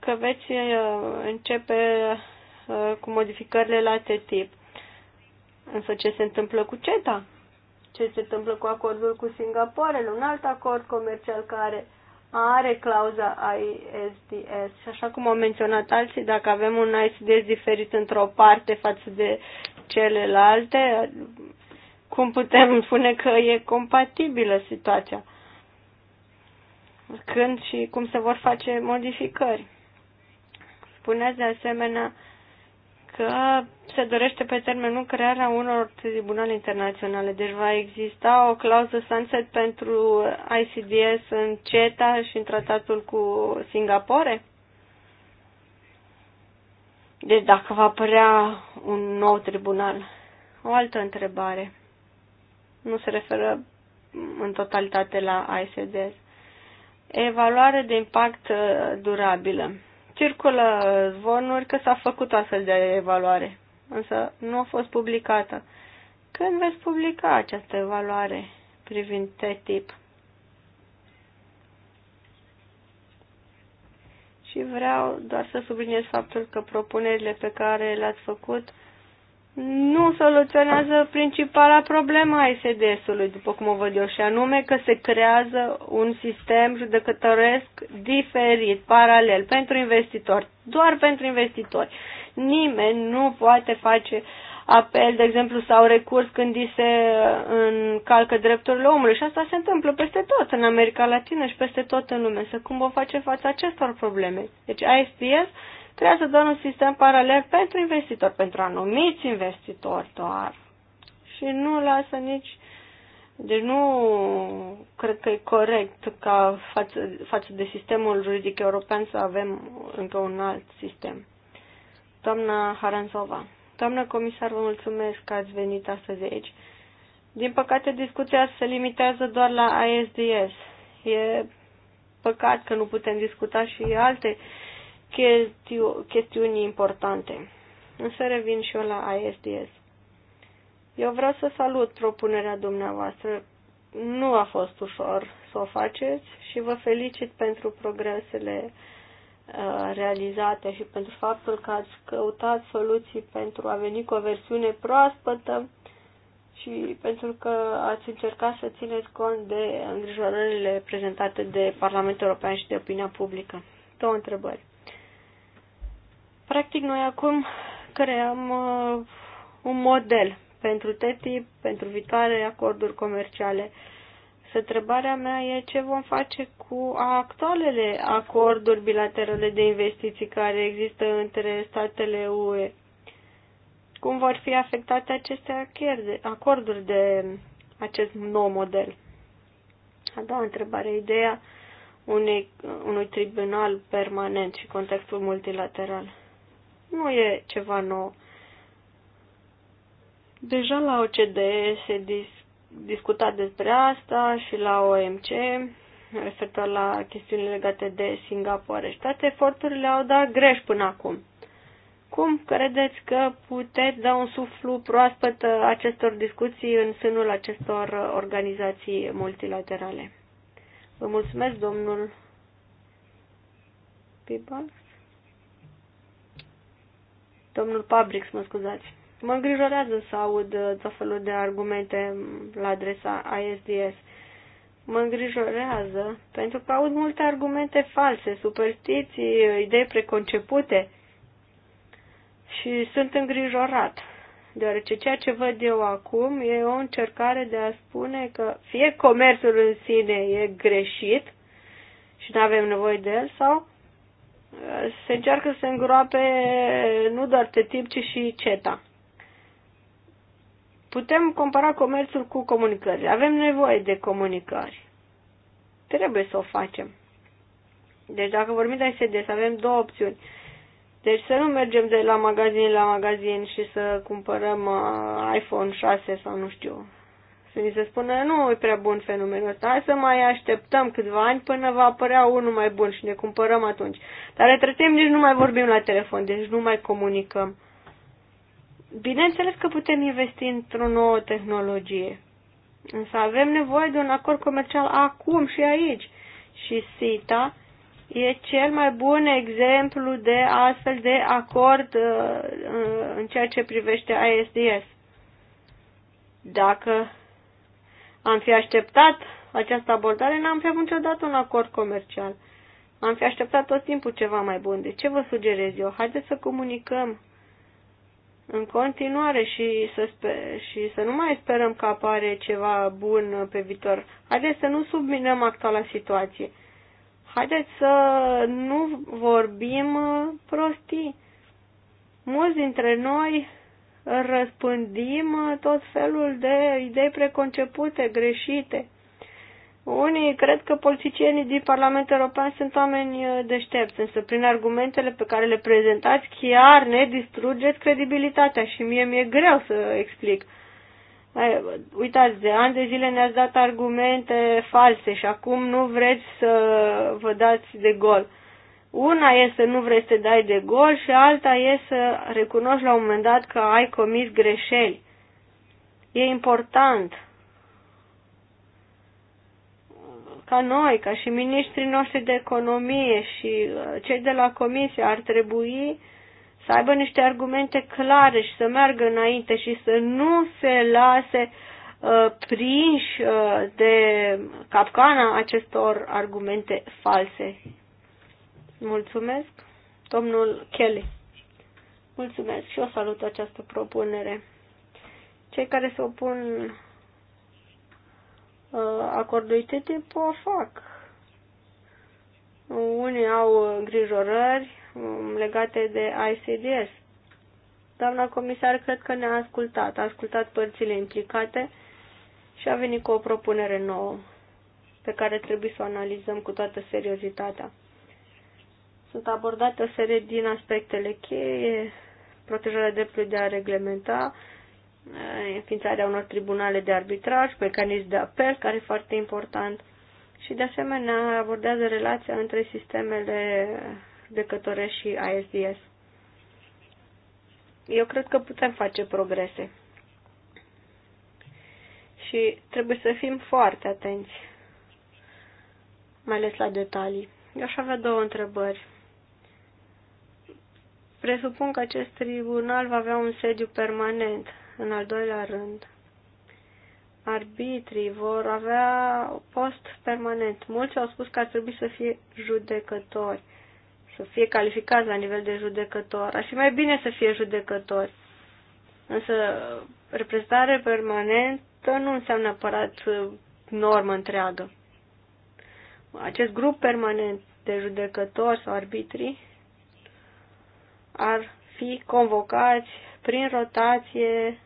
că veți uh, începe Uh, cu modificările la TTIP. Însă ce se întâmplă cu CETA? Ce se întâmplă cu acordul cu Singaporele, un alt acord comercial care are clauza ISDS. Și așa cum au menționat alții, dacă avem un ISDS diferit într-o parte față de celelalte, cum putem spune că e compatibilă situația? Când și cum se vor face modificări? Spuneți de asemenea că se dorește pe termen lung crearea unor tribunale internaționale. Deci va exista o clauză sunset pentru ICDS în CETA și în tratatul cu Singapore? Deci dacă va apărea un nou tribunal. O altă întrebare. Nu se referă în totalitate la ICDS. Evaluare de impact uh, durabilă. Circulă zvonuri că s-a făcut astfel de evaluare, însă nu a fost publicată. Când veți publica această evaluare privind TTIP? Și vreau doar să subliniez faptul că propunerile pe care le-ați făcut nu soluționează principala problema a SDS-ului, după cum o văd eu, și anume că se creează un sistem judecătoresc diferit, paralel, pentru investitori, doar pentru investitori. Nimeni nu poate face apel, de exemplu, sau recurs când îi se uh, încalcă drepturile omului și asta se întâmplă peste tot în America Latină și peste tot în lume. Să cum o face față acestor probleme? Deci ISPS creează doar un sistem paralel pentru investitori, pentru anumiți investitori doar. Și nu lasă nici. Deci nu cred că e corect ca față, față de sistemul juridic european să avem încă un alt sistem. Doamna Haranzova, doamna comisar, vă mulțumesc că ați venit astăzi aici. Din păcate, discuția se limitează doar la ISDS. E păcat că nu putem discuta și alte uh, chestiu- chestiuni importante. Însă revin și eu la ISDS. Eu vreau să salut propunerea dumneavoastră. Nu a fost ușor să o faceți și vă felicit pentru progresele uh, realizate și pentru faptul că ați căutat soluții pentru a veni cu o versiune proaspătă și pentru că ați încercat să țineți cont de îngrijorările prezentate de Parlamentul European și de opinia publică. Două întrebări. Practic, noi acum creăm uh, un model pentru TTIP, pentru viitoare acorduri comerciale. Să întrebarea mea e ce vom face cu actualele acorduri bilaterale de investiții care există între statele UE. Cum vor fi afectate aceste acorduri de acest nou model? A doua întrebare, ideea unei, unui tribunal permanent și contextul multilateral. Nu e ceva nou. Deja la OCDE se dis- discuta despre asta și la OMC, referitor la chestiuni legate de Singapore. Și toate eforturile au dat greș până acum. Cum credeți că puteți da un suflu proaspăt acestor discuții în sânul acestor organizații multilaterale? Vă mulțumesc, domnul Pibal. Domnul Pabrix, mă scuzați. Mă îngrijorează să aud uh, tot felul de argumente la adresa ISDS. Mă îngrijorează pentru că aud multe argumente false, superstiții, uh, idei preconcepute și sunt îngrijorat deoarece ceea ce văd eu acum e o încercare de a spune că fie comerțul în sine e greșit și nu avem nevoie de el, sau se încearcă să îngroape nu doar TTIP, ci și CETA. Putem compara comerțul cu comunicări. Avem nevoie de comunicări. Trebuie să o facem. Deci dacă vorbim de să avem două opțiuni. Deci să nu mergem de la magazin la magazin și să cumpărăm uh, iPhone 6 sau nu știu, să ni se spună nu e prea bun fenomenul ăsta, hai să mai așteptăm câțiva ani până va apărea unul mai bun și ne cumpărăm atunci. Dar între timp nici nu mai vorbim la telefon, deci nu mai comunicăm. Bineînțeles că putem investi într-o nouă tehnologie, însă avem nevoie de un acord comercial acum și aici. Și SITA e cel mai bun exemplu de astfel de acord uh, uh în ceea ce privește ISDS. Dacă am fi așteptat această abordare, n-am fi avut niciodată un acord comercial. Am fi așteptat tot timpul ceva mai bun. De ce vă sugerez eu? Haideți să comunicăm în continuare și să, sper, și să nu mai sperăm că apare ceva bun pe viitor. Haideți să nu subminăm actuala situație. Haideți să nu vorbim prostii. Mulți dintre noi răspândim uh, tot felul de idei preconcepute, greșite. Unii cred că politicienii din Parlamentul European sunt oameni uh, deștepți, însă prin argumentele pe care le prezentați chiar ne distrugeți credibilitatea și mie mi-e greu să explic. Uitați, de ani de zile ne-ați dat argumente false și acum nu vreți să vă dați de gol. Una e să nu vrei să te dai de gol și alta e să recunoști la un moment dat că ai comis greșeli. E important ca noi, ca și ministrii noștri de economie și uh, cei de la comisie ar trebui să aibă niște argumente clare și să meargă înainte și să nu se lase uh, prinși uh, de capcana acestor argumente false. Mulțumesc, domnul Kelly. Mulțumesc și eu salut această propunere. Cei care se opun uh, acordului TTIP o fac. Unii au îngrijorări um, legate de ICDS. Doamna comisar, cred că ne-a ascultat. A ascultat părțile implicate și a venit cu o propunere nouă pe care trebuie să o analizăm cu toată seriozitatea. Sunt abordate o serie din aspectele cheie, protejarea dreptului de a reglementa, eh, înființarea unor tribunale de arbitraj, mecanism de apel, care e foarte important, și de asemenea abordează relația între sistemele judecătore și ISDS. Eu cred că putem face progrese. Și trebuie să fim foarte atenți, mai ales la detalii. Eu aș avea două întrebări. Presupun că acest tribunal va avea un sediu permanent. În al doilea rând, arbitrii vor avea post permanent. Mulți au spus că ar trebui să fie judecători, să fie calificați la nivel de judecător. Ar fi mai bine să fie judecători. Însă, reprezentare permanentă nu înseamnă neapărat uh, normă întreagă. Acest grup permanent de judecători sau arbitrii ar fi convocați prin rotație,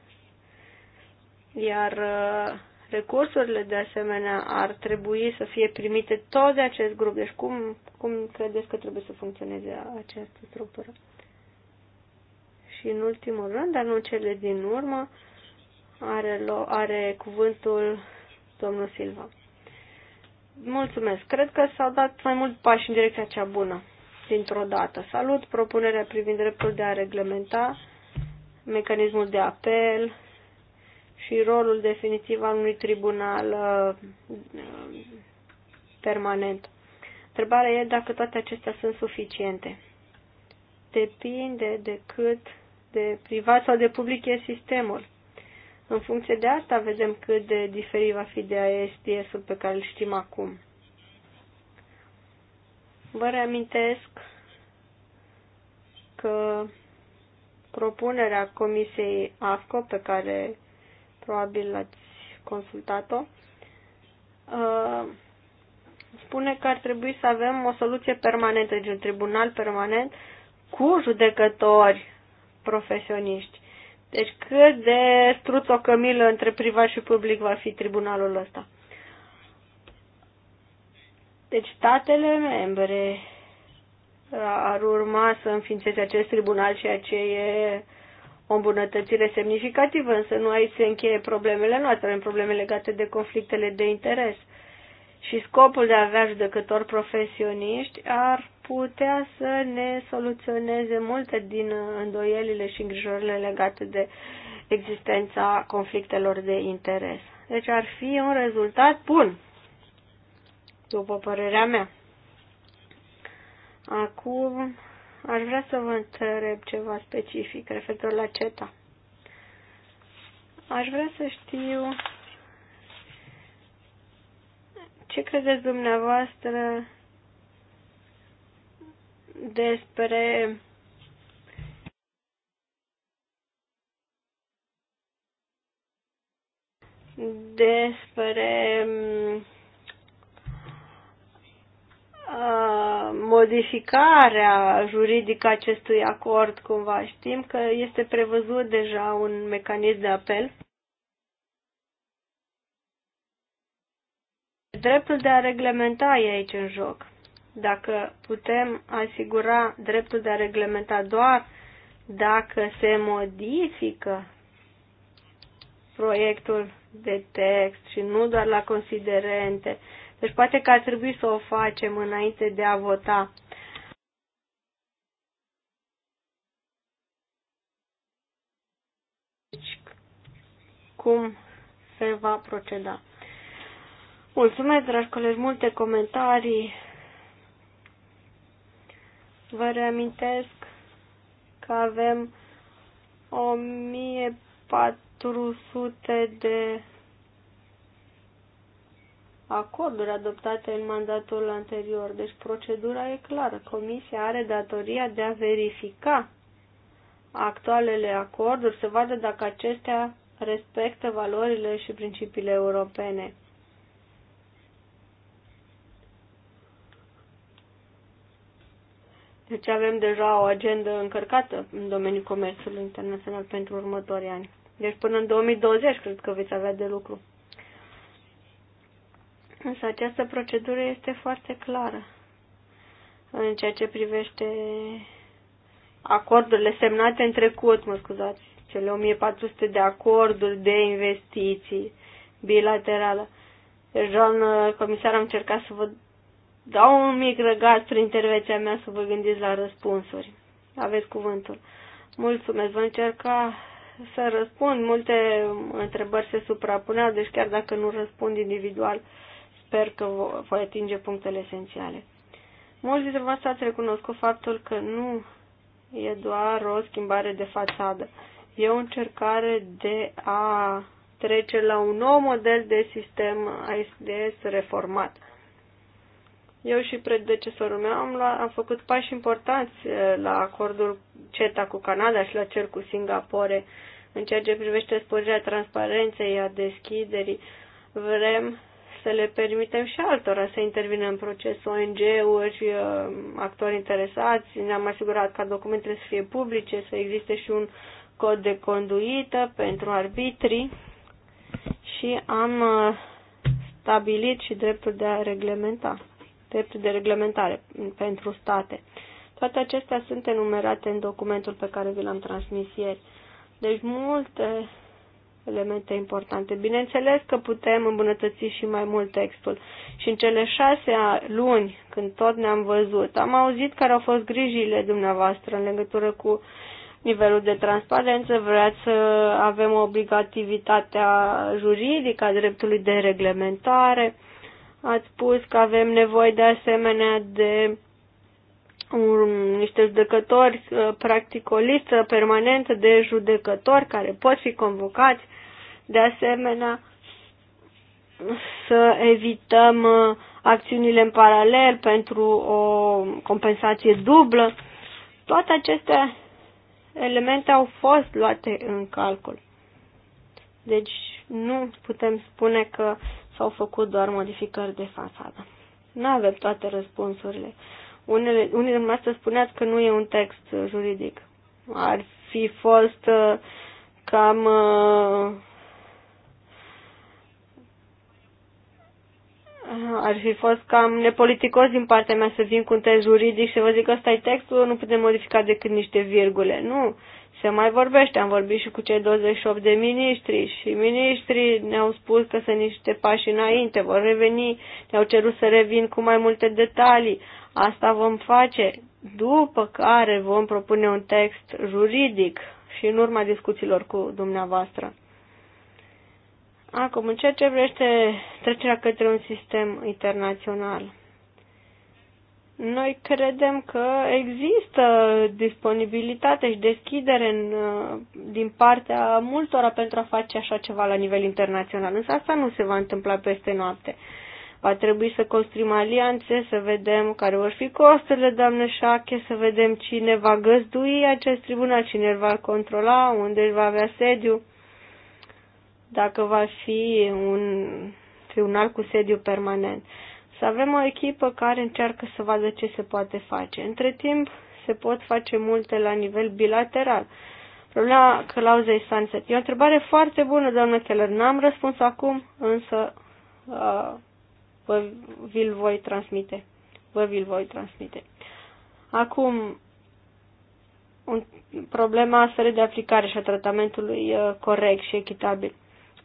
iar uh, recursurile de asemenea ar trebui să fie primite tot de acest grup. Deci cum, cum credeți că trebuie să funcționeze această structură? Și în ultimul rând, dar nu cele din urmă, are, are cuvântul domnul Silva. Mulțumesc. Cred că s-au dat mai mult pași în direcția cea bună dintr-o dată. Salut propunerea privind dreptul de a reglementa mecanismul de apel și rolul definitiv al unui tribunal uh, permanent. Întrebarea e dacă toate acestea sunt suficiente. Depinde de cât de privat sau de public e sistemul. În funcție de asta vedem cât de diferit va fi de ASDS-ul pe care îl știm acum. Vă reamintesc că propunerea Comisiei AFCO, pe care probabil l-ați consultat-o, uh, spune că ar trebui să avem o soluție permanentă, deci un tribunal permanent cu judecători profesioniști. Deci cât de struț o cămilă între privat și public va fi tribunalul ăsta. Deci statele membre uh, ar urma să înființeze acest tribunal, ceea ce e o îmbunătățire semnificativă, însă nu aici se încheie problemele noastre, avem probleme legate de conflictele de interes. Și scopul de a avea judecători profesioniști ar putea să ne soluționeze multe din îndoielile și îngrijorările legate de existența conflictelor de interes. Deci ar fi un rezultat bun după părerea mea. Acum aș vrea să vă întreb ceva specific referitor la CETA. Aș vrea să știu ce credeți dumneavoastră despre despre Uh, modificarea juridică acestui acord cumva. Știm că este prevăzut deja un mecanism de apel. Dreptul de a reglementa e aici în joc. Dacă putem asigura dreptul de a reglementa doar dacă se modifică proiectul de text și nu doar la considerente, deci poate că ar trebui să o facem înainte de a vota. Deci, cum se va proceda. Mulțumesc, dragi colegi, multe comentarii. Vă reamintesc că avem 1400 de acorduri adoptate în mandatul anterior. Deci procedura e clară. Comisia are datoria de a verifica actualele acorduri, să vadă dacă acestea respectă valorile și principiile europene. Deci avem deja o agendă încărcată în domeniul comerțului internațional pentru următorii ani. Deci până în 2020 cred că veți avea de lucru. Însă această procedură este foarte clară în ceea ce privește acordurile semnate în trecut, mă scuzați, cele 1400 de acorduri de investiții bilaterală. Doamnă comisar, am încercat să vă dau un mic răgaz prin intervenția mea să vă gândiți la răspunsuri. Aveți cuvântul. Mulțumesc, vă încerca să răspund. Multe întrebări se suprapuneau, deci chiar dacă nu răspund individual, sper că voi atinge punctele esențiale. Mulți dintre voastre ați recunoscut faptul că nu e doar o schimbare de fațadă. E o încercare de a trece la un nou model de sistem ISDS reformat. Eu și predecesorul meu am, luat, am făcut pași importanți eh, la acordul CETA cu Canada și la cel cu Singapore în ceea ce privește sporirea transparenței, a deschiderii. Vrem să le permitem și altora să intervină în proces, ONG-uri, um, actori interesați. Ne-am asigurat ca documentele să fie publice, să existe și un cod de conduită pentru arbitri și am uh, stabilit și dreptul de a reglementa, dreptul de reglementare pentru state. Toate acestea sunt enumerate în documentul pe care vi l-am transmis ieri. Deci multe elemente importante. Bineînțeles că putem îmbunătăți și mai mult textul. Și în cele șase luni, când tot ne-am văzut, am auzit care au fost grijile dumneavoastră în legătură cu nivelul de transparență, vreați să avem obligativitatea juridică a dreptului de reglementare, ați spus că avem nevoie de asemenea de un, niște judecători, practic o listă permanentă de judecători care pot fi convocați de asemenea, să evităm uh, acțiunile în paralel pentru o compensație dublă. Toate aceste elemente au fost luate în calcul. Deci nu putem spune că s-au făcut doar modificări de fațadă. Nu avem toate răspunsurile. Unele, unii dumneavoastră spuneați că nu e un text juridic. Ar fi fost uh, cam uh, ar fi fost cam nepoliticos din partea mea să vin cu un text juridic și să vă zic că ăsta e textul, nu putem modifica decât niște virgule. Nu, se mai vorbește. Am vorbit și cu cei 28 de miniștri și miniștrii ne-au spus că sunt niște pași înainte, vor reveni, ne-au cerut să revin cu mai multe detalii. Asta vom face, după care vom propune un text juridic și în urma discuțiilor cu dumneavoastră. Acum, în ceea ce vrește trecerea către un sistem internațional, noi credem că există disponibilitate și deschidere în, uh, din partea multora pentru a face așa ceva la nivel internațional, însă asta nu se va întâmpla peste noapte. Va trebui să construim alianțe, să vedem care vor fi costurile, doamne Șache, să vedem cine va găzdui acest tribunal, cine îl va controla, unde îl va avea sediu dacă va fi un tribunal cu sediu permanent. Să avem o echipă care încearcă să vadă ce se poate face. Între timp, se pot face multe la nivel bilateral. Problema clauzei sunset. E o întrebare foarte bună, doamnă Keller. N-am răspuns acum, însă uh, vă, vi-l voi transmite. Vă vi-l voi transmite. Acum, un, problema sării de aplicare și a tratamentului uh, corect și echitabil.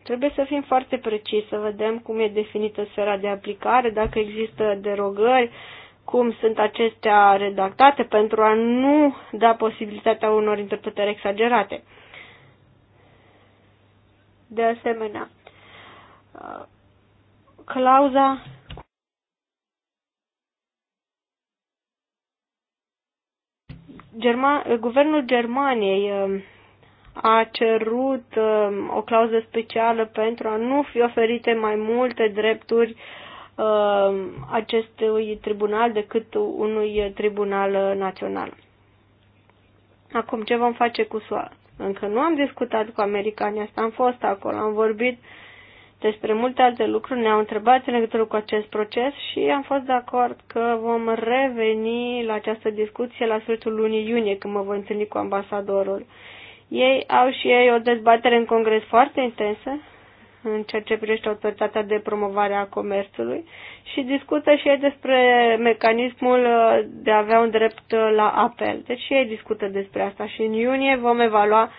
Trebuie să fim foarte preciși, să vedem cum e definită sfera de aplicare, dacă există derogări, cum sunt acestea redactate pentru a nu da posibilitatea unor interpretări exagerate. De asemenea, clauza German, guvernul Germaniei a cerut um, o clauză specială pentru a nu fi oferite mai multe drepturi um, acestui tribunal decât unui tribunal național. Acum, ce vom face cu SUA? Încă nu am discutat cu americanii asta, am fost acolo, am vorbit despre multe alte lucruri, ne-au întrebat în legătură cu acest proces și am fost de acord că vom reveni la această discuție la sfârșitul lunii iunie, când mă voi întâlni cu ambasadorul. Ei au și ei o dezbatere în congres foarte intensă în ceea ce privește autoritatea de promovare a comerțului și discută și ei despre mecanismul uh, de a avea un drept uh, la apel. Deci și ei discută despre asta și în iunie vom evalua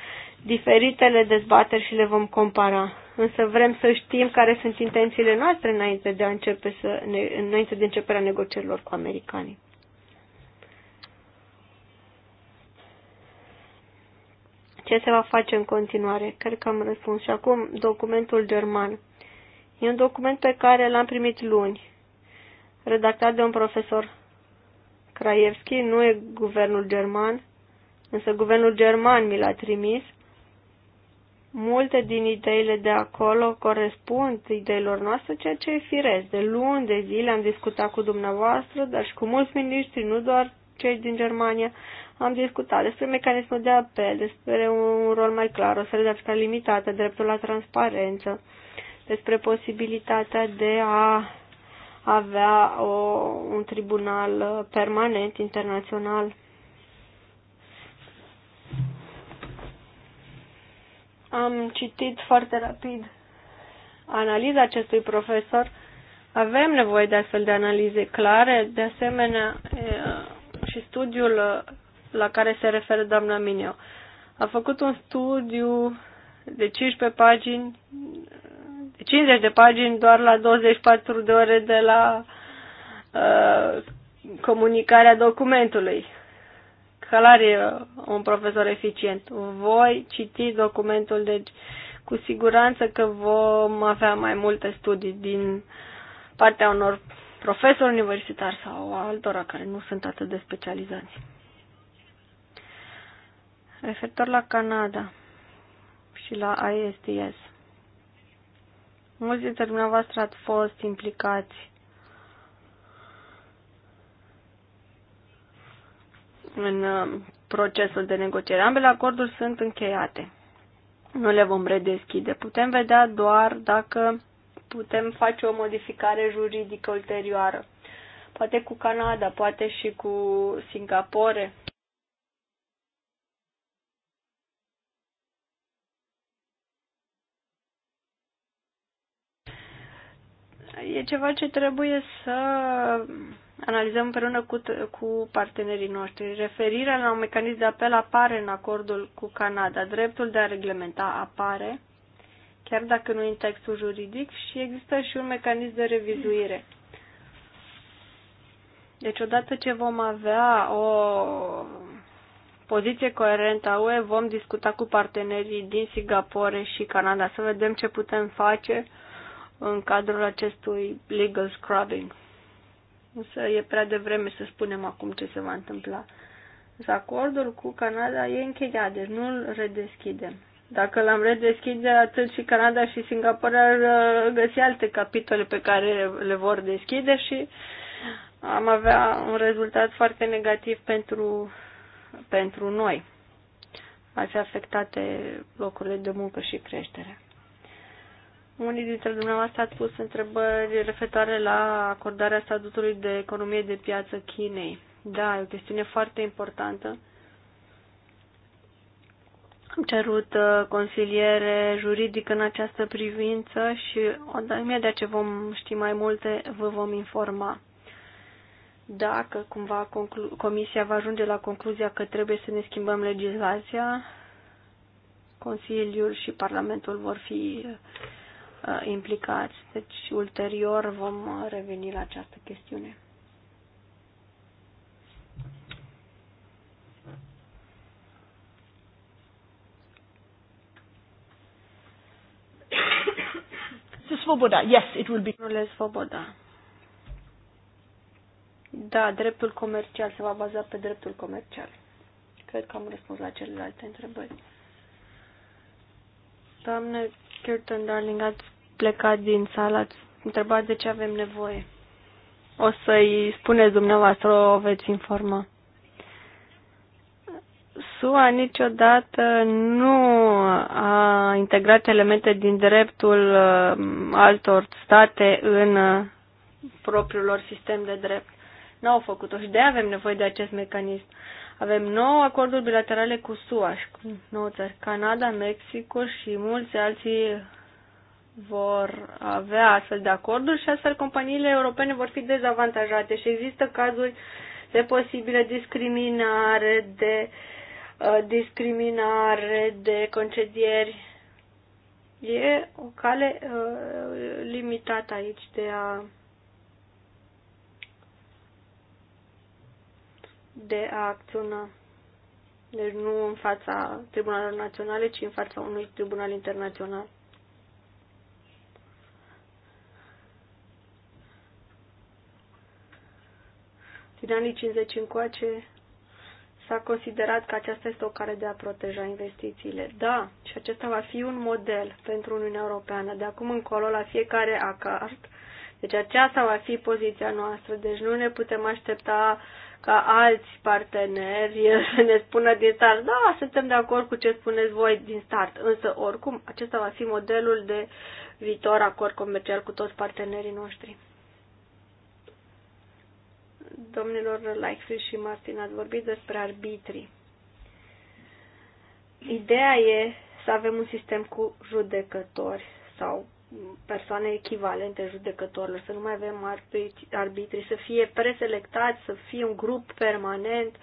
diferitele dezbateri și le vom compara. Însă vrem să știm care sunt intențiile noastre înainte de, a începe să înainte de începerea negocierilor cu americanii. ce se va face în continuare? Cred că am răspuns. Și acum, documentul german. E un document pe care l-am primit luni, redactat de un profesor Kraievski, nu e guvernul german, însă guvernul german mi l-a trimis. Multe din ideile de acolo corespund ideilor noastre, ceea ce e firesc. De luni, de zile am discutat cu dumneavoastră, dar și cu mulți miniștri, nu doar cei din Germania, am discutat despre mecanismul de apel, despre un rol mai clar, o solidație limitată, dreptul la transparență, despre posibilitatea de a avea o, un tribunal permanent internațional. Am citit foarte rapid analiza acestui profesor. Avem nevoie de astfel de analize clare, de asemenea și studiul la care se referă doamna Mineo. A făcut un studiu de 15 pagini, de 50 de pagini doar la 24 de ore de la uh, comunicarea documentului. Calar e un profesor eficient. Voi citi documentul, deci cu siguranță că vom avea mai multe studii din partea unor profesori universitari sau altora care nu sunt atât de specializați referitor la Canada și la ISDS. Mulți dintre dumneavoastră ați fost implicați în uh, procesul de negociere. Ambele acorduri sunt încheiate. Nu le vom redeschide. Putem vedea doar dacă putem face o modificare juridică ulterioară. Poate cu Canada, poate și cu Singapore, e ceva ce trebuie să analizăm împreună cu, cu partenerii noștri. Referirea la un mecanism de apel apare în acordul cu Canada. Dreptul de a reglementa apare, chiar dacă nu e în textul juridic, și există și un mecanism de revizuire. Deci odată ce vom avea o poziție coerentă a UE, vom discuta cu partenerii din Singapore și Canada să vedem ce putem face în cadrul acestui legal scrubbing. Însă e prea devreme să spunem acum ce se va întâmpla. Însă acordul cu Canada e încheiat, deci nu l redeschidem. Dacă l-am redeschide, atât și Canada și Singapore ar uh, găsi alte capitole pe care le vor deschide și am avea un rezultat foarte negativ pentru, pentru noi. Ați afectate locurile de muncă și creșterea. Unii dintre dumneavoastră ați pus întrebări referitoare la acordarea statutului de economie de piață Chinei. Da, e o chestiune foarte importantă. Am cerut uh, consiliere juridică în această privință și imediat ce vom ști mai multe, vă vom informa. Dacă cumva Comisia va ajunge la concluzia că trebuie să ne schimbăm legislația, Consiliul și Parlamentul vor fi uh, uh, implicați. Deci, ulterior vom uh, reveni la această chestiune. [coughs] Svoboda, yes, it will be. Svoboda. Da, dreptul comercial se va baza pe dreptul comercial. Cred că am răspuns la celelalte întrebări. Doamne Kirtan, darling, ați plecat din sală, ați întrebat de ce avem nevoie. O să-i spuneți dumneavoastră, o veți informa. SUA niciodată nu a integrat elemente din dreptul uh, altor state în uh, propriul lor sistem de drept. n au făcut-o și de avem nevoie de acest mecanism. Uh, avem nouă acorduri bilaterale cu SUA și cu nouă țări, Canada, Mexico și mulți alții vor avea astfel de acorduri și astfel companiile europene vor fi dezavantajate și există cazuri de posibilă discriminare, de uh, discriminare, de concedieri. E o cale uh, limitată aici de a de a acționa. Deci nu în fața tribunalelor naționale, ci în fața unui tribunal internațional. Din anii 50 încoace s-a considerat că aceasta este o cale de a proteja investițiile. Da, și acesta va fi un model pentru Uniunea Europeană. De acum încolo, la fiecare acord, deci aceasta va fi poziția noastră. Deci nu ne putem aștepta uh, ca alți parteneri să ne spună din start, da, suntem de acord cu ce spuneți voi din start, însă oricum acesta va fi modelul de viitor acord comercial cu toți partenerii noștri. Domnilor Lightfield și Martin, ați vorbit despre arbitrii. Ideea e să avem un sistem cu judecători sau persoane echivalente judecătorilor, să nu mai avem arbitri, arbitri, să fie preselectați, să fie un grup permanent.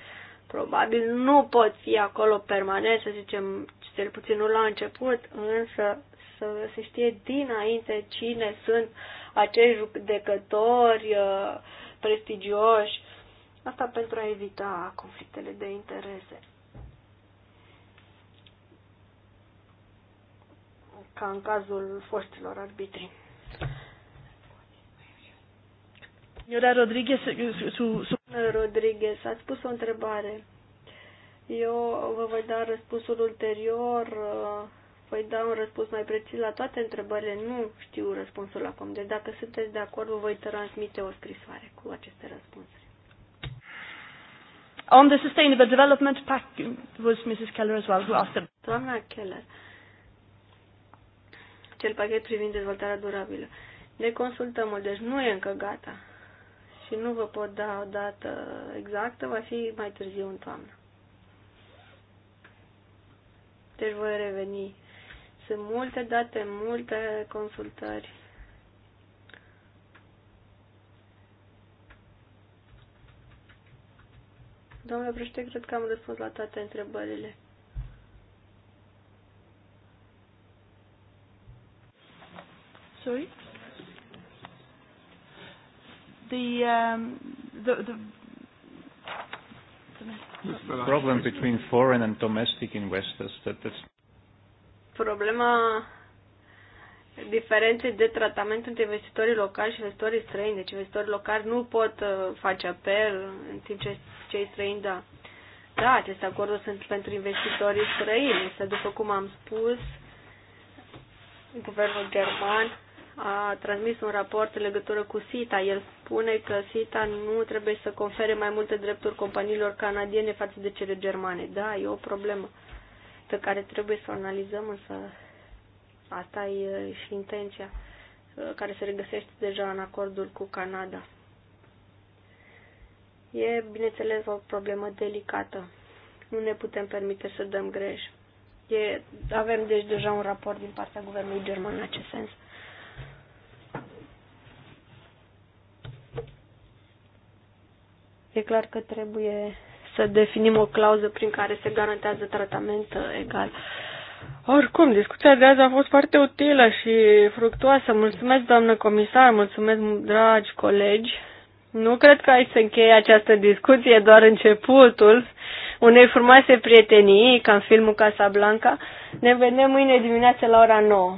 Probabil nu pot fi acolo permanent, să zicem, cel puțin nu la început, însă să se știe dinainte cine sunt acești judecători uh, prestigioși. Asta pentru a evita conflictele de interese. ca în cazul foștilor arbitri. Signora Rodriguez, su, su... Rodriguez, ați pus o întrebare. Eu vă voi da răspunsul ulterior, voi da un răspuns mai precis la toate întrebările, nu știu răspunsul acum. Deci dacă sunteți de acord, vă voi transmite o scrisoare cu aceste răspunsuri. On the Sustainable Development Pact was Mrs. Keller as well who asked Doamna Keller, uh, acel pachet privind dezvoltarea durabilă. Ne consultăm deci nu e încă gata. Și nu vă pot da o dată exactă, va fi mai târziu în toamnă. Deci voi reveni. Sunt multe date, multe consultări. Domnule președinte, cred că am răspuns la toate întrebările. Sorry? The, um, the, the problem between foreign and domestic investors that that's problema diferenței de tratament între investitorii locali și investitorii străini. Deci investitorii locali nu pot uh, face apel în timp ce cei străini da. Da, aceste acorduri sunt pentru investitorii străini, însă după cum am spus, guvernul german a transmis un raport în legătură cu SITA. El spune că SITA nu trebuie să confere mai multe drepturi companiilor canadiene față de cele germane. Da, e o problemă pe care trebuie să o analizăm, însă asta e și intenția care se regăsește deja în acordul cu Canada. E, bineînțeles, o problemă delicată. Nu ne putem permite să dăm greș. E, avem, deci, deja un raport din partea guvernului german în acest sens. E clar că trebuie să definim o clauză prin care se garantează tratament egal. Oricum, discuția de azi a fost foarte utilă și fructuoasă. Mulțumesc, doamnă comisar, mulțumesc, dragi colegi. Nu cred că aici să încheie această discuție, doar începutul unei frumoase prietenii, ca în filmul Casablanca. Ne vedem mâine dimineață la ora 9.